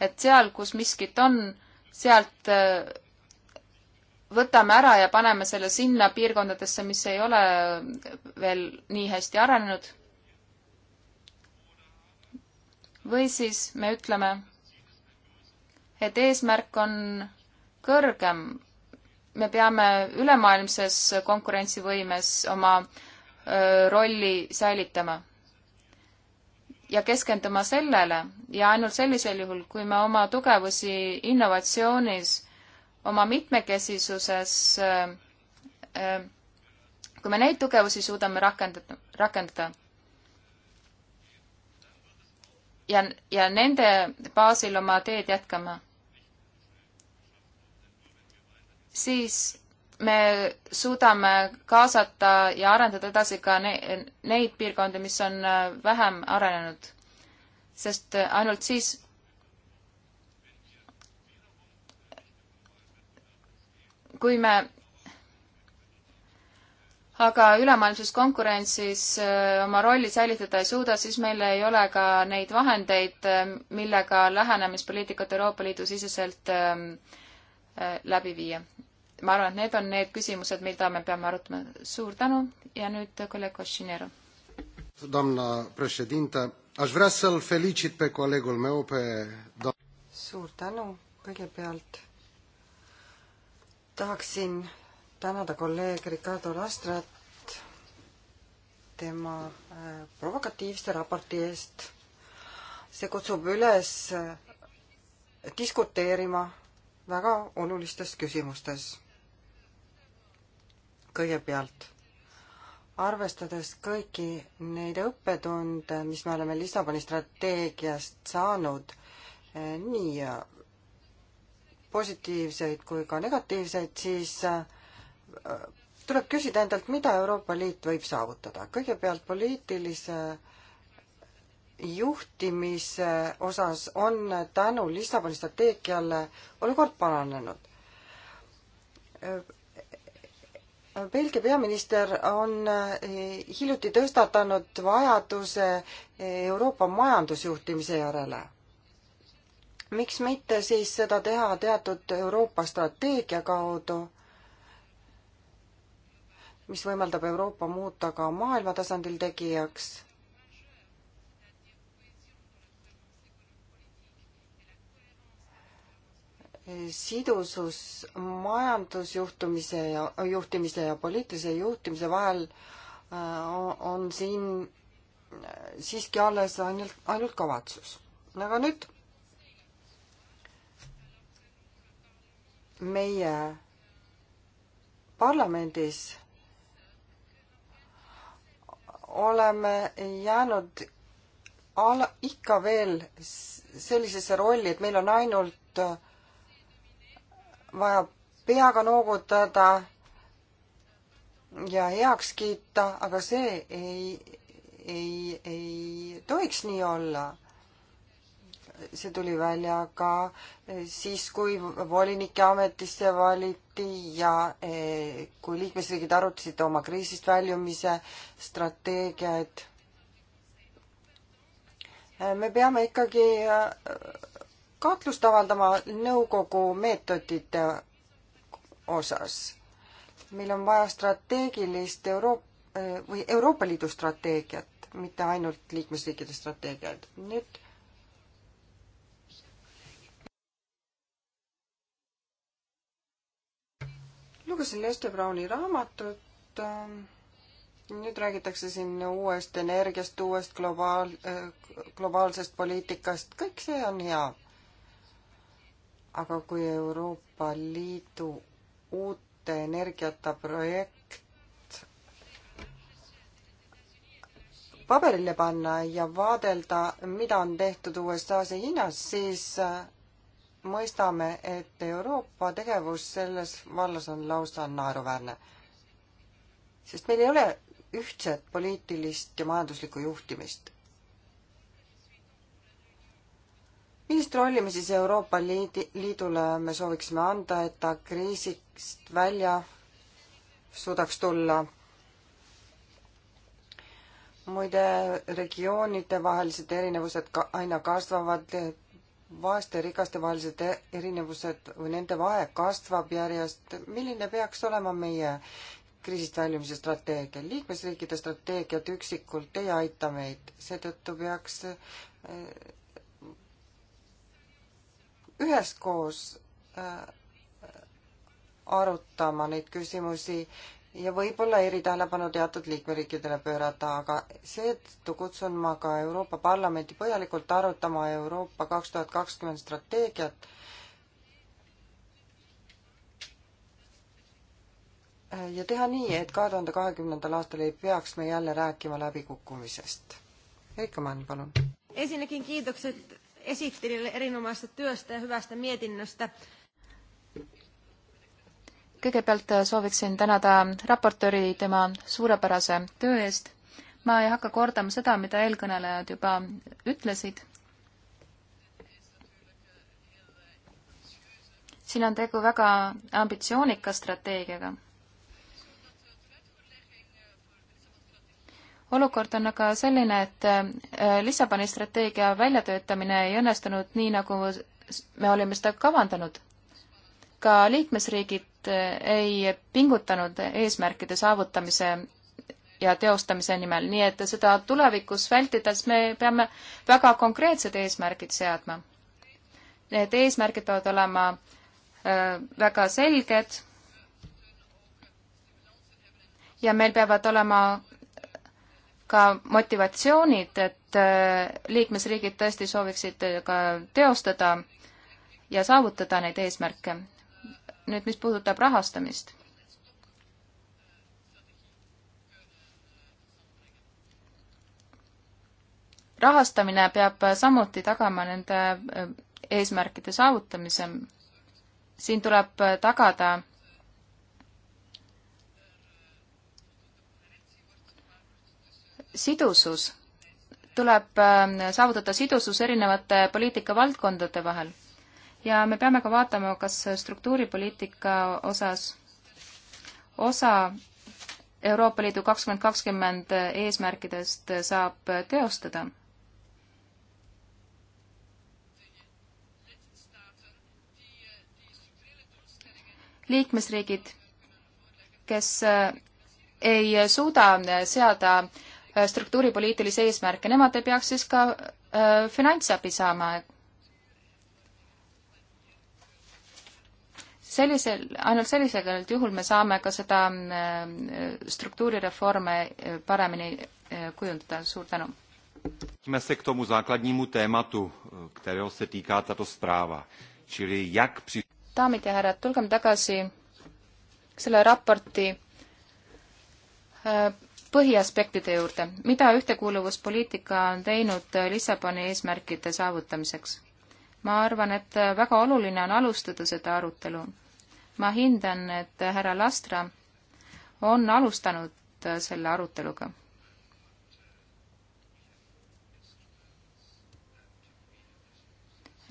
et seal, kus miskit on, sealt äh, võtame ära ja paneme selle sinna piirkondadesse, mis ei ole veel nii hästi arenenud. või siis me ütleme, et eesmärk on kõrgem. me peame ülemaailmses konkurentsivõimes oma rolli säilitama ja keskenduma sellele ja ainult sellisel juhul, kui me oma tugevusi innovatsioonis oma mitmekesisuses, äh, äh, kui me neid tugevusi suudame rakendada, rakendada ja, ja nende baasil oma teed jätkama, siis me suudame kaasata ja arendada edasi ka ne neid piirkondi, mis on äh, vähem arenenud. sest ainult siis kui me aga ülemaailmses konkurentsis äh, oma rolli säilitada ei suuda, siis meil ei ole ka neid vahendeid, äh, millega lähenemispoliitikat Euroopa Liidu siseselt ähm, äh, läbi viia. ma arvan, et need on need küsimused, mida me peame arutama. suur tänu ja nüüd kolleeg Košineru. suur tänu kõigepealt tahaksin tänada kolleeg Ricardo Lastrat tema äh, provokatiivse raporti eest. see kutsub üles äh, diskuteerima väga olulistes küsimustes. kõigepealt, arvestades kõiki neid õppetunde, mis me oleme Lissaboni strateegiast saanud, äh, nii positiivseid kui ka negatiivseid, siis äh, tuleb küsida endalt, mida Euroopa Liit võib saavutada. kõigepealt poliitilise juhtimise osas on tänu Lissaboni strateegiale olukord paranenud. Belgia peaminister on äh, hiljuti tõstatanud vajaduse Euroopa majandusjuhtimise järele miks mitte siis seda teha teatud Euroopa strateegia kaudu, mis võimaldab Euroopa muuta ka maailma tasandil tegijaks sidusus majandusjuhtumise ja juhtimise ja poliitilise juhtimise vahel äh, on siin siiski alles ainult, ainult kavatsus. aga nüüd meie parlamendis oleme jäänud ala, ikka veel sellisesse rolli, et meil on ainult vaja peaga noogutada ja heaks kiita, aga see ei, ei, ei tohiks nii olla see tuli välja ka eh, siis, kui volinike ametisse valiti ja eh, kui liikmesriigid arutasid oma kriisist väljumise strateegiaid. Eh, me peame ikkagi kahtlust avaldama nõukogu meetodite osas. meil on vaja strateegilist Euroop- või Euroopa Liidu strateegiat, mitte ainult liikmesriikide strateegiaid. nüüd lugesin Lester Browni raamatut äh,. nüüd räägitakse siin uuest energiast, uuest globaal äh,, globaalsest poliitikast, kõik see on hea. aga kui Euroopa Liidu uute energiata projekt paberile panna ja vaadelda, mida on tehtud USA-s ja Hiinas, siis äh, mõistame, et Euroopa tegevus selles vallas on lausa naeruväärne. sest meil ei ole ühtset poliitilist ja majanduslikku juhtimist. millist rolli me siis Euroopa Liidi, Liidule me sooviksime anda, et ta kriisist välja suudaks tulla? muide, regioonide vahelised erinevused ka aina kasvavad, vaeste ja rikaste vahelised erinevused või nende vahe kasvab järjest, milline peaks olema meie kriisist väljumise strateegia, liikmesriikide strateegiad üksikult ei aita meid, seetõttu peaks äh, üheskoos äh, arutama neid küsimusi ja võib-olla eritähelepanu teatud liikmeriikidele pöörata, aga seetõttu kutsun ma ka Euroopa Parlamenti põhjalikult arutama Euroopa kaks tuhat kakskümmend strateegiat ja teha nii, et kahe tuhande kahekümnendal aastal ei peaks me jälle rääkima läbikukkumisest. Erika Mann, palun. ensinnäkin kiitokset esittelijälle erinomaisesta työstä ja hyvästä mietinnöstä kõigepealt äh, sooviksin tänada raportööri tema suurepärase töö eest. ma ei hakka kordama seda, mida eelkõnelejad juba ütlesid. siin on tegu väga ambitsioonika strateegiaga. olukord on aga selline, et äh, Lissaboni strateegia väljatöötamine ei õnnestunud nii, nagu me olime seda kavandanud ka liikmesriigid eh, ei pingutanud eesmärkide saavutamise ja teostamise nimel, nii et seda tulevikus vältides me peame väga konkreetsed eesmärgid seadma. Need eesmärgid peavad olema eh, väga selged ja meil peavad olema ka motivatsioonid, et eh, liikmesriigid tõesti sooviksid ka teostada ja saavutada neid eesmärke nüüd, mis puudutab rahastamist. rahastamine peab samuti tagama nende äh, eesmärkide saavutamise. siin tuleb äh, tagada sidusus, tuleb äh, saavutada sidusus erinevate poliitikavaldkondade vahel ja me peame ka vaatama, kas struktuuripoliitika osas osa Euroopa Liidu kakskümmend kakskümmend eesmärkidest saab teostada. liikmesriigid, kes eh, ei suuda seada eh, struktuuripoliitilisi eesmärke, nemad ei peaks siis ka eh, finantsabi saama sellisel, ainult sellisel juhul me saame ka seda äh, struktuurireforme äh, paremini äh, kujundada, suur tänu. Vrátíme se k tomu základnímu tématu, eh, kterého se týká tato zpráva, čili jak při... Daamid ja härrad, tulgem tagasi selle raporti põhiaspektide juurde. mida ühtekuuluvuspoliitika on teinud Lissaboni eesmärkide saavutamiseks? ma arvan, et väga oluline on alustada seda arutelu ma hindan, et härra Lastra on alustanud selle aruteluga.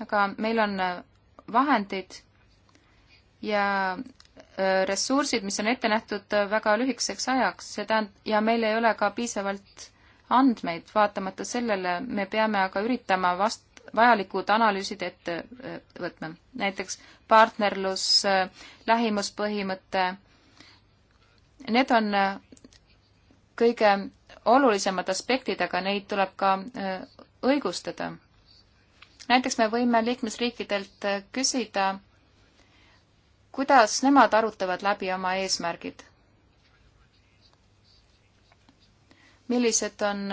aga meil on vahendid ja äh, ressursid, mis on ette nähtud väga lühikeseks ajaks, see tähendab, ja meil ei ole ka piisavalt andmeid, vaatamata sellele me peame aga üritama vast-, vajalikud analüüsid ette äh, võtma. näiteks partnerlus, äh, lähimuspõhimõte, need on äh, kõige olulisemad aspektid, aga neid tuleb ka õigustada. näiteks me võime liikmesriikidelt küsida, kuidas nemad arutavad läbi oma eesmärgid. millised on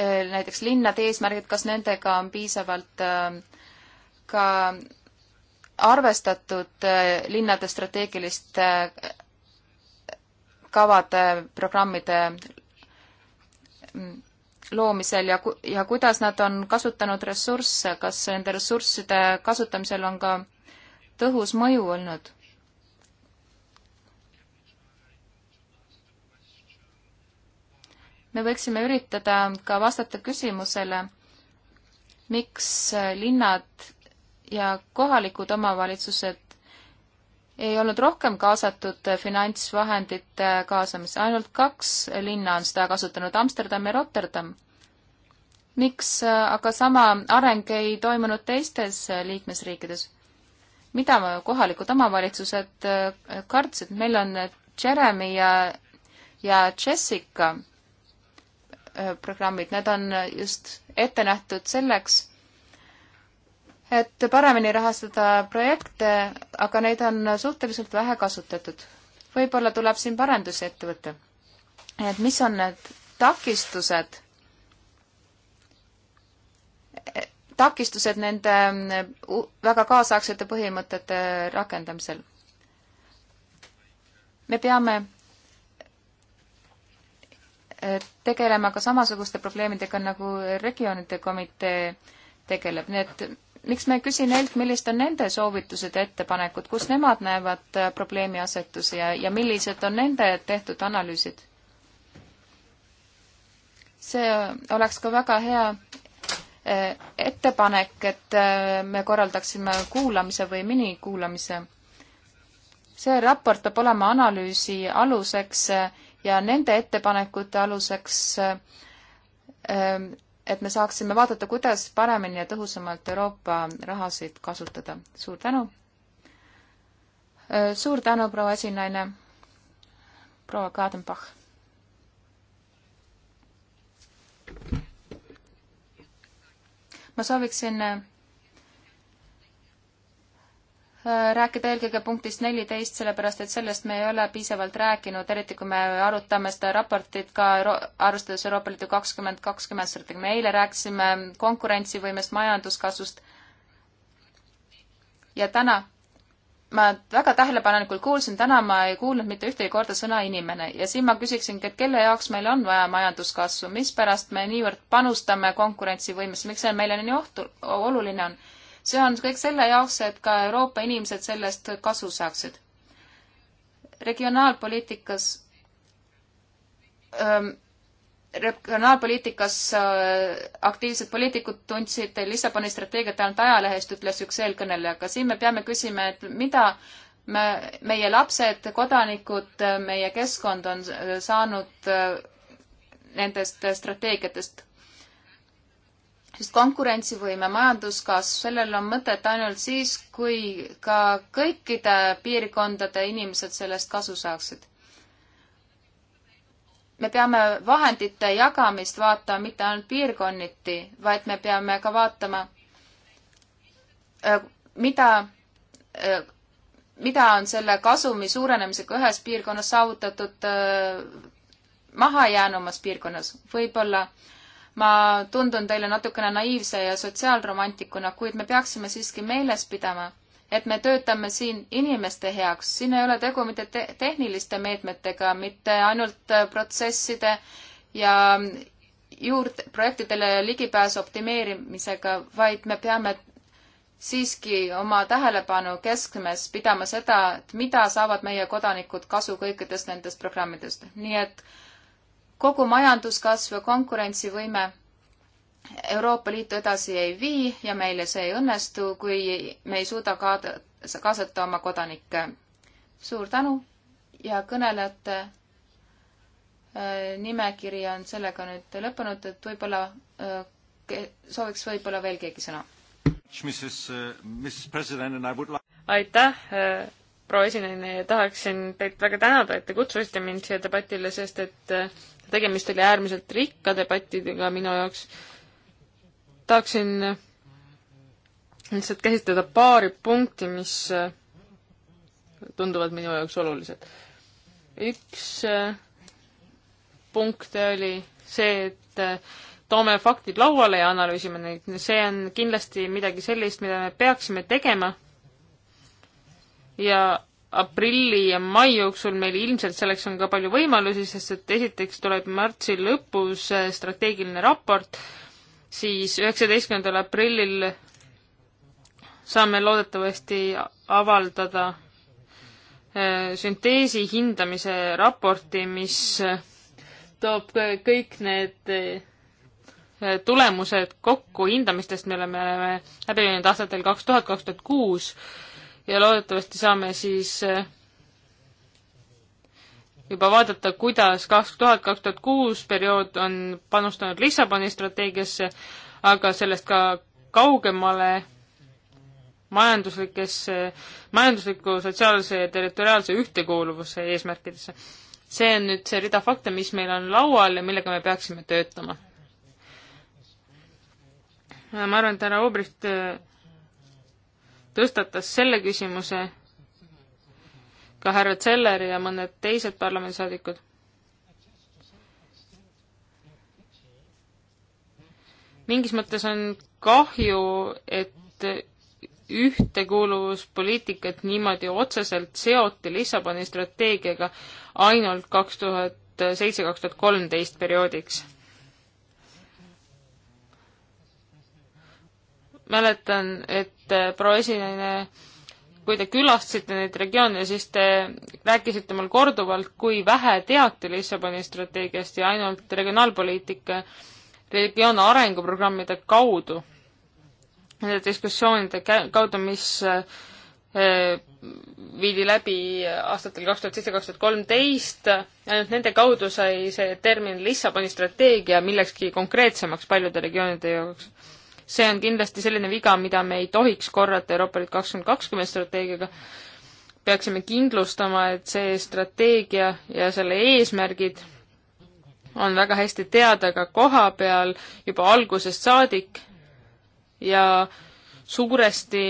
Äh, näiteks linnade eesmärgid, kas nendega on piisavalt äh, ka arvestatud äh, linnade strateegiliste kavade, programmide mm, loomisel ja, ja kuidas nad on kasutanud ressursse, kas nende ressursside kasutamisel on ka tõhus mõju olnud? me võiksime üritada ka vastata küsimusele, miks linnad ja kohalikud omavalitsused ei olnud rohkem kaasatud finantsvahendite kaasamisse, ainult kaks linna on seda kasutanud, Amsterdam ja Rotterdam. miks aga sama areng ei toimunud teistes liikmesriikides? mida kohalikud omavalitsused kartsid, meil on Jeremy ja, ja Jessica Äh, programmid, need on just ette nähtud selleks, et paremini rahastada projekte, aga neid on suhteliselt vähe kasutatud. võib-olla tuleb siin parendusi ette võtta. et mis on need takistused, e, takistused nende väga kaasaegsete põhimõtete rakendamisel? me peame Eh, tegelema ka samasuguste probleemidega, nagu regioonide komitee tegeleb, nii et miks ma ei küsi neilt, millised on nende soovitused ja ettepanekud, kus nemad näevad eh, probleemi asetusi ja, ja millised on nende tehtud analüüsid? see oleks ka väga hea eh, ettepanek, et me korraldaksime kuulamise või minikuulamise. see raport peab olema analüüsi aluseks ja nende ettepanekute aluseks, ähm, et me saaksime vaadata, kuidas paremini ja tõhusamalt Euroopa rahasid kasutada. suur tänu! Äh, suur tänu, proua esinaine, proua Kadenbach! ma sooviksin äh, Äh, rääkida eelkõige punktist neliteist, sellepärast et sellest me ei ole piisavalt rääkinud, eriti kui me arutame seda raportit ka Euro arvestades Euroopa Liidu kakskümmend kakskümmend strateegia. me eile rääkisime konkurentsivõimest, majanduskasvust ja täna ma väga tähelepanelikult kuulsin, täna ma ei kuulnud mitte ühtegi korda sõna inimene ja siin ma küsiksingi, et kelle jaoks meil on vaja majanduskasvu, mispärast me niivõrd panustame konkurentsivõimesse, miks see meile nii ohtu, oluline on see on kõik selle jaoks, et ka Euroopa inimesed sellest kasu saaksid. regionaalpoliitikas ähm, regionaalpoliitikas äh, aktiivsed poliitikud tundsid Lissaboni strateegiat ainult ajalehest, ütles üks eelkõneleja, aga siin me peame küsima, et mida me, meie lapsed, kodanikud, äh, meie keskkond on saanud äh, nendest strateegiatest sest konkurentsivõime, majanduskasv, sellel on mõtet ainult siis, kui ka kõikide piirkondade inimesed sellest kasu saaksid. me peame vahendite jagamist vaatama mitte ainult piirkonniti, vaid me peame ka vaatama, äh, mida, äh, mida on selle kasumi suurenemisega ühes piirkonnas saavutatud äh, mahajäänumas piirkonnas. võib-olla äh, ma tundun teile natukene naiivse ja sotsiaalromantikuna, kuid me peaksime siiski meeles pidama, et me töötame siin inimeste heaks, siin ei ole tegu mitte te tehniliste meetmetega, mitte ainult äh, protsesside ja juurde, projektidele ligipääsu optimeerimisega, vaid me peame siiski oma tähelepanu keskmes pidama seda, et mida saavad meie kodanikud kasu kõikidest nendest programmidest. nii et äh, kogu majanduskasv ja konkurentsivõime Euroopa Liitu edasi ei vii ja meile see ei õnnestu, kui me ei suuda kaasata oma kodanikke. suur tänu ja kõnelejate äh, nimekiri on sellega nüüd lõppenud, et võib-olla äh, sooviks võib-olla veel keegi sõna. Äh, aitäh, proua esineja, tahaksin teid väga tänada, et te kutsusite mind siia debatile, sest et tegemist oli äärmiselt rikka debattidega minu jaoks. tahaksin lihtsalt käsitleda paari punkti, mis tunduvad minu jaoks olulised. üks äh, punkt oli see, et äh, toome faktid lauale ja analüüsime neid. see on kindlasti midagi sellist, mida me peaksime tegema ja aprilli ja mai jooksul meil ilmselt selleks on ka palju võimalusi, sest et esiteks tuleb märtsi lõpus äh, strateegiline raport, siis üheksateistkümnendal aprillil saame loodetavasti avaldada äh, sünteesi hindamise raporti, mis äh, toob kõik need tulemused kokku hindamistest, mille me oleme läbi viinud aastatel kaks tuhat, kaks tuhat kuus ja loodetavasti saame siis eh, juba vaadata, kuidas kaks tuhat, kaks tuhat kuus periood on panustanud Lissaboni strateegiasse, aga sellest ka kaugemale majanduslikesse, majandusliku, sotsiaalse ja territoriaalse ühtekuuluvuse eesmärkidesse. see on nüüd see rida fakte, mis meil on laual ja millega me peaksime töötama. ma arvan, et härra Obrist eh, tõstatas selle küsimuse ka härra Zeller ja mõned teised parlamendisaadikud. mingis mõttes on kahju, et ühtekuuluvuspoliitikat niimoodi otseselt seoti Lissaboni strateegiaga ainult kaks tuhat seitse, kaks tuhat kolmteist perioodiks mäletan, et äh, proua esinaine, kui te külastasite neid regioone, siis te rääkisite mul korduvalt, kui vähe teate Lissaboni strateegiast ja ainult regionaalpoliitika, regiooni arenguprogrammide kaudu, nende diskussioonide kaudu, mis äh, viidi läbi aastatel kaks tuhat seitse, kaks tuhat kolmteist, ainult nende kaudu sai see termin Lissaboni strateegia millekski konkreetsemaks paljude regioonide jaoks see on kindlasti selline viga, mida me ei tohiks korrata Euroopa Liit kakskümmend kakskümmend strateegiaga. peaksime kindlustama, et see strateegia ja selle eesmärgid on väga hästi teada ka koha peal juba algusest saadik ja suuresti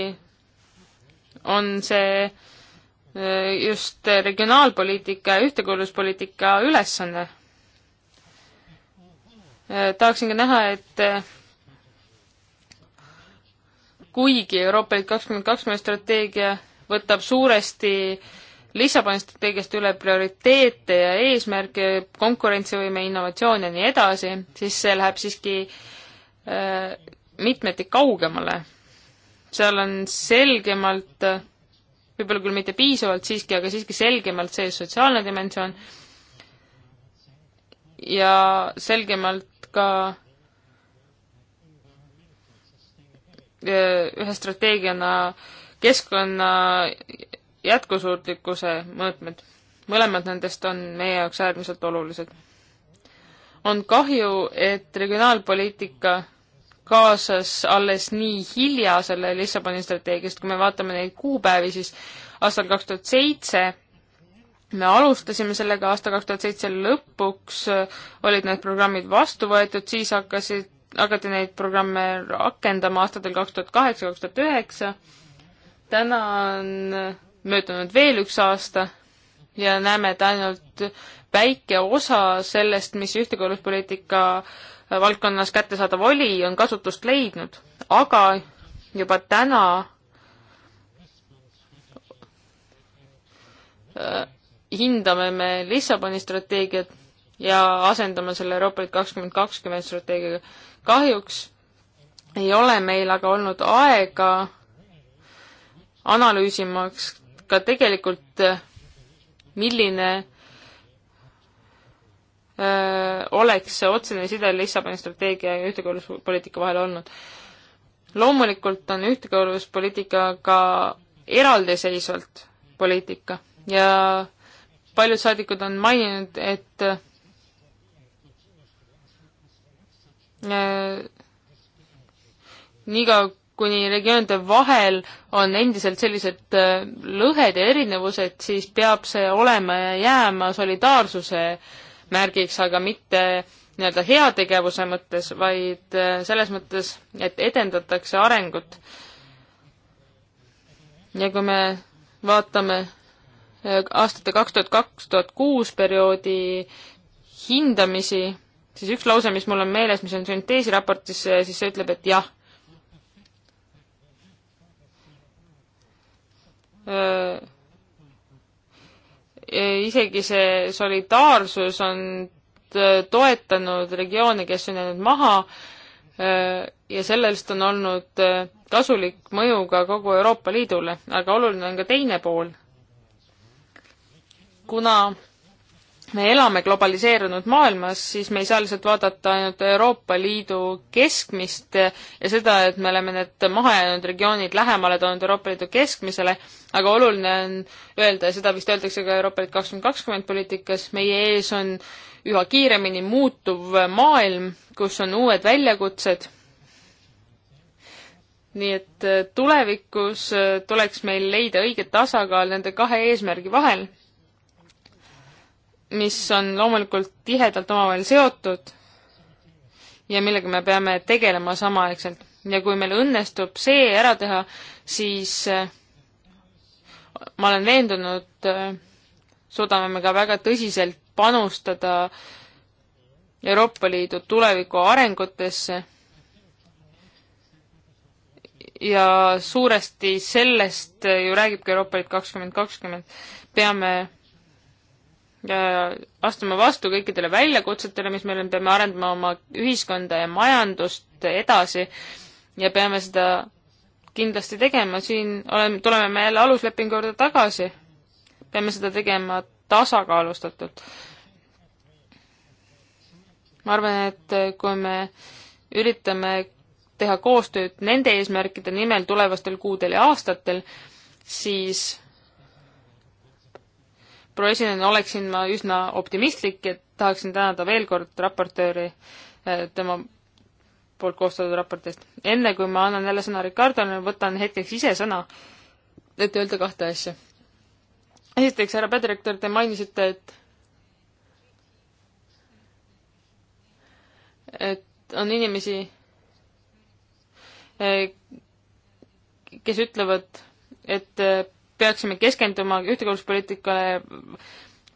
on see eh, just regionaalpoliitika ja ühtekuuluvuspoliitika ülesanne. Eh, tahaksin ka näha, et eh, kuigi Euroopa Liit kakskümmend kakskümmend strateegia võtab suuresti Lissaboni strateegiast üle prioriteete ja eesmärke, konkurentsivõime, innovatsioon ja nii edasi, siis see läheb siiski äh, mitmeti kaugemale. seal on selgemalt, võib-olla küll mitte piisavalt siiski, aga siiski selgemalt sees sotsiaalne dimensioon ja selgemalt ka ühe strateegiana keskkonna jätkusuutlikkuse mõõtmed. mõlemad nendest on meie jaoks äärmiselt olulised. on kahju, et regionaalpoliitika kaasas alles nii hilja selle Lissaboni strateegiast, kui me vaatame neid kuupäevi, siis aastal kaks tuhat seitse me alustasime sellega aasta kaks tuhat seitse lõpuks, olid need programmid vastu võetud, siis hakkasid hakati neid programme rakendama aastatel kaks tuhat kaheksa, kaks tuhat üheksa. täna on möödunud veel üks aasta ja näeme, et ainult väike osa sellest, mis ühtekuuluvuspoliitika valdkonnas kättesaadav oli, on kasutust leidnud, aga juba täna äh, hindame me Lissaboni strateegiat ja asendame selle Euroopa Liit kakskümmend kakskümmend strateegiaga kahjuks ei ole meil aga olnud aega analüüsimaks ka tegelikult, eh, milline öö, eh, oleks see otsene side Lissaboni strateegia ja ühtekuuluvuspoliitika vahel olnud. loomulikult on ühtekuuluvuspoliitika ka eraldiseisvalt poliitika ja paljud saadikud on maininud, et Äh, niikaua, kuni regioonide vahel on endiselt sellised äh, lõhed ja erinevused, siis peab see olema ja jääma solidaarsuse märgiks, aga mitte nii-öelda heategevuse mõttes, vaid äh, selles mõttes, et edendatakse arengut. ja kui me vaatame aastate kaks tuhat, kaks tuhat kuus perioodi hindamisi, siis üks lause, mis mul on meeles, mis on sünteesi raportis, eh, siis see ütleb, et jah. Äh, isegi see solidaarsus on toetanud regioone, kes on jäänud maha äh, ja sellest on olnud äh, kasulik mõju ka kogu Euroopa Liidule, aga oluline on ka teine pool. kuna me elame globaliseerunud maailmas, siis me ei saa lihtsalt vaadata ainult Euroopa Liidu keskmist ja seda, et me oleme need mahajäänud regioonid lähemale toonud Euroopa Liidu keskmisele, aga oluline on öelda, ja seda vist öeldakse ka Euroopa Liit kakskümmend kakskümmend poliitikas, meie ees on üha kiiremini muutuv maailm, kus on uued väljakutsed, nii et tulevikus tuleks meil leida õige tasakaal nende kahe eesmärgi vahel mis on loomulikult tihedalt omavahel seotud ja millega me peame tegelema samaaegselt. ja kui meil õnnestub see ära teha, siis äh, ma olen veendunud, äh, suudame me ka väga tõsiselt panustada Euroopa Liidu tuleviku arengutesse ja suuresti sellest ju räägibki Euroopa Liit kakskümmend kakskümmend. peame astuma vastu kõikidele väljakutsetele, mis meil on, peame arendama oma ühiskonda ja majandust edasi ja peame seda kindlasti tegema, siin oleme, tuleme me jälle aluslepingu juurde tagasi. peame seda tegema tasakaalustatult. ma arvan, et kui me üritame teha koostööd nende eesmärkide nimel tulevastel kuudel ja aastatel, siis proesimene oleksin ma üsna optimistlik ja tahaksin tänada veel kord raportööri äh, tema poolt koostatud raportist. enne kui ma annan jälle sõna Ricardole, võtan hetkeks ise sõna, et öelda kahte asja. esiteks, härra peadirektor, te mainisite, et et on inimesi, äh, kes ütlevad, et äh, peaksime keskenduma ühtekuuluvuspoliitikale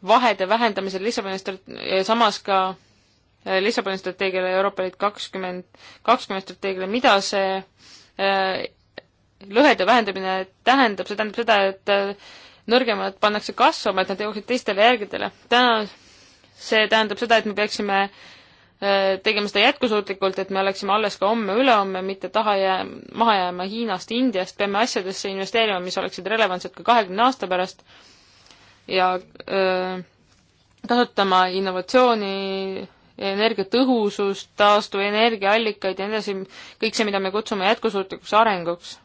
vahede vähendamisel Lissaboni strate-, samas ka äh, Lissaboni strateegiale Euroopa Liit kakskümmend, kakskümmend strateegiale, mida see äh, lõhede vähendamine tähendab, see tähendab seda, et äh, nõrgemad pannakse kasvama, et nad jõuaksid teistele järgedele. täna see tähendab seda, et me peaksime äh, Äh, tegema seda jätkusuutlikult, et me oleksime alles ka homme-ülehomme, mitte taha jää-, maha jääma Hiinast, Indiast, peame asjadesse investeerima, mis oleksid relevantsed ka kahekümne aasta pärast ja öö, äh, kasutama innovatsiooni, energiatõhusust, taastuvenergiaallikaid ja nii edasi, kõik see, mida me kutsume jätkusuutlikuks arenguks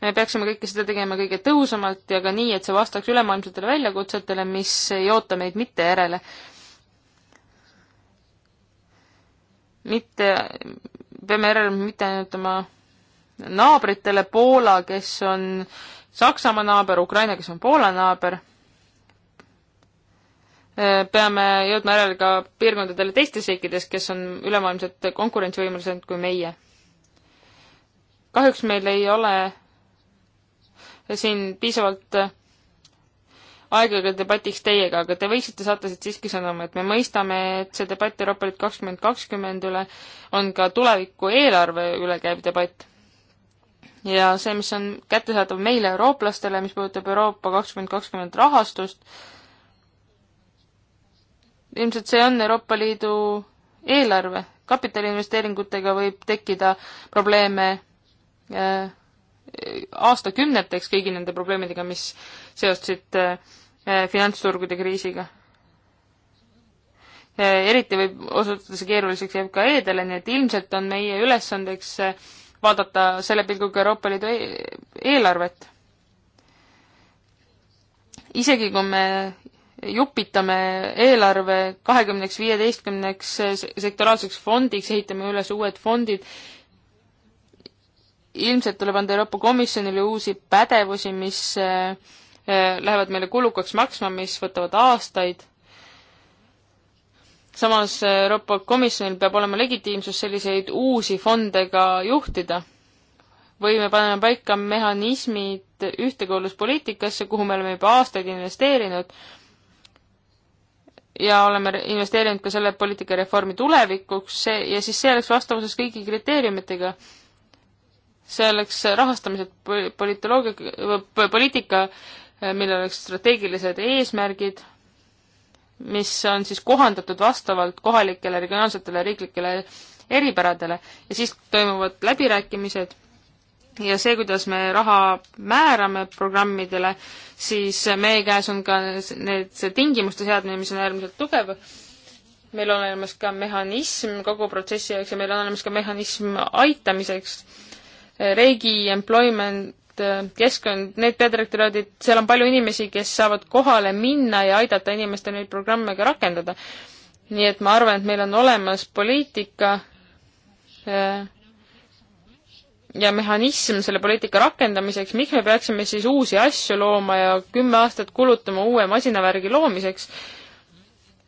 me peaksime kõike seda tegema kõige tõhusamalt ja ka nii, et see vastaks ülemaailmsetele väljakutsetele, mis ei oota meid mitte järele. mitte, peame järelema mitte ainult oma naabritele, Poola, kes on Saksamaa naaber, Ukraina, kes on Poola naaber, eh, peame jõudma järele ka piirkondadele teistes riikides, kes on ülemaailmselt konkurentsivõimelised kui meie. kahjuks meil ei ole siin piisavalt aega ka debatiks teiega, aga te võiksite saata siit siiski sõnumi, et me mõistame, et see debatt Euroopa Liit kakskümmend kakskümmend üle on ka tuleviku eelarve üle käiv debatt. ja see, mis on kättesaadav meile, eurooplastele, mis puudutab Euroopa kakskümmend kakskümmend rahastust, ilmselt see on Euroopa Liidu eelarve, kapitaliinvesteeringutega võib tekkida probleeme äh, aastakümneteks kõigi nende probleemidega, mis seostusid eh, finantsturgude kriisiga. Eh, eriti võib osutuda see keeruliseks FKE-dele, nii et ilmselt on meie ülesandeks eh, vaadata selle pilguga Euroopa Liidu e-, eelarvet. isegi kui me jupitame eelarve kahekümneks, viieteistkümneks sektoraalseks fondiks, ehitame üles uued fondid, ilmselt tuleb anda Euroopa Komisjonile uusi pädevusi, mis eh, eh, lähevad meile kulukaks maksma, mis võtavad aastaid. samas Euroopa Komisjonil peab olema legitiimsus selliseid uusi fonde ka juhtida. või me paneme paika mehhanismid ühtekuuluvuspoliitikasse, kuhu me oleme juba aastaid investeerinud ja oleme investeerinud ka selle poliitika reformi tulevikuks see, ja siis see oleks vastavuses kõigi kriteeriumitega see oleks rahastamise politoloogia, poliitika, millel oleks strateegilised eesmärgid, mis on siis kohandatud vastavalt kohalikele, regionaalsetele, riiklikele eripäradele ja siis toimuvad läbirääkimised ja see, kuidas me raha määrame programmidele, siis meie käes on ka need, see tingimuste seadmine, mis on äärmiselt tugev. meil on olemas ka mehhanism kogu protsessi jaoks ja meil on olemas ka mehhanism aitamiseks Reigi Employment, äh, keskkond, need peadirektoraadid, seal on palju inimesi, kes saavad kohale minna ja aidata inimestel neid programme ka rakendada. nii et ma arvan, et meil on olemas poliitika äh, ja mehhanism selle poliitika rakendamiseks, miks me peaksime siis uusi asju looma ja kümme aastat kulutama uue masinavärgi loomiseks,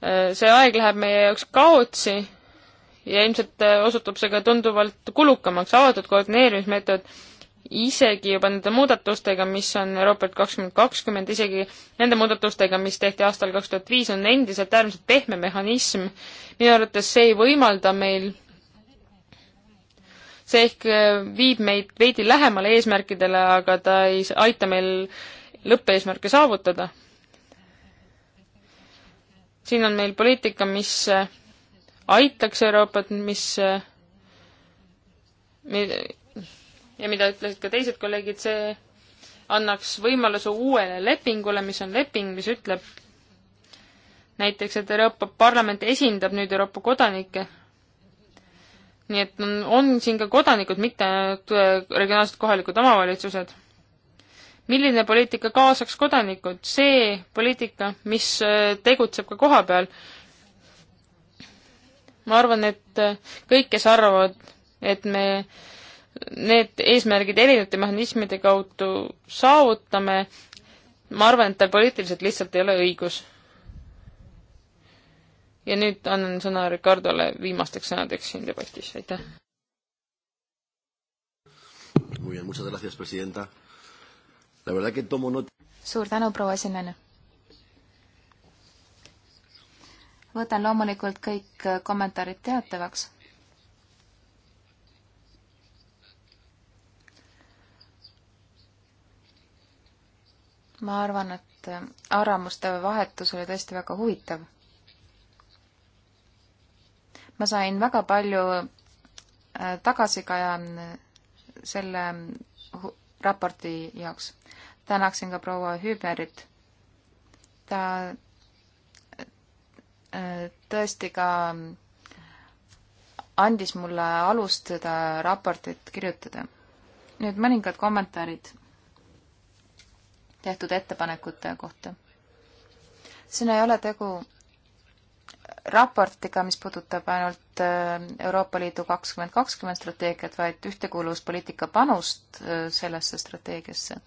äh, see aeg läheb meie jaoks kaotsi ja ilmselt äh, osutub see ka tunduvalt kulukamaks, avatud koordineerimismeetod isegi juba nende muudatustega, mis on Euroopalt kakskümmend kakskümmend, isegi nende muudatustega, mis tehti aastal kaks tuhat viis, on endiselt äärmiselt pehme mehhanism. minu arvates see ei võimalda meil, see ehk äh, viib meid veidi lähemale eesmärkidele, aga ta ei aita meil lõppeesmärke saavutada. siin on meil poliitika, mis äh, aitaks Euroopat, mis ja mida ütlesid ka teised kolleegid, see annaks võimaluse uuele lepingule, mis on leping, mis ütleb näiteks, et Euroopa Parlament esindab nüüd Euroopa kodanikke. nii et on, on siin ka kodanikud, mitte äh, regionaalsed kohalikud omavalitsused. milline poliitika kaasaks kodanikud? see poliitika, mis äh, tegutseb ka koha peal ma arvan, et äh, kõik, kes arvavad, et me need eesmärgid erinevate mehhanismide kaudu saavutame, ma arvan, et tal poliitiliselt lihtsalt ei ole õigus. ja nüüd annan sõna Ricardole viimasteks sõnadeks siin debatis, aitäh. suur tänu, proua esinaine võtan loomulikult kõik äh, kommentaarid teatavaks. ma arvan, et äh, arvamuste vahetus oli tõesti väga huvitav. ma sain väga palju äh, tagasikaja selle raporti jaoks. tänaksin ka proua Hüberit. ta tõesti ka andis mulle alust seda raportit kirjutada. nüüd mõningad kommentaarid tehtud ettepanekute kohta. siin ei ole tegu raportiga, mis puudutab ainult äh, Euroopa Liidu kakskümmend kakskümmend strateegiat, vaid ühtekuuluvuspoliitika panust äh, sellesse strateegiasse.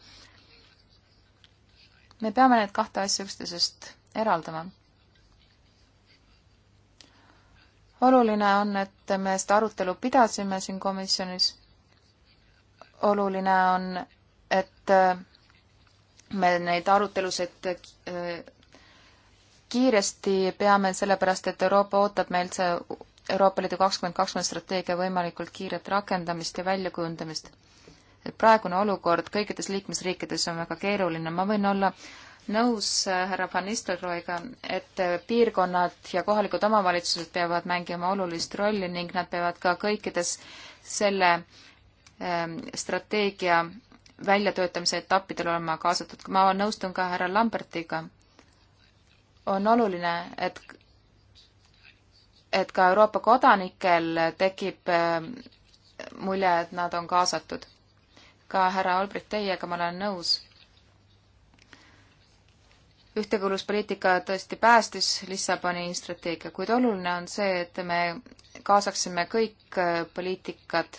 me peame need kahte asja üksteisest eraldama oluline on, et me seda arutelu pidasime siin komisjonis. oluline on, et äh, me neid arutelusid äh, kiiresti peame, sellepärast et Euroopa ootab meilt see Euroopa Liidu kakskümmend kakskümmend strateegia võimalikult kiiret rakendamist ja väljakujundamist. et praegune olukord kõikides liikmesriikides on väga keeruline, ma võin olla nõus äh, härra Van Nistelrooiga, et äh, piirkonnad ja kohalikud omavalitsused peavad mängima olulist rolli ning nad peavad ka kõikides selle ähm, strateegia väljatöötamise etappidel olema kaasatud. ma nõustun ka härra Lambertiga. on oluline, et, et ka Euroopa kodanikel tekib ähm, mulje, et nad on kaasatud. ka härra Albrecht, teiega ma olen nõus ühtekuuluvuspoliitika tõesti päästis Lissaboni strateegia, kuid oluline on see, et me kaasaksime kõik äh, poliitikad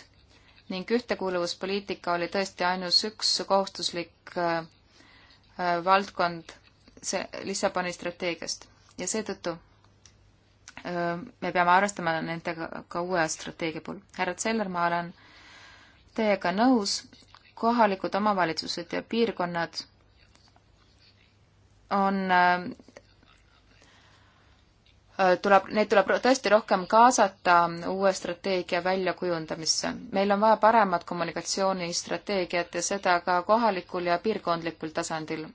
ning ühtekuuluvuspoliitika oli tõesti ainus üks kohustuslik äh, äh, valdkond see Lissaboni strateegiast ja seetõttu me peame arvestama nendega ka uue strateegia puhul. härra Zeller, ma olen teiega nõus, kohalikud omavalitsused ja piirkonnad on äh, äh, tuleb, neid tuleb tõesti rohkem kaasata uue strateegia väljakujundamisse. meil on vaja paremat kommunikatsioonistrateegiat ja seda ka kohalikul ja piirkondlikul tasandil.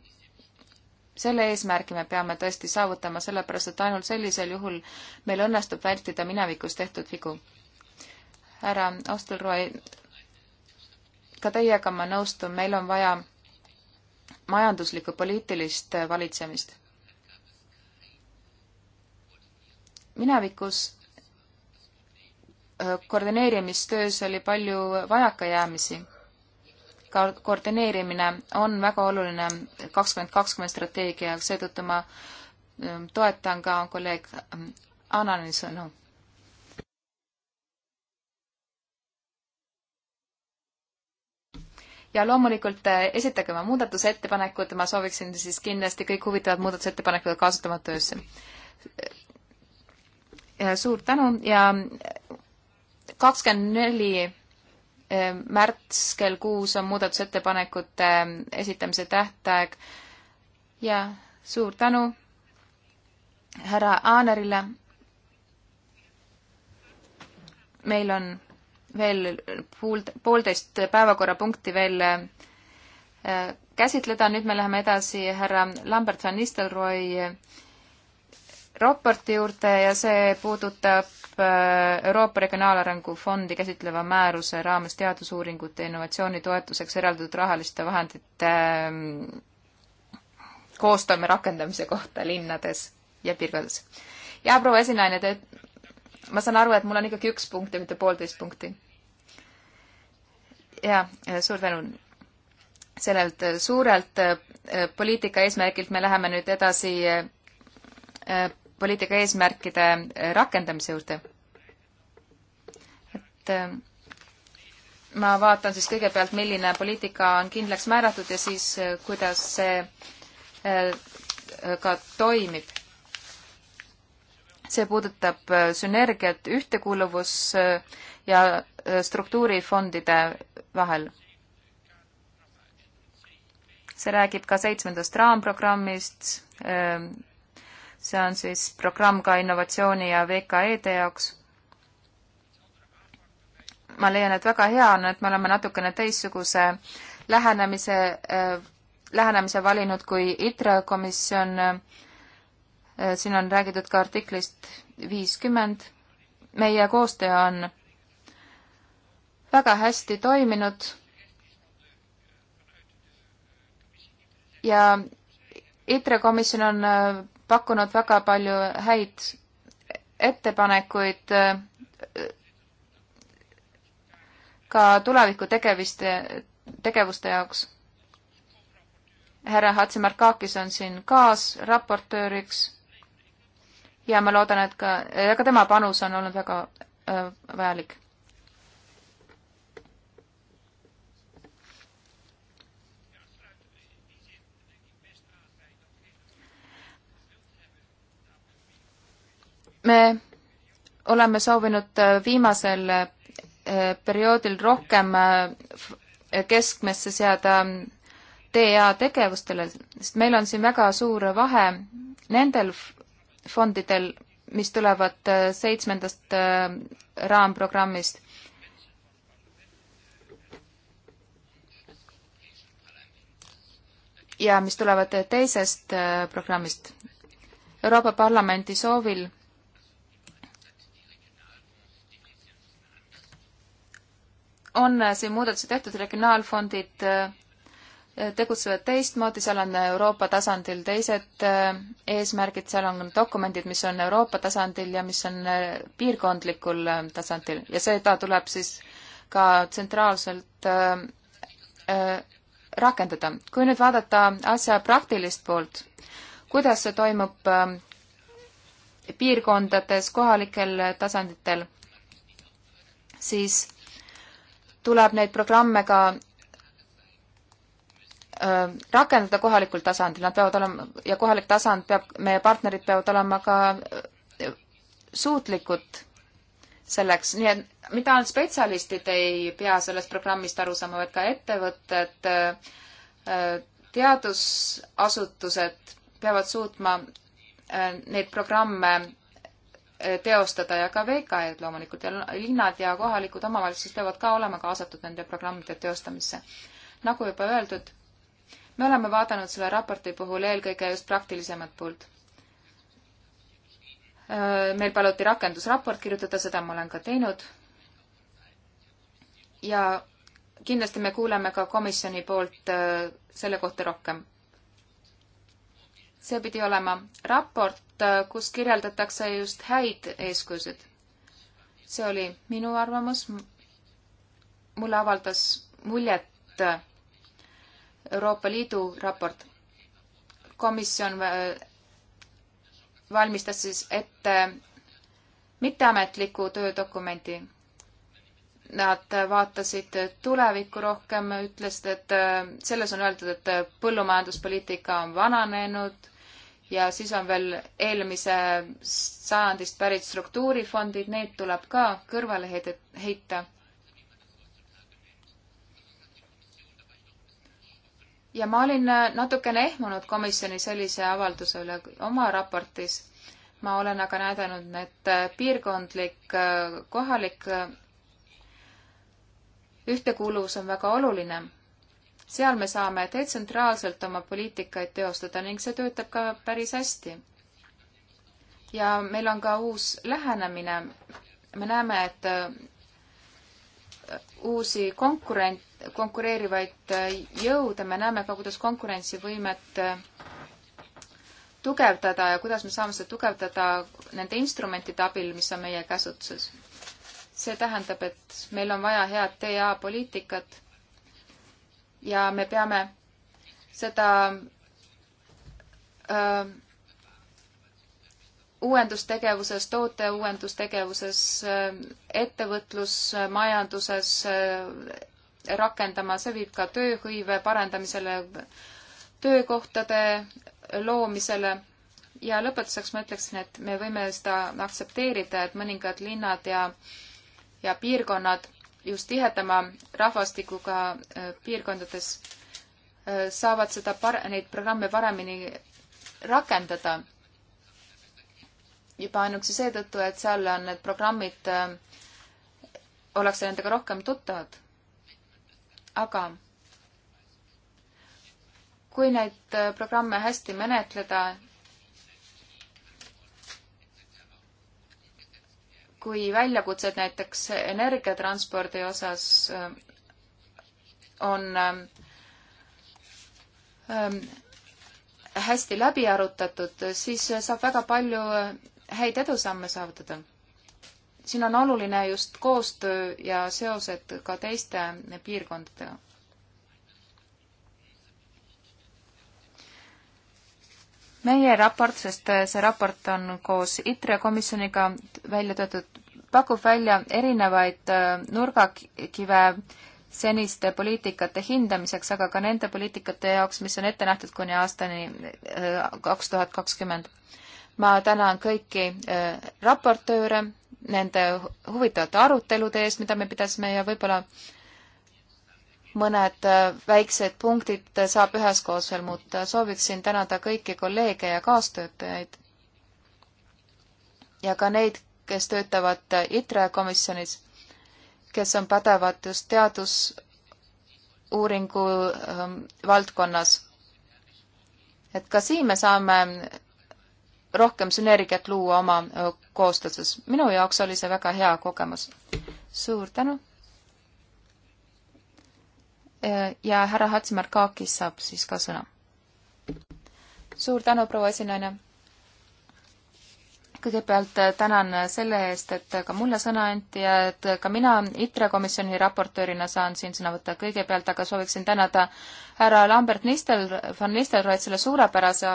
selle eesmärgi me peame tõesti saavutama, sellepärast et ainult sellisel juhul meil õnnestub vältida minevikus tehtud vigu. härra Ostelrooi, ka teiega ma nõustun, meil on vaja majanduslikku poliitilist valitsemist. minevikus äh, koordineerimistöös oli palju vajakajäämisi. ka koordineerimine on väga oluline kakskümmend kakskümmend strateegia jaoks, seetõttu ma ähm, toetan ka kolleeg ähm, Anani sõnu ja loomulikult eh, esitage oma muudatusettepanekud, ma sooviksin siis kindlasti kõik huvitavad muudatusettepanekud kaasatama töösse. suur tänu ja kakskümmend neli eh, märts kell kuus on muudatusettepanekute eh, esitamise tähtaeg ja suur tänu härra Aanerile. meil on veel poolt, poolteist päevakorrapunkti veel äh, käsitleda, nüüd me läheme edasi härra Lambert van Nistelrooy äh, raporti juurde ja see puudutab äh, Euroopa Regionaalarengu Fondi käsitleva määruse raames teadusuuringute innovatsiooni toetuseks eraldatud rahaliste vahendite ähm, koostoime rakendamise kohta linnades ja piirkondades. ja proua esinaine, te ma saan aru, et mul on ikkagi üks punkt ja mitte poolteist punkti. ja suur tänu. sellelt äh, suurelt äh, poliitika eesmärgilt me läheme nüüd edasi äh, poliitika eesmärkide rakendamise juurde. et ma vaatan siis kõigepealt, milline poliitika on kindlaks määratud ja siis kuidas see ka toimib see puudutab äh, sünergiat ühtekuuluvus äh, ja äh, struktuurifondide vahel. see räägib ka seitsmendast raamprogrammist, ähm, see on siis programm ka innovatsiooni ja VKE-de jaoks. ma leian, et väga hea on, et me oleme natukene teistsuguse lähenemise, lähenemise valinud kui ITRA komisjon äh, Äh, siin on räägitud ka artiklist viiskümmend. meie koostöö on väga hästi toiminud ja ITRE komisjon on äh, pakkunud väga palju häid ettepanekuid äh, ka tuleviku tegeviste, tegevuste jaoks. härra Hatsimarkakis on siin kaasraportööriks ja ma loodan, et ka, ka tema panus on olnud väga äh, vajalik. me oleme soovinud äh, viimasel äh, perioodil rohkem äh, keskmesse seada TA tegevustele, sest meil on siin väga suur vahe nendel fondidel, mis tulevad äh, seitsmendast äh, raamprogrammist. ja mis tulevad äh, teisest programmist. Euroopa Parlamendi soovil on siin muudatusi tehtud, regionaalfondid tegutsevad teistmoodi, seal on Euroopa tasandil teised äh, eesmärgid, seal on dokumendid, mis on Euroopa tasandil ja mis on äh, piirkondlikul äh, tasandil ja seda tuleb siis ka tsentraalselt rakendada. kui nüüd vaadata asja praktilist poolt, kuidas see toimub piirkondades, kohalikel tasanditel, siis tuleb neid programme ka Äh, rakendada kohalikul tasandil, nad peavad olema ja kohalik tasand peab, meie partnerid peavad olema ka äh, suutlikud selleks, nii et mitte ainult spetsialistid ei pea sellest programmist aru saama, vaid ka ettevõtted, äh, teadusasutused peavad suutma neid programme teostada ja ka VKE-d loomulikult ja linnad ja kohalikud omavalitsused peavad ka olema kaasatud nende programmide teostamisse. nagu juba öeldud me oleme vaadanud selle raporti puhul eelkõige just praktilisemat poolt. meil paluti rakendusraport kirjutada, seda ma olen ka teinud. ja kindlasti me kuuleme ka komisjoni poolt selle kohta rohkem. see pidi olema raport, kus kirjeldatakse just häid eeskujusid. see oli minu arvamus. mulle avaldas muljet Euroopa Liidu raport. komisjon äh, valmistas siis ette mitteametliku töödokumendi. Nad vaatasid tulevikku rohkem, ütlesid, et äh, selles on öeldud, et põllumajanduspoliitika on vananenud ja siis on veel eelmise sajandist pärit struktuurifondid, need tuleb ka kõrvale heita ja ma olin äh, natukene ehmunud komisjoni sellise avalduse üle oma raportis. ma olen aga näidanud, et äh, piirkondlik, äh, kohalik ühtekuuluvus on väga oluline. seal me saame detsentraalselt oma poliitikaid teostada ning see töötab ka päris hästi. ja meil on ka uus lähenemine. me näeme, et uusi konkurent, konkureerivaid jõude, me näeme ka, kuidas konkurentsivõimet tugevdada ja kuidas me saame seda tugevdada nende instrumentide abil, mis on meie käsutuses. see tähendab, et meil on vaja head TA poliitikat ja me peame seda öö, äh, uuendustegevuses, toote uuendustegevuses, ettevõtlusmajanduses eh, rakendama, see viib ka tööhõive parendamisele, töökohtade loomisele ja lõpetuseks ma ütleksin, et me võime seda aktsepteerida, et mõningad linnad ja, ja piirkonnad just tihedama rahvastikuga eh, piirkondades eh, saavad seda par-, neid programme paremini rakendada juba ainuüksi seetõttu, et seal on need programmid, äh, ollakse nendega rohkem tuttavad. aga kui neid äh, programme hästi menetleda, kui väljakutsed näiteks energiatranspordi osas äh, on hästi läbi arutatud, siis saab väga palju häid edusamme saavutada. siin on oluline just koostöö ja seosed ka teiste piirkondadega. meie raport, sest see raport on koos ITRE komisjoniga välja töötatud, pakub välja erinevaid äh, nurgakive seniste poliitikate hindamiseks, aga ka nende poliitikate jaoks, mis on ette nähtud kuni aastani äh, kaks tuhat kakskümmend ma tänan kõiki äh, raportööre nende huvitavate arutelude eest, mida me pidasime ja võib-olla mõned äh, väiksed punktid saab üheskoos veel muuta. sooviksin tänada kõiki kolleege ja kaastöötajaid ja ka neid, kes töötavad ITRE komisjonis, kes on pädevad just teadusuuringu ähm, valdkonnas. et ka siin me saame rohkem sünergiat luua oma koostöös. minu jaoks oli see väga hea kogemus. suur tänu. ja härra Hatsimarkakis saab siis ka sõna. suur tänu, proua esinaine. kõigepealt tänan selle eest, et ka mulle sõna anti ja et ka mina ITRE komisjoni raportöörina saan siin sõna võtta. kõigepealt aga sooviksin tänada härra Lambert Nistel, Van Nistelrooid selle suurepärase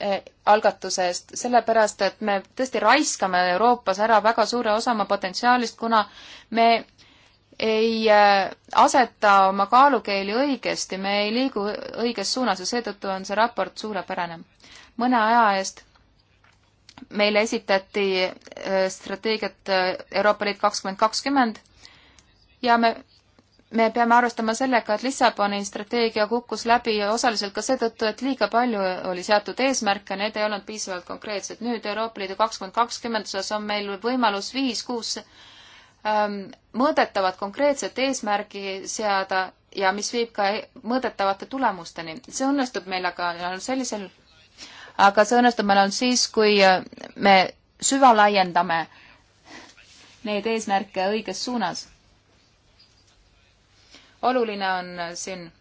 Eh, algatuse eest, sellepärast et me tõesti raiskame Euroopas ära väga suure osa oma potentsiaalist, kuna me ei eh, aseta oma kaalukeeli õigesti, me ei liigu õiges suunas ja seetõttu on see raport suurepärane. mõne aja eest meile esitati eh, strateegiat Euroopa Liit kakskümmend kakskümmend ja me me peame arvestama sellega, et Lissaboni strateegia kukkus läbi osaliselt ka seetõttu, et liiga palju oli seatud eesmärke, need ei olnud piisavalt konkreetsed. nüüd Euroopa Liidu kakskümmend kakskümmend osas on meil võimalus viis-kuus ähm, mõõdetavat konkreetset eesmärgi seada ja mis viib ka e-, mõõdetavate tulemusteni. see õnnestub meil aga ainult sellisel, aga see õnnestub meil ainult siis, kui äh, me süvalaiendame neid eesmärke õiges suunas oluline on siin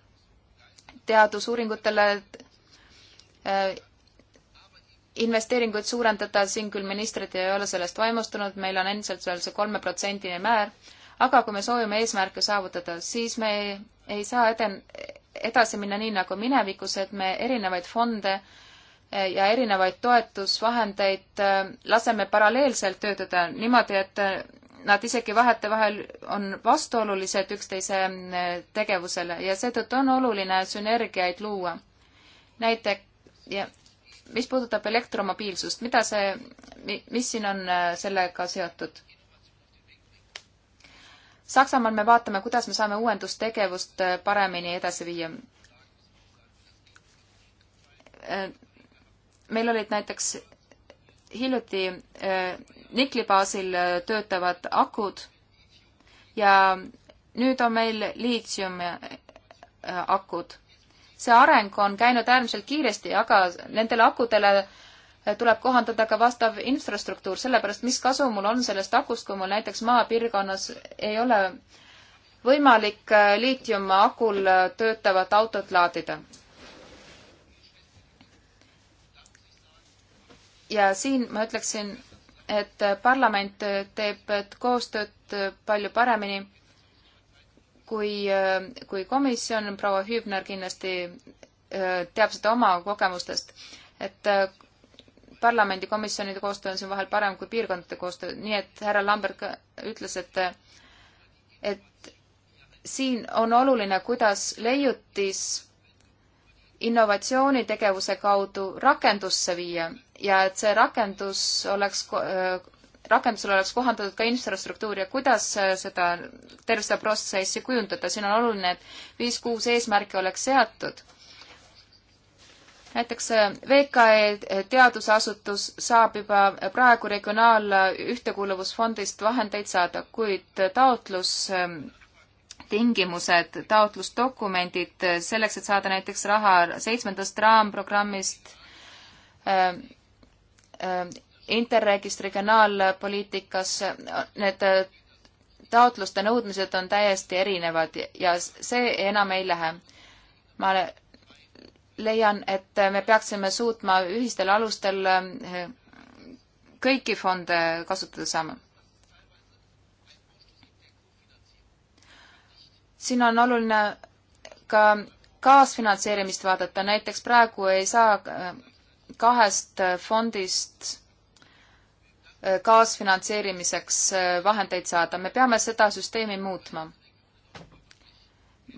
teadusuuringutele äh, investeeringuid suurendada, siin küll ministrid ei ole sellest vaimustunud, meil on endiselt veel see kolme protsendine määr, aga kui me soovime eesmärke saavutada, siis me ei, ei saa eden-, edasi minna nii nagu minevikus, et me erinevaid fonde äh, ja erinevaid toetusvahendeid äh, laseme paralleelselt töötada niimoodi, et nad isegi vahetevahel on vastuolulised üksteise eh, tegevusele ja seetõttu on oluline sünergiaid luua. näiteks, mis puudutab elektromobiilsust, mida see, mis siin on eh, sellega seotud? Saksamaal me vaatame, kuidas me saame uuendustegevust eh, paremini edasi viia. meil olid näiteks hiljuti nikli baasil äh, töötavad akud ja nüüd on meil liitsiumakud. Äh, see areng on käinud äärmiselt kiiresti, aga nendele akudele äh, tuleb kohandada ka vastav infrastruktuur, sellepärast mis kasu mul on sellest akust, kui mul näiteks maapiirkonnas ei ole võimalik liitiumakul töötavat autot laadida. ja siin ma ütleksin et parlament teeb koostööd palju paremini kui, kui komisjon. proua Hübner kindlasti äh, teab seda oma kogemustest, et äh, parlamendikomisjonide koostöö on siin vahel parem kui piirkondade koostöö, nii et härra Lambert ka ütles, et, et siin on oluline, kuidas leiutis innovatsioonitegevuse kaudu rakendusse viia ja et see rakendus oleks, äh, rakendusel oleks kohandatud ka infrastruktuur ja kuidas äh, seda, terve seda protsessi kujundada, siin on oluline, et viis-kuus eesmärki oleks seatud. näiteks äh, VKE teadusasutus saab juba praegu regionaalühtekuuluvusfondist vahendeid saada, kuid taotlus ähm, tingimused, taotlusdokumendid selleks, et saada näiteks raha seitsmendast raamprogrammist, ähm, Ähm, Interregist regionaalpoliitikas need äh, taotluste nõudmised on täiesti erinevad ja see enam ei lähe. ma leian, et me peaksime suutma ühistel alustel äh, kõiki fonde kasutada saama. siin on oluline ka kaasfinantseerimist vaadata, näiteks praegu ei saa äh, kahest äh, fondist äh, kaasfinantseerimiseks äh, vahendeid saada, me peame seda süsteemi muutma.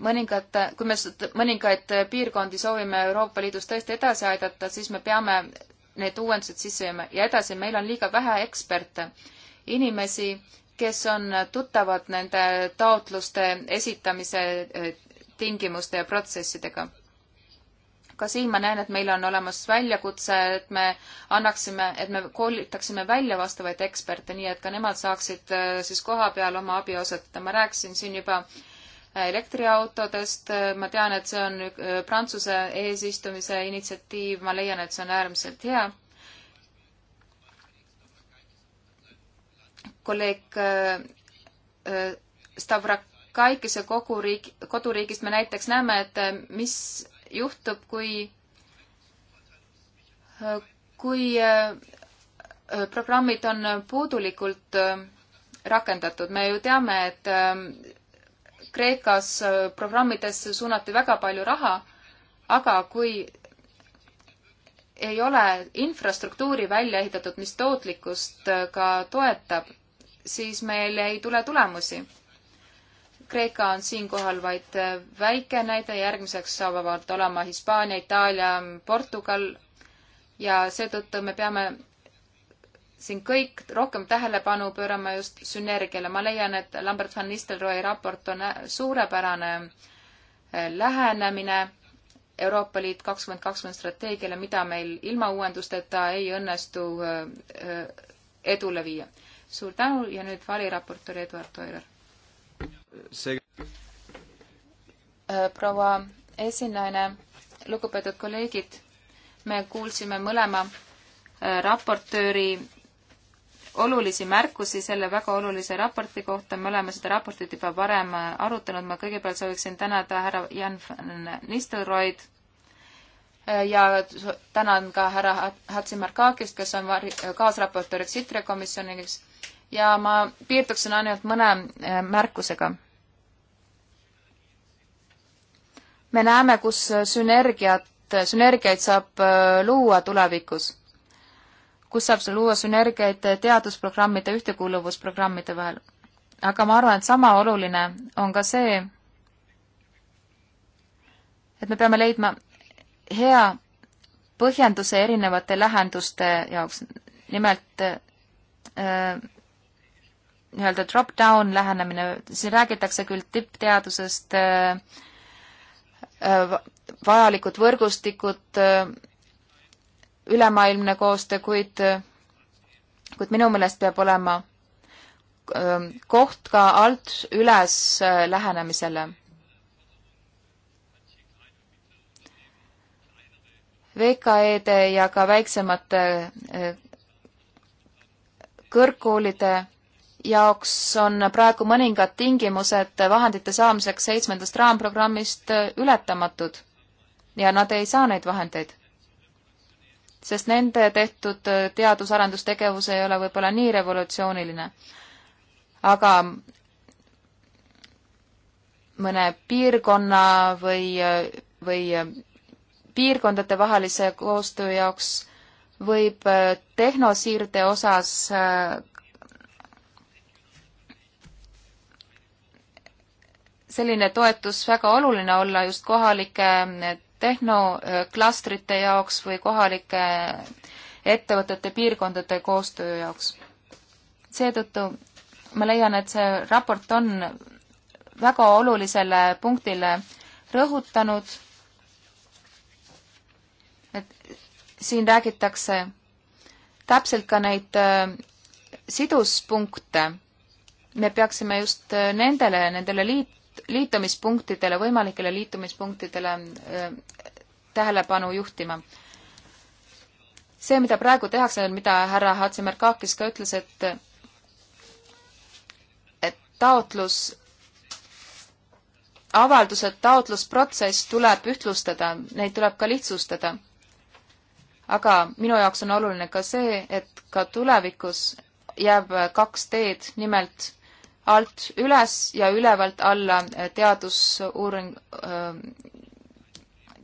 mõningad, kui me mõningaid piirkondi soovime Euroopa Liidus tõesti edasi aidata, siis me peame need uuendused sisse viima ja edasi, meil on liiga vähe eksperte, inimesi, kes on tuttavad nende taotluste esitamise tingimuste ja protsessidega ka siin ma näen, et meil on olemas väljakutse, et me annaksime, et me koolitaksime välja vastavaid eksperte, nii et ka nemad saaksid äh, siis kohapeal oma abi osutada. ma rääkisin siin juba äh, elektriautodest, ma tean, et see on äh, Prantsuse eesistumise initsiatiiv, ma leian, et see on äärmiselt hea. kolleeg Stavrakakis ja kogu riik, koduriigist me näiteks näeme, et mis juhtub, kui, kui äh, programmid on puudulikult äh, rakendatud. me ju teame, et äh, Kreekas programmidesse suunati väga palju raha, aga kui ei ole infrastruktuuri välja ehitatud, mis tootlikkust ka toetab, siis meil ei tule tulemusi Kreeka on siinkohal vaid äh, väike näide, järgmiseks saavad olema Hispaania, Itaalia, Portugal ja seetõttu me peame siin kõik rohkem tähelepanu pöörama just sünergiale. ma leian, et Lambert van Nistelrooy raport on äh, suurepärane äh, lähenemine Euroopa Liit kakskümmend kakskümmend strateegiale, mida meil ilma uuendusteta ei õnnestu edule viia. suur tänu ja nüüd variraportöör Eduard Toiler see äh, proua esinaine, lugupeetud kolleegid, me kuulsime mõlema äh, raportööri olulisi märkusi selle väga olulise raporti kohta, me oleme seda raportit juba varem äh, arutanud, ma kõigepealt sooviksin tänada härra Jan van Nistelrooid ja tänan ka härra Hatsimarkakist, kes on kaasraportööriks ITRE komisjoniks ja ma piirduksin ainult mõne eh, märkusega. me näeme, kus eh, sünergiat, eh, sünergiaid saab luua tulevikus, kus saab luua sünergiaid teadusprogrammide, ühtekuuluvusprogrammide vahel. aga ma arvan, et sama oluline on ka see, et me peame leidma hea põhjenduse erinevate lähenduste jaoks. nimelt äh, nii-öelda drop-down lähenemine, siin räägitakse küll tippteadusest, äh, äh, vajalikud võrgustikud, äh, ülemaailmne koostöö, kuid, kuid minu meelest peab olema koht ka alt üles lähenemisele. VKE-de ja ka väiksemate kõrgkoolide jaoks on praegu mõningad tingimused vahendite saamiseks seitsmendast raamprogrammist ületamatud ja nad ei saa neid vahendeid. sest nende tehtud teadus-arendustegevus ei ole võib-olla nii revolutsiooniline. aga mõne piirkonna või, või piirkondadevahelise koostöö jaoks võib tehnosiirde osas selline toetus väga oluline olla just kohalike tehnoklastrite jaoks või kohalike ettevõtete piirkondade koostöö jaoks. seetõttu ma leian, et see raport on väga olulisele punktile rõhutanud, et siin räägitakse täpselt ka neid äh, siduspunkte, me peaksime just äh, nendele, nendele liit-, liit, liitumispunktidele, võimalikele liitumispunktidele tähelepanu juhtima. see, mida praegu tehakse, mida härra Hatsimerkakis ka ütles, et et taotlus, avaldused, taotlusprotsess tuleb ühtlustada, neid tuleb ka lihtsustada. aga minu jaoks on oluline ka see, et ka tulevikus jääb kaks teed, nimelt alt üles ja ülevalt alla äh, teadusuuring, äh,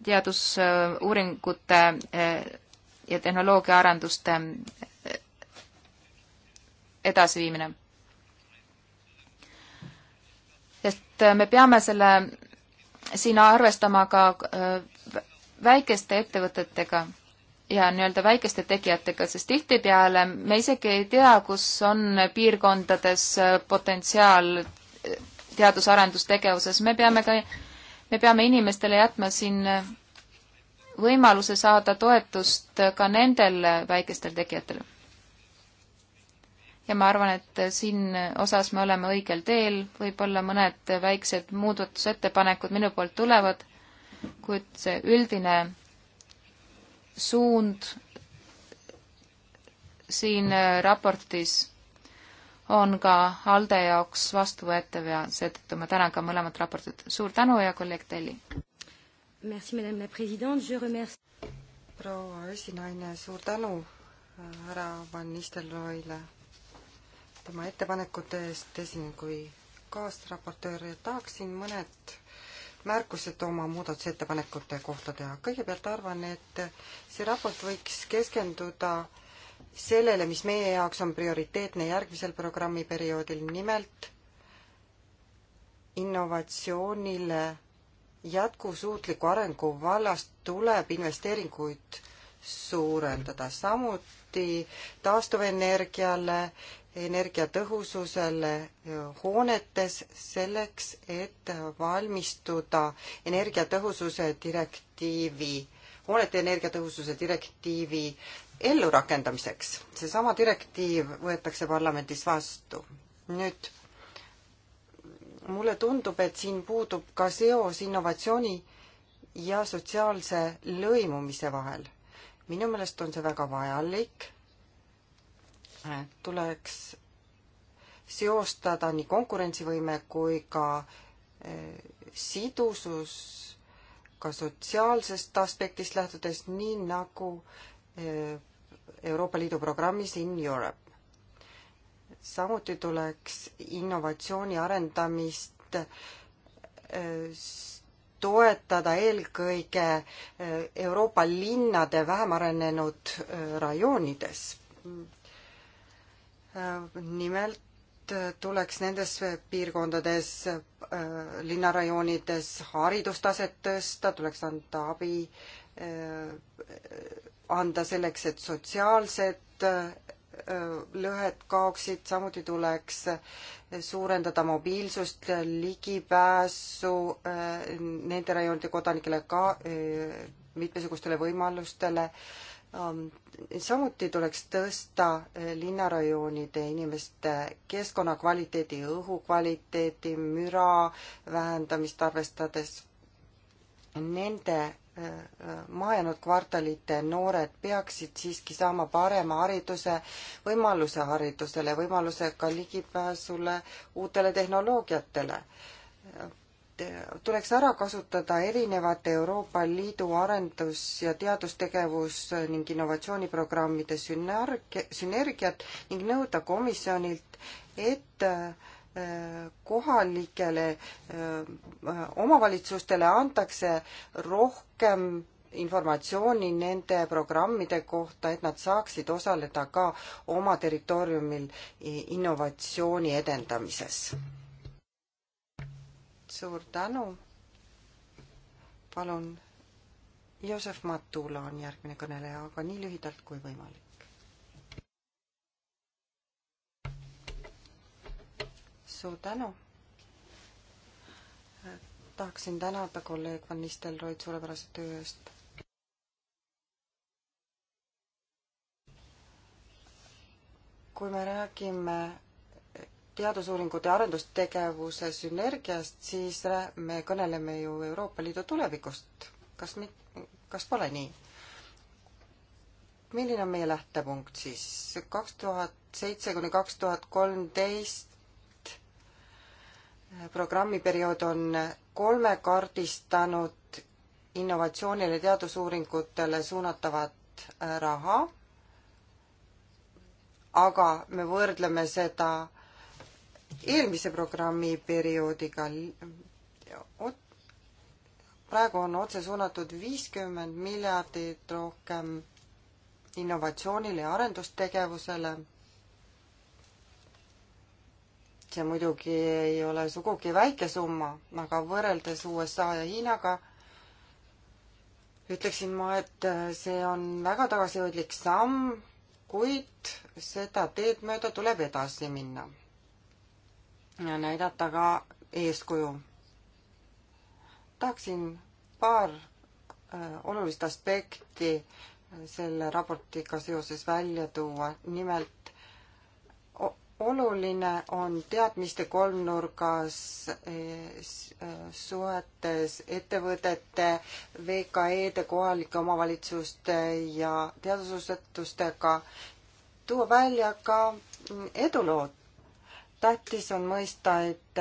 teadusuuringute äh, ja tehnoloogiaarenduste edasiviimine. sest me peame selle, siin arvestama ka väikeste ettevõtetega ja nii-öelda väikeste tegijatega, sest tihtipeale me isegi ei tea, kus on piirkondades äh, potentsiaal äh, teadus-arendustegevuses, me peame ka, me peame inimestele jätma siin äh, võimaluse saada toetust ka nendel väikestel tegijatel. ja ma arvan, et siin osas me oleme õigel teel, võib-olla mõned väiksed muudatusettepanekud minu poolt tulevad, kuid see üldine suund siin äh, raportis on ka ALDE jaoks vastuvõetav ja seetõttu ma tänan ka mõlemat raportit. suur tänu ja kolleeg Telli! proua esinaine, suur tänu äh, härra Van Nistelrooile tema ettepanekute eest, esinen kui kaasraportöör ja tahaksin mõned märkused oma muudatusettepanekute kohta teha. kõigepealt arvan, et see raport võiks keskenduda sellele, mis meie jaoks on prioriteetne järgmisel programmiperioodil, nimelt innovatsioonile jätkusuutliku arengu vallas tuleb investeeringuid suurendada, samuti taastuvenergiale energiatõhususele hoonetes selleks, et valmistuda energiatõhususe direktiivi, hoonete energiatõhususe direktiivi ellurakendamiseks. seesama direktiiv võetakse parlamendis vastu. nüüd mulle tundub, et siin puudub ka seos innovatsiooni ja sotsiaalse lõimumise vahel. minu meelest on see väga vajalik tuleks seostada nii konkurentsivõime kui ka eh, sidusus ka sotsiaalsest aspektist lähtudes, nii nagu eh, Euroopa Liidu programmis In Europe. samuti tuleks innovatsiooni arendamist eh, toetada eelkõige Euroopa linnade vähem arenenud rajoonides. Äh, nimelt äh, tuleks nendes piirkondades, äh, linnarajoonides haridustaset tõsta, tuleks anda abi, anda selleks, et sotsiaalsed lõhed kaoksid, samuti tuleks suurendada mobiilsust, ligipääsu nende rajoonide kodanikele ka mitmesugustele võimalustele, Ähm, samuti tuleks tõsta äh, linnarajoonide inimeste keskkonnakvaliteedi, õhukvaliteedi, müra vähendamist arvestades. Nende äh, äh, mahajäänud kvartalite noored peaksid siiski saama parema hariduse, võimaluse haridusele, võimaluse ka ligipääsule uutele tehnoloogiatele tuleks ära kasutada erinevate Euroopa Liidu arendus- ja teadustegevus ning innovatsiooniprogrammide sünerg-, sünergiat ning nõuda komisjonilt, et äh, kohalikele äh, omavalitsustele antakse rohkem informatsiooni nende programmide kohta, et nad saaksid osaleda ka oma territooriumil innovatsiooni edendamises suur tänu. palun, Joosep Matula on järgmine kõneleja, aga nii lühidalt kui võimalik. suur tänu. tahaksin tänada kolleeg Van Nistelrooid suurepärase töö eest. kui me räägime teadusuuringute ja arendustegevuse sünergiast, siis me kõneleme ju Euroopa Liidu tulevikust. kas mi-, kas pole nii? milline on meie lähtepunkt siis? kaks tuhat seitse kuni kaks tuhat kolmteist programmiperiood on kolmekordistanud innovatsioonile ja teadusuuringutele suunatavat äh, raha, aga me võrdleme seda eelmise programmiperioodiga praegu on otse suunatud viiskümmend miljardit rohkem innovatsioonile ja arendustegevusele. see muidugi ei ole sugugi väike summa, aga võrreldes USA ja Hiinaga ütleksin ma, et see on väga tagasihoidlik samm, kuid seda teed mööda tuleb edasi minna ja näidata ka eeskuju. tahaksin paar äh, olulist aspekti äh, selle raportiga seoses välja tuua, nimelt oluline on teadmiste kolmnurgas äh, suhetes ettevõtete, VKE-de, kohalike omavalitsuste ja teadusasutustega tuua välja ka mm, edulood tähtis on mõista, et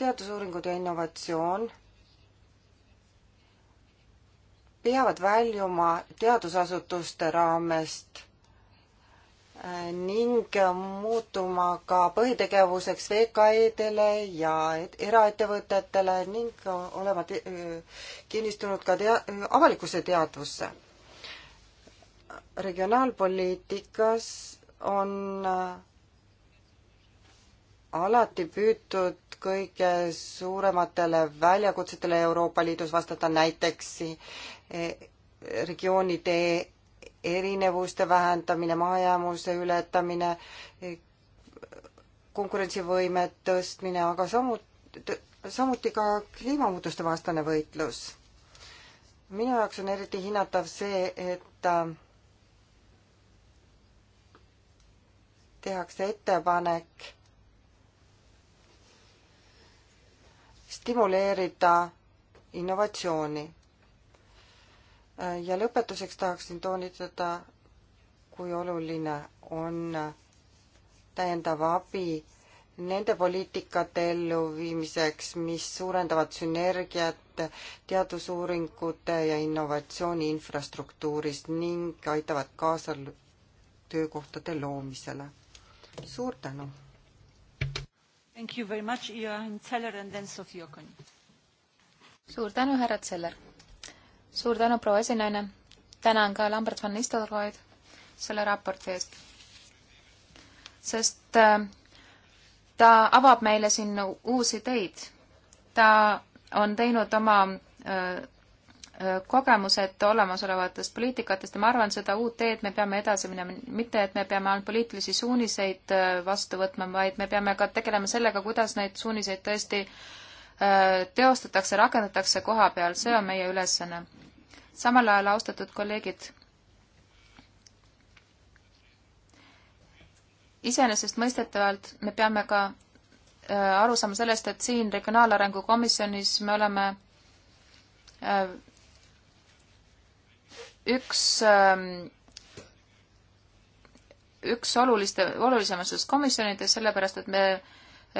teadusuuringud ja innovatsioon peavad väljuma teadusasutuste raamest ning muutuma ka põhitegevuseks VKE-dele ja eraettevõtetele ning olema te kinnistunud ka tea avalikkuse teadvusse. regionaalpoliitikas on alati püütud kõige suurematele väljakutsetele Euroopa Liidus vastata, näiteks e, regioonide erinevuste vähendamine, mahajäämuse ületamine, e, konkurentsivõime tõstmine, aga samuti, samuti ka kliimamuutuste vastane võitlus. minu jaoks on eriti hinnatav see, et äh, tehakse ettepanek stimuleerida innovatsiooni. ja lõpetuseks tahaksin toonitada, kui oluline on täiendav abi nende poliitikate elluviimiseks, mis suurendavad sünergiat teadusuuringute ja innovatsiooni infrastruktuuris ning aitavad kaasa töökohtade loomisele. suur tänu! Thank you very much, Johan Zeller and then Sofi Okoni. suur tänu, härra Zeller. suur tänu, proua esinaine. tänan ka Lambert van Nistelrooid selle raporti eest. sest äh, ta avab meile siin uusi ideid. ta on teinud oma äh, Äh, kogemused olemasolevatest poliitikatest ja ma arvan, seda uut teed me peame edasi minema, mitte et me peame ainult poliitilisi suuniseid äh, vastu võtma, vaid me peame ka tegelema sellega, kuidas neid suuniseid tõesti äh, teostatakse, rakendatakse koha peal, see on meie ülesanne. samal ajal, austatud kolleegid, iseenesestmõistetavalt me peame ka aru saama sellest, et siin Regionaalarengu Komisjonis me oleme üks ähm, üks oluliste, olulisematest komisjonidest, sellepärast et me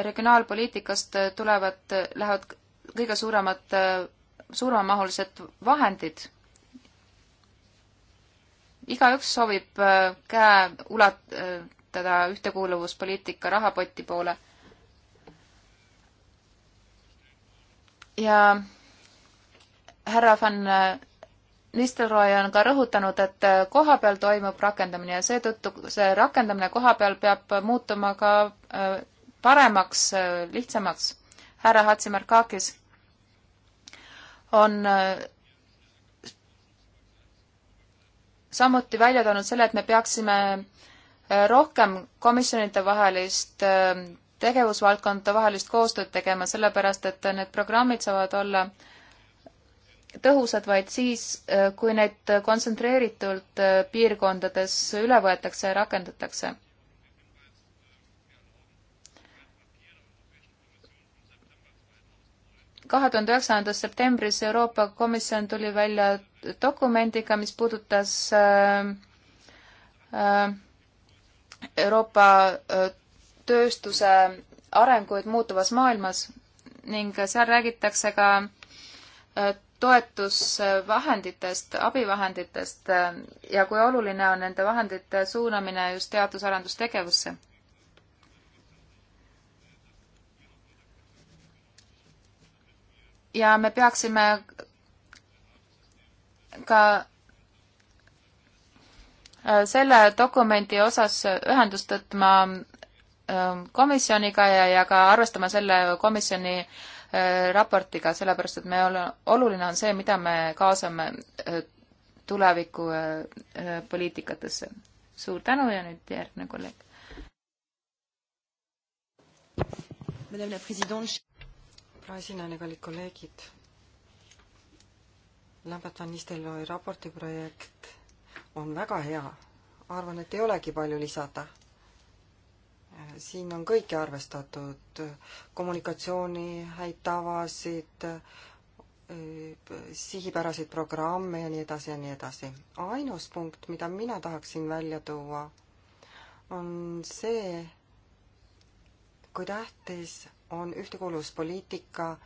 regionaalpoliitikast tulevad, lähevad kõige suuremad, äh, suuremamahulised vahendid. igaüks soovib äh, käe ulatada ühtekuuluvuspoliitika rahapoti poole. ja härra Van äh, Nistelrooy on ka rõhutanud, et äh, kohapeal toimub rakendamine ja seetõttu see rakendamine kohapeal peab muutuma ka äh, paremaks, äh, lihtsamaks. härra Hatsimarkakis on samuti välja toonud selle, et me peaksime rohkem komisjonide vahelist tegevusvaldkondade vahelist koostööd tegema, sellepärast et need programmid saavad olla äh, tõhusad vaid siis, äh, kui neid kontsentreeritult äh, piirkondades üle võetakse ja rakendatakse. kahe tuhande üheksandas septembris Euroopa Komisjon tuli välja dokumendiga, mis puudutas äh, Euroopa tööstuse arenguid muutuvas maailmas ning seal räägitakse ka toetusvahenditest, abivahenditest äh, ja kui oluline on nende vahendite suunamine just teadus-arendustegevusse. ja me peaksime ka äh, selle dokumendi osas ühendust võtma äh, komisjoniga ja, ja ka arvestama selle komisjoni äh, Äh, raportiga, sellepärast et me ole, oluline on see, mida me kaasame äh, tuleviku äh, poliitikatesse. suur tänu ja nüüd järgmine kolleeg. Brasiiliani kallid kolleegid, Lambert Van Nistelrooy raporti projekt on väga hea. arvan, et ei olegi palju lisada siin on kõike arvestatud, kommunikatsiooni häid tavasid, sihipäraseid programme ja nii edasi ja nii edasi. ainus punkt, mida mina tahaksin välja tuua, on see, kui tähtis on ühtekuuluvuspoliitika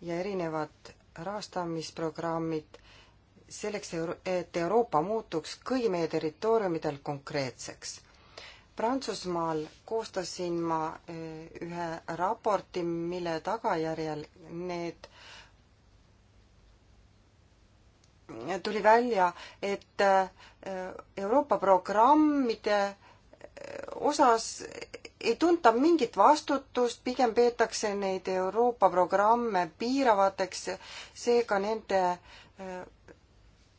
ja erinevad rahastamisprogrammid selleks, et Euroopa muutuks kõigi meie territooriumidel konkreetseks. Prantsusmaal koostasin ma eh, ühe raporti, mille tagajärjel need tuli välja, et eh, Euroopa programmide eh, osas ei tunta mingit vastutust, pigem peetakse neid Euroopa programme piiravateks, seega nende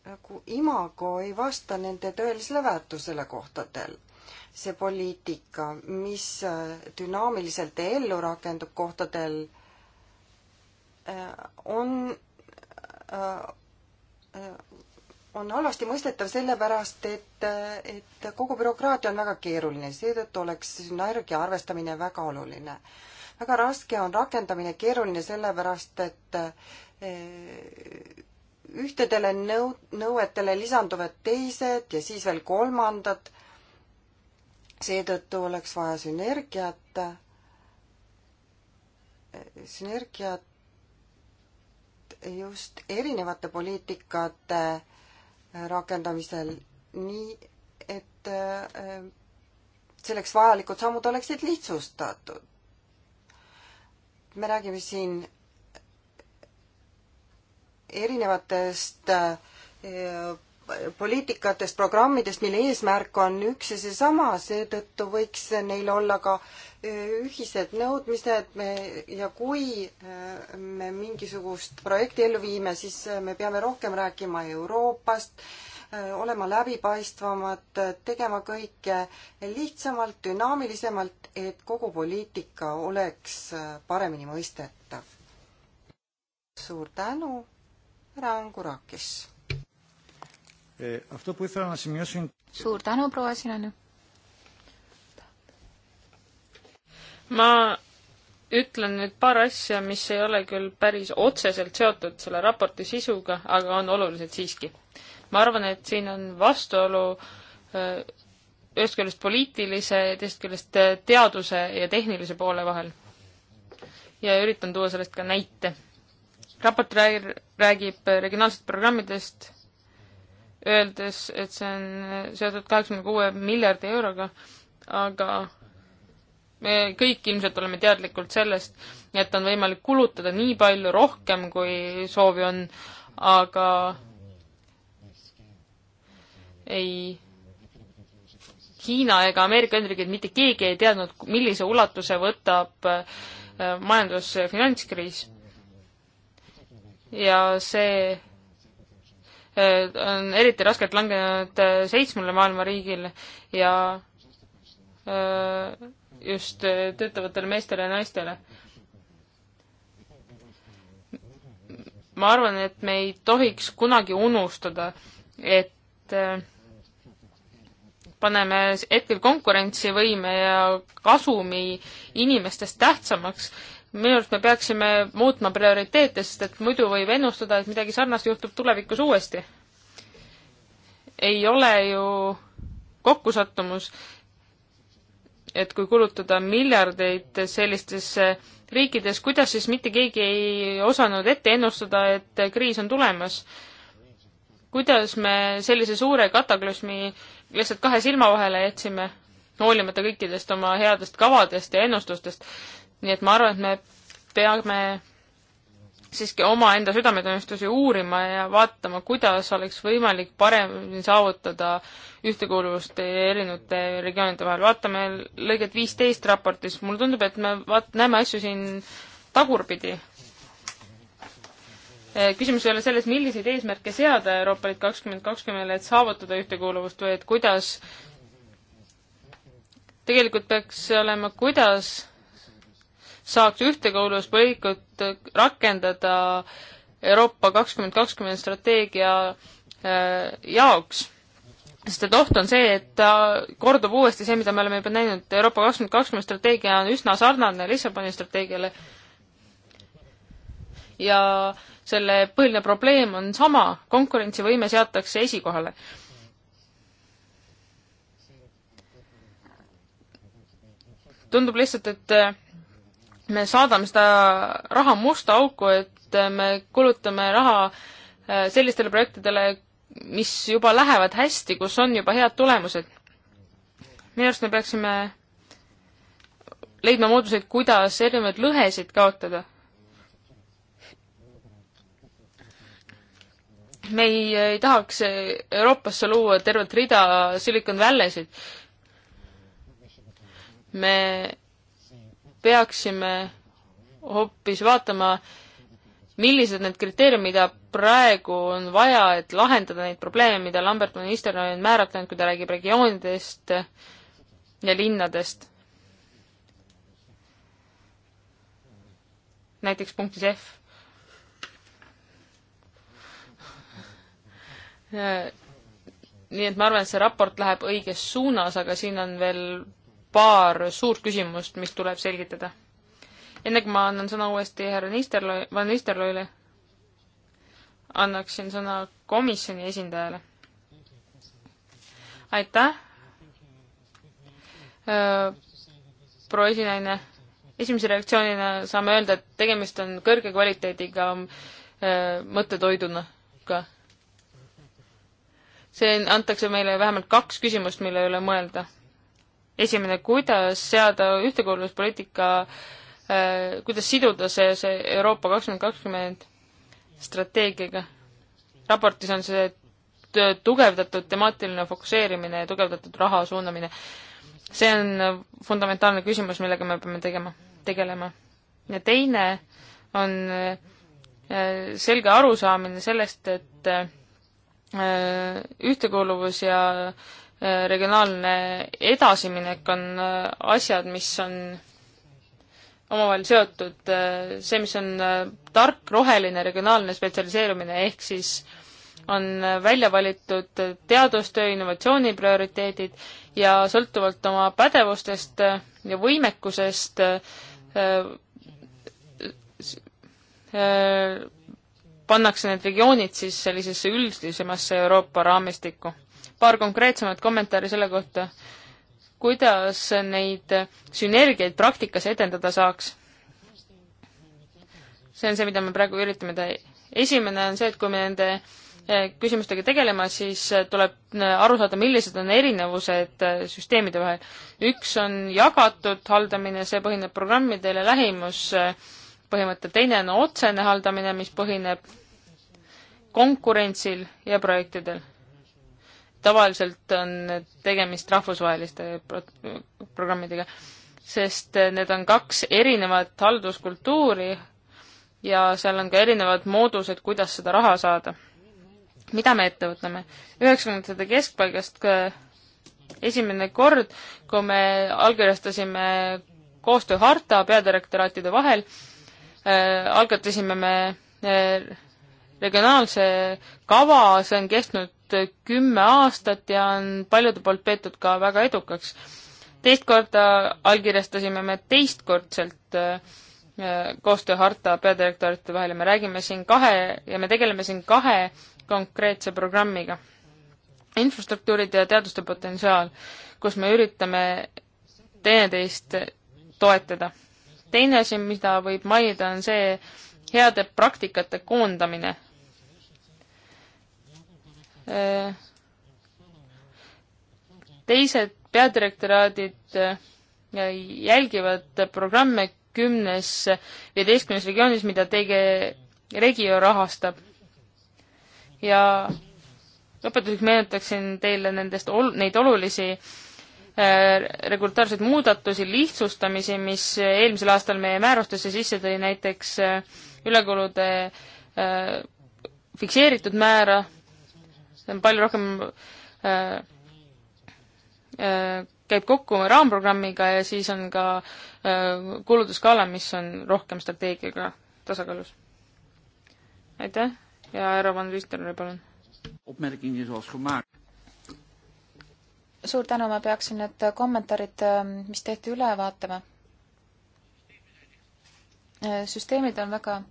nagu imago ei vasta nende tõelisele väärtusele kohtadel see poliitika, mis äh, dünaamiliselt ellu rakendub kohtadel, äh, on, äh, on halvasti mõistetav sellepärast, et, et kogu bürokraatia on väga keeruline, seetõttu oleks sünergia arvestamine väga oluline. väga raske on rakendamine keeruline sellepärast, et ühtedele nõu-, nõuetele lisanduvad teised ja siis veel kolmandad seetõttu oleks vaja sünergiat, sünergiat just erinevate poliitikate rakendamisel, nii et äh, selleks vajalikud sammud oleksid lihtsustatud. me räägime siin erinevatest äh, poliitikatest, programmidest, mille eesmärk on üks ja seesama, seetõttu võiks neil olla ka e, ühised nõudmised, me ja kui e, me mingisugust projekti ellu viime, siis e, me peame rohkem rääkima Euroopast, olema läbipaistvamad, tegema kõike lihtsamalt, dünaamilisemalt, et kogu poliitika oleks paremini mõistetav. suur tänu, härra Angurakis suur tänu, proua Sinane. ma ütlen nüüd paar asja, mis ei ole küll päris otseselt seotud selle raporti sisuga, aga on olulised siiski. ma arvan, et siin on vastuolu äh, ühest küljest poliitilise ja teisest küljest äh, teaduse ja tehnilise poole vahel. ja üritan tuua sellest ka näite. raport räägib regionaalsetest programmidest öeldes, et see on seotud kaheksakümne kuue miljardi euroga, aga me kõik ilmselt oleme teadlikud sellest, et on võimalik kulutada nii palju rohkem, kui soovi on, aga ei Hiina ega Ameerika Ühendriigid mitte keegi ei teadnud, millise ulatuse võtab äh, majandus- ja finantskriis. ja see Äh, on eriti raskelt langenud äh, seitsmele maailma riigile ja äh, just töötavatele meestele ja naistele. ma arvan, et me ei tohiks kunagi unustada, et paneme hetkel konkurentsivõime ja kasumi inimestest tähtsamaks minu arust me peaksime muutma prioriteete, sest et muidu võib ennustada, et midagi sarnast juhtub tulevikus uuesti. ei ole ju kokkusattumus, et kui kulutada miljardeid sellistesse riikides, kuidas siis mitte keegi ei osanud ette ennustada, et kriis on tulemas? kuidas me sellise suure kataklüsmi lihtsalt kahe silma vahele jätsime, hoolimata kõikidest oma headest kavadest ja ennustustest? nii et ma arvan, et me peame siiski omaenda südametunnistusi uurima ja vaatama, kuidas oleks võimalik paremini saavutada ühtekuuluvust erinevate regioonide vahel. vaatame lõiget viisteist raportis, mulle tundub, et me vaat-, näeme asju siin tagurpidi. Eh, küsimus ei ole selles, milliseid eesmärke seada Euroopa Liit kakskümmend kakskümmend, et saavutada ühtekuuluvust või et kuidas tegelikult peaks olema, kuidas saaks ühtekuuluvuspoliitikut rakendada Euroopa kakskümmend kakskümmend strateegia äh, jaoks. sest et oht on see, et ta kordub uuesti see, mida me oleme juba näinud, Euroopa kakskümmend kakskümmend strateegia on üsna sarnane Lissaboni strateegiale. ja selle põhiline probleem on sama, konkurentsivõime seatakse esikohale tundub lihtsalt, et me saadame seda raha musta auku, et me kulutame raha äh, sellistele projektidele, mis juba lähevad hästi, kus on juba head tulemused. minu arust me peaksime leidma mooduseid, kuidas erinevaid lõhesid kaotada. me ei, ei tahaks Euroopasse luua tervet rida Silicon Valley'sid. me peaksime hoopis vaatama, millised need kriteeriumid, mida praegu on vaja, et lahendada neid probleeme, mida Lambert minister on määratlenud, kui ta räägib regioonidest ja linnadest. näiteks punktis F. nii et ma arvan, et see raport läheb õiges suunas, aga siin on veel paar suurt küsimust, mis tuleb selgitada. enne kui ma annan sõna uuesti härra Nisterloi, Van Nisterloile, annaksin sõna komisjoni esindajale. aitäh, äh, proua esinaine. esimese reaktsioonina saame öelda, et tegemist on kõrge kvaliteediga äh, mõttetoiduna ka. see antakse meile vähemalt kaks küsimust, mille üle mõelda esimene, kuidas seada ühtekuuluvuspoliitika, äh, kuidas siduda see, see Euroopa kakskümmend kakskümmend strateegiaga. raportis on see tugevdatud temaatiline fokusseerimine ja tugevdatud raha suunamine. see on fundamentaalne küsimus, millega me peame tegema, tegelema. ja teine on äh, selge arusaamine sellest, et äh, ühtekuuluvus ja regionaalne edasiminek on äh, asjad, mis on omavahel seotud, äh, see, mis on äh, tark roheline regionaalne spetsialiseerumine, ehk siis on välja valitud teadustöö, innovatsiooni prioriteedid ja sõltuvalt oma pädevustest ja võimekusest pannakse need regioonid siis sellisesse üldisemasse Euroopa raamistikku paar konkreetsemat kommentaari selle kohta, kuidas neid sünergiaid praktikas edendada saaks. see on see, mida me praegu üritame teha. esimene on see, et kui me nende eh, küsimustega tegelema, siis eh, tuleb eh, aru saada, millised on erinevused süsteemide vahel. üks on jagatud haldamine, see põhineb programmidele, lähimuspõhimõte, teine on otsene haldamine, mis põhineb konkurentsil ja projektidel tavaliselt on tegemist rahvusvaheliste pro programmidega, sest need on kaks erinevat halduskultuuri ja seal on ka erinevad moodused, kuidas seda raha saada. mida me ette võtame? üheksakümnendate keskpaigast äh, esimene kord, kui me allkirjastasime koostööharta peadirektoraatide vahel äh,, algatasime me äh, regionaalse kava, see on kestnud kestnud kümme aastat ja on paljude poolt peetud ka väga edukaks. teist korda allkirjastasime me teistkordselt äh, koostööharta peadirektorite vahel ja me räägime siin kahe ja me tegeleme siin kahe konkreetse programmiga. infrastruktuurid ja teaduste potentsiaal, kus me üritame teineteist toetada. teine asi, mida võib mainida, on see heade praktikate koondamine Äh, teised peadirektoraadid äh, jälgivad programme kümnes, viieteistkümnes regioonis, mida TG Regio rahastab. ja lõpetuseks meenutaksin teile nendest ol-, neid olulisi äh, regulaarseid muudatusi, lihtsustamisi, mis eelmisel aastal meie määrustesse sisse tõi, näiteks ülekulude fikseeritud määra see on palju rohkem äh, äh, käib kokku raamprogrammiga ja siis on ka äh, kulutuskaala, mis on rohkem strateegiaga tasakaalus. aitäh ja härra Van Visterile, palun. suur tänu, ma peaksin need kommentaarid, äh, mis tehti, üle vaatama. Äh, süsteemid on väga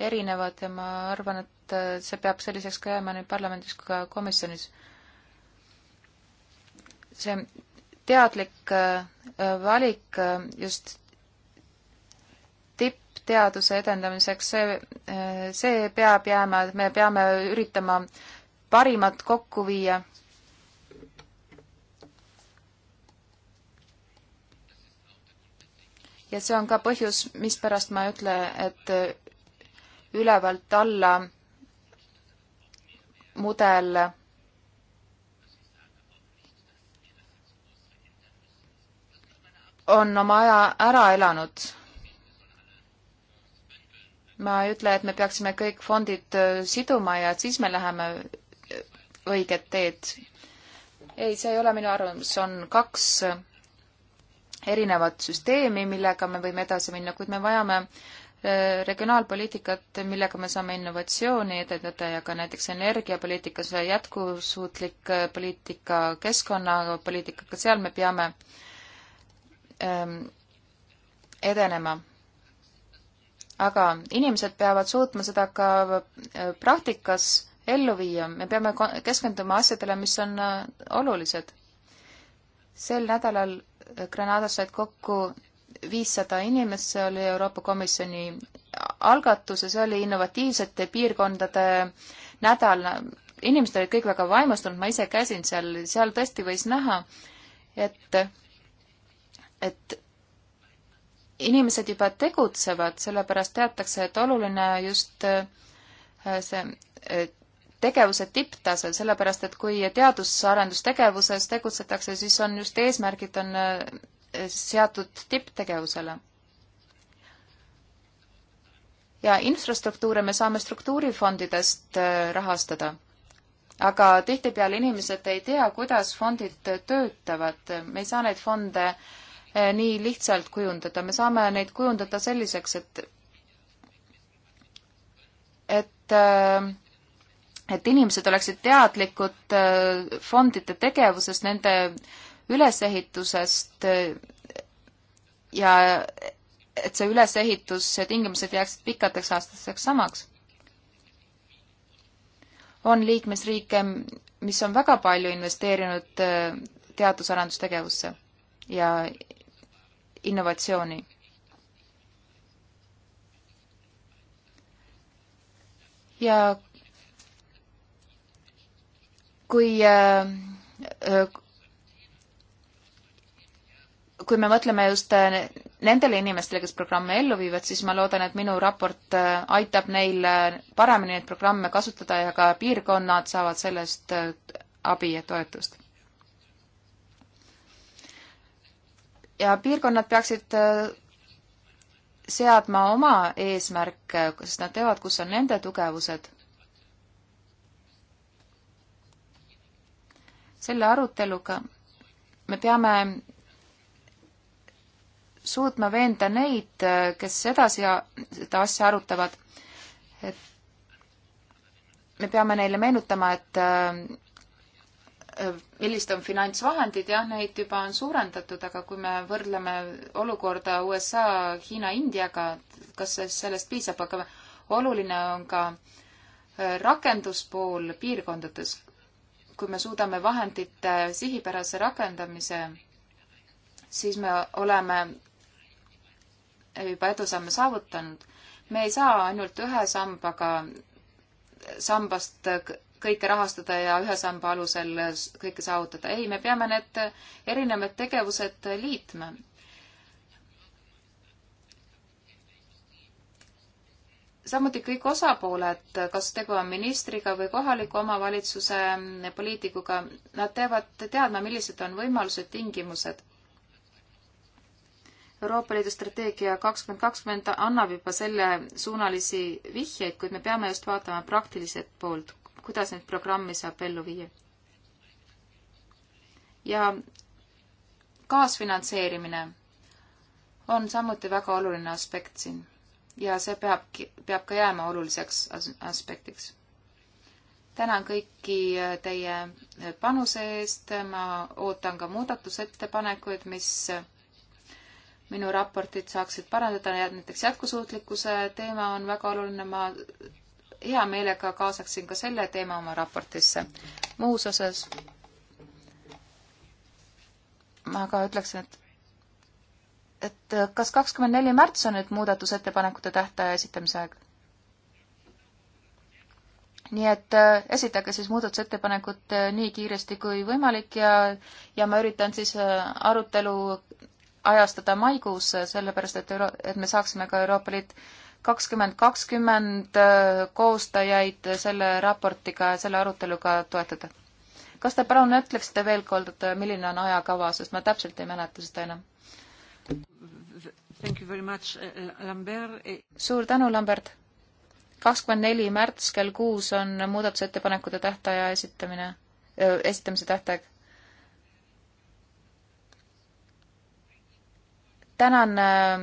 erinevad ja ma arvan, et äh, see peab selliseks ka jääma nii parlamendis kui ka komisjonis. see teadlik äh, valik äh, just tippteaduse edendamiseks, see, see peab jääma, et me peame üritama parimat kokku viia. ja see on ka põhjus, mispärast ma ei ütle, et ülevalt alla mudel on oma aja ära elanud. ma ei ütle, et me peaksime kõik fondid äh, siduma ja et siis me läheme äh, õiget teed. ei, see ei ole minu arvamus, on kaks äh, erinevat süsteemi, millega me võime edasi minna, kuid me vajame äh, Äh, regionaalpoliitikat, millega me saame innovatsiooni edendada ja ka näiteks energiapoliitikas äh, jätkusuutlik äh, poliitika, keskkonnapoliitika, ka seal me peame ähm, edenema. aga inimesed peavad suutma seda ka praktikas ellu viia, me peame keskenduma asjadele, mis on olulised. sel nädalal Granadas said kokku viissada inimest, see oli Euroopa Komisjoni algatus ja see oli innovatiivsete piirkondade nädal. inimesed olid kõik väga vaimustunud, ma ise käisin seal, seal tõesti võis näha, et, et inimesed juba tegutsevad, sellepärast teatakse, et oluline just äh, see äh, tegevuse tipptase, sellepärast et kui teadus-arendustegevuses tegutsetakse, siis on just eesmärgid on äh, seatud tipptegevusele. ja infrastruktuure me saame struktuurifondidest äh, rahastada. aga tihtipeale inimesed ei tea, kuidas fondid töötavad, me ei saa neid fonde äh, nii lihtsalt kujundada, me saame neid kujundada selliseks, et et äh, et inimesed oleksid teadlikud fondide tegevusest, nende äh, ülesehitusest äh, ja et see ülesehitus ja tingimused jääksid pikkadeks aastateks samaks. on liikmesriike, mis on väga palju investeerinud äh, teadus-arendustegevusse ja innovatsiooni. ja kui äh, äh kui me mõtleme just äh, nendele inimestele, kes programme ellu viivad, siis ma loodan, et minu raport äh, aitab neil äh, paremini neid programme kasutada ja ka piirkonnad saavad sellest abi ja toetust. ja piirkonnad peaksid seadma oma eesmärke, sest nad teavad, kus on nende tugevused selle aruteluga me peame suutma veenda neid, kes edasi seda asja arutavad, et me peame neile meenutama, et äh, millised on finantsvahendid, jah, neid juba on suurendatud, aga kui me võrdleme olukorda USA, Hiina, Indiaga, kas sellest piisab, aga oluline on ka äh, rakenduspool piirkondades. kui me suudame vahendite sihipärase rakendamise siis me oleme juba edusamme saavutanud. me ei saa ainult ühe sambaga, sambast kõike rahastada ja ühe samba alusel kõike saavutada. ei, me peame need erinevad tegevused liitma. samuti kõik osapooled, kas tegu on ministriga või kohaliku omavalitsuse poliitikuga, nad peavad teadma, millised on võimalused, tingimused Euroopa Liidu strateegia kakskümmend kakskümmend annab juba selle suunalisi vihjeid, kuid me peame just vaatama praktiliselt poolt, kuidas neid programmi saab ellu viia. ja kaasfinantseerimine on samuti väga oluline aspekt siin ja see peabki, peab ka jääma oluliseks as-, aspektiks. tänan kõiki teie panuse eest, ma ootan ka muudatusettepanekuid, mis minu raportit saaksid parandada ja näiteks jätkusuutlikkuse teema on väga oluline, ma hea meelega kaasaksin ka selle teema oma raportisse. muus osas ma ka ütleksin, et et kas kakskümmend neli märts on nüüd muudatusettepanekute tähtaja esitamise aeg? nii et äh, esitage siis muudatusettepanekud äh, nii kiiresti kui võimalik ja, ja ma üritan siis äh, arutelu ajastada maikuus, sellepärast et Euro-, et me saaksime ka Euroopa Liit kakskümmend kakskümmend äh, koostajaid selle raportiga ja selle aruteluga toetada. kas te palun ütleksite veel kord, äh, milline on ajakava, sest ma täpselt ei mäleta seda enam? Äh, e- suur tänu, Lambert! kakskümmend neli märts kell kuus on muudatusettepanekute tähtaja esitamine, esitamise tähtaeg tänan äh,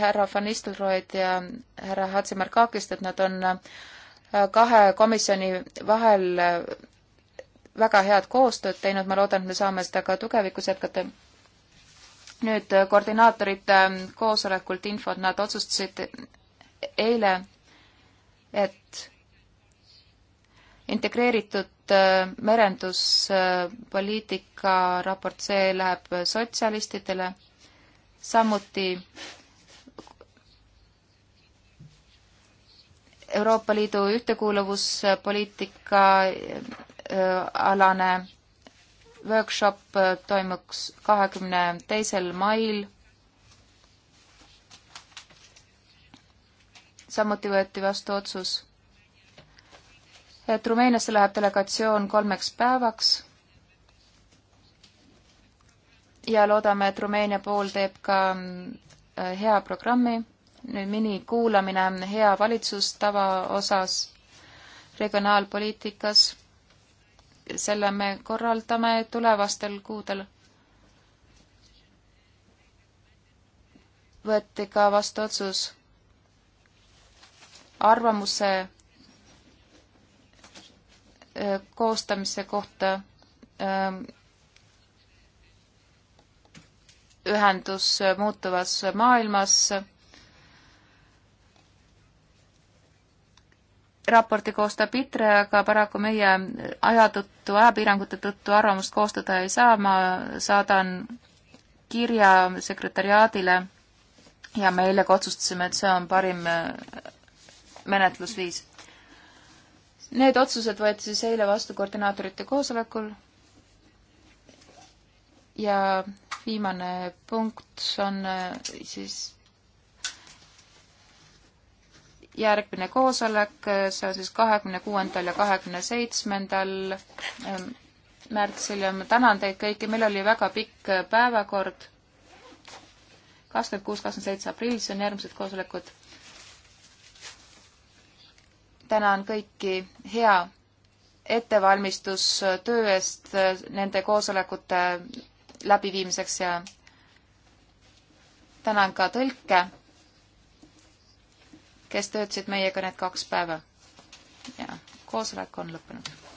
härra Van Nistelrooid ja härra Hatsimarkakist, et nad on äh, kahe komisjoni vahel äh, väga head koostööd teinud, ma loodan, et me saame seda ka tulevikus jätkata. nüüd koordinaatorite koosolekult infot, nad otsustasid eile, et integreeritud merenduspoliitika raport, see läheb sotsialistidele samuti Euroopa Liidu ühtekuuluvuspoliitika äh, alane workshop äh, toimuks kahekümne teisel mail. samuti võeti vastu otsus, et Rumeeniasse läheb delegatsioon kolmeks päevaks ja loodame, et Rumeenia pool teeb ka äh, hea programmi, minikuulamine hea valitsustava osas regionaalpoliitikas. selle me korraldame tulevastel kuudel. võeti ka vastu otsus arvamuse äh, koostamise kohta äh, ühendus muutuvas maailmas. raporti koostab ITRE, aga paraku meie aja tõttu, ajapiirangute tõttu arvamust koostada ei saa, ma saadan kirja sekretäriaadile ja me eile ka otsustasime, et see on parim äh, menetlusviis. Need otsused võeti siis eile vastu koordinaatorite koosolekul ja viimane punkt on äh, siis järgmine koosolek, äh, see on siis kahekümne kuuendal ja kahekümne seitsmendal ähm, märtsil ja ma tänan teid kõiki, meil oli väga pikk äh, päevakord, kakskümmend kuus, kakskümmend seitse aprill, see on järgmised koosolekud. tänan kõiki hea ettevalmistustöö eest nende koosolekute läbiviimiseks ja tänan ka tõlke, kes töötasid meiega need kaks päeva. ja koosolek on lõppenud.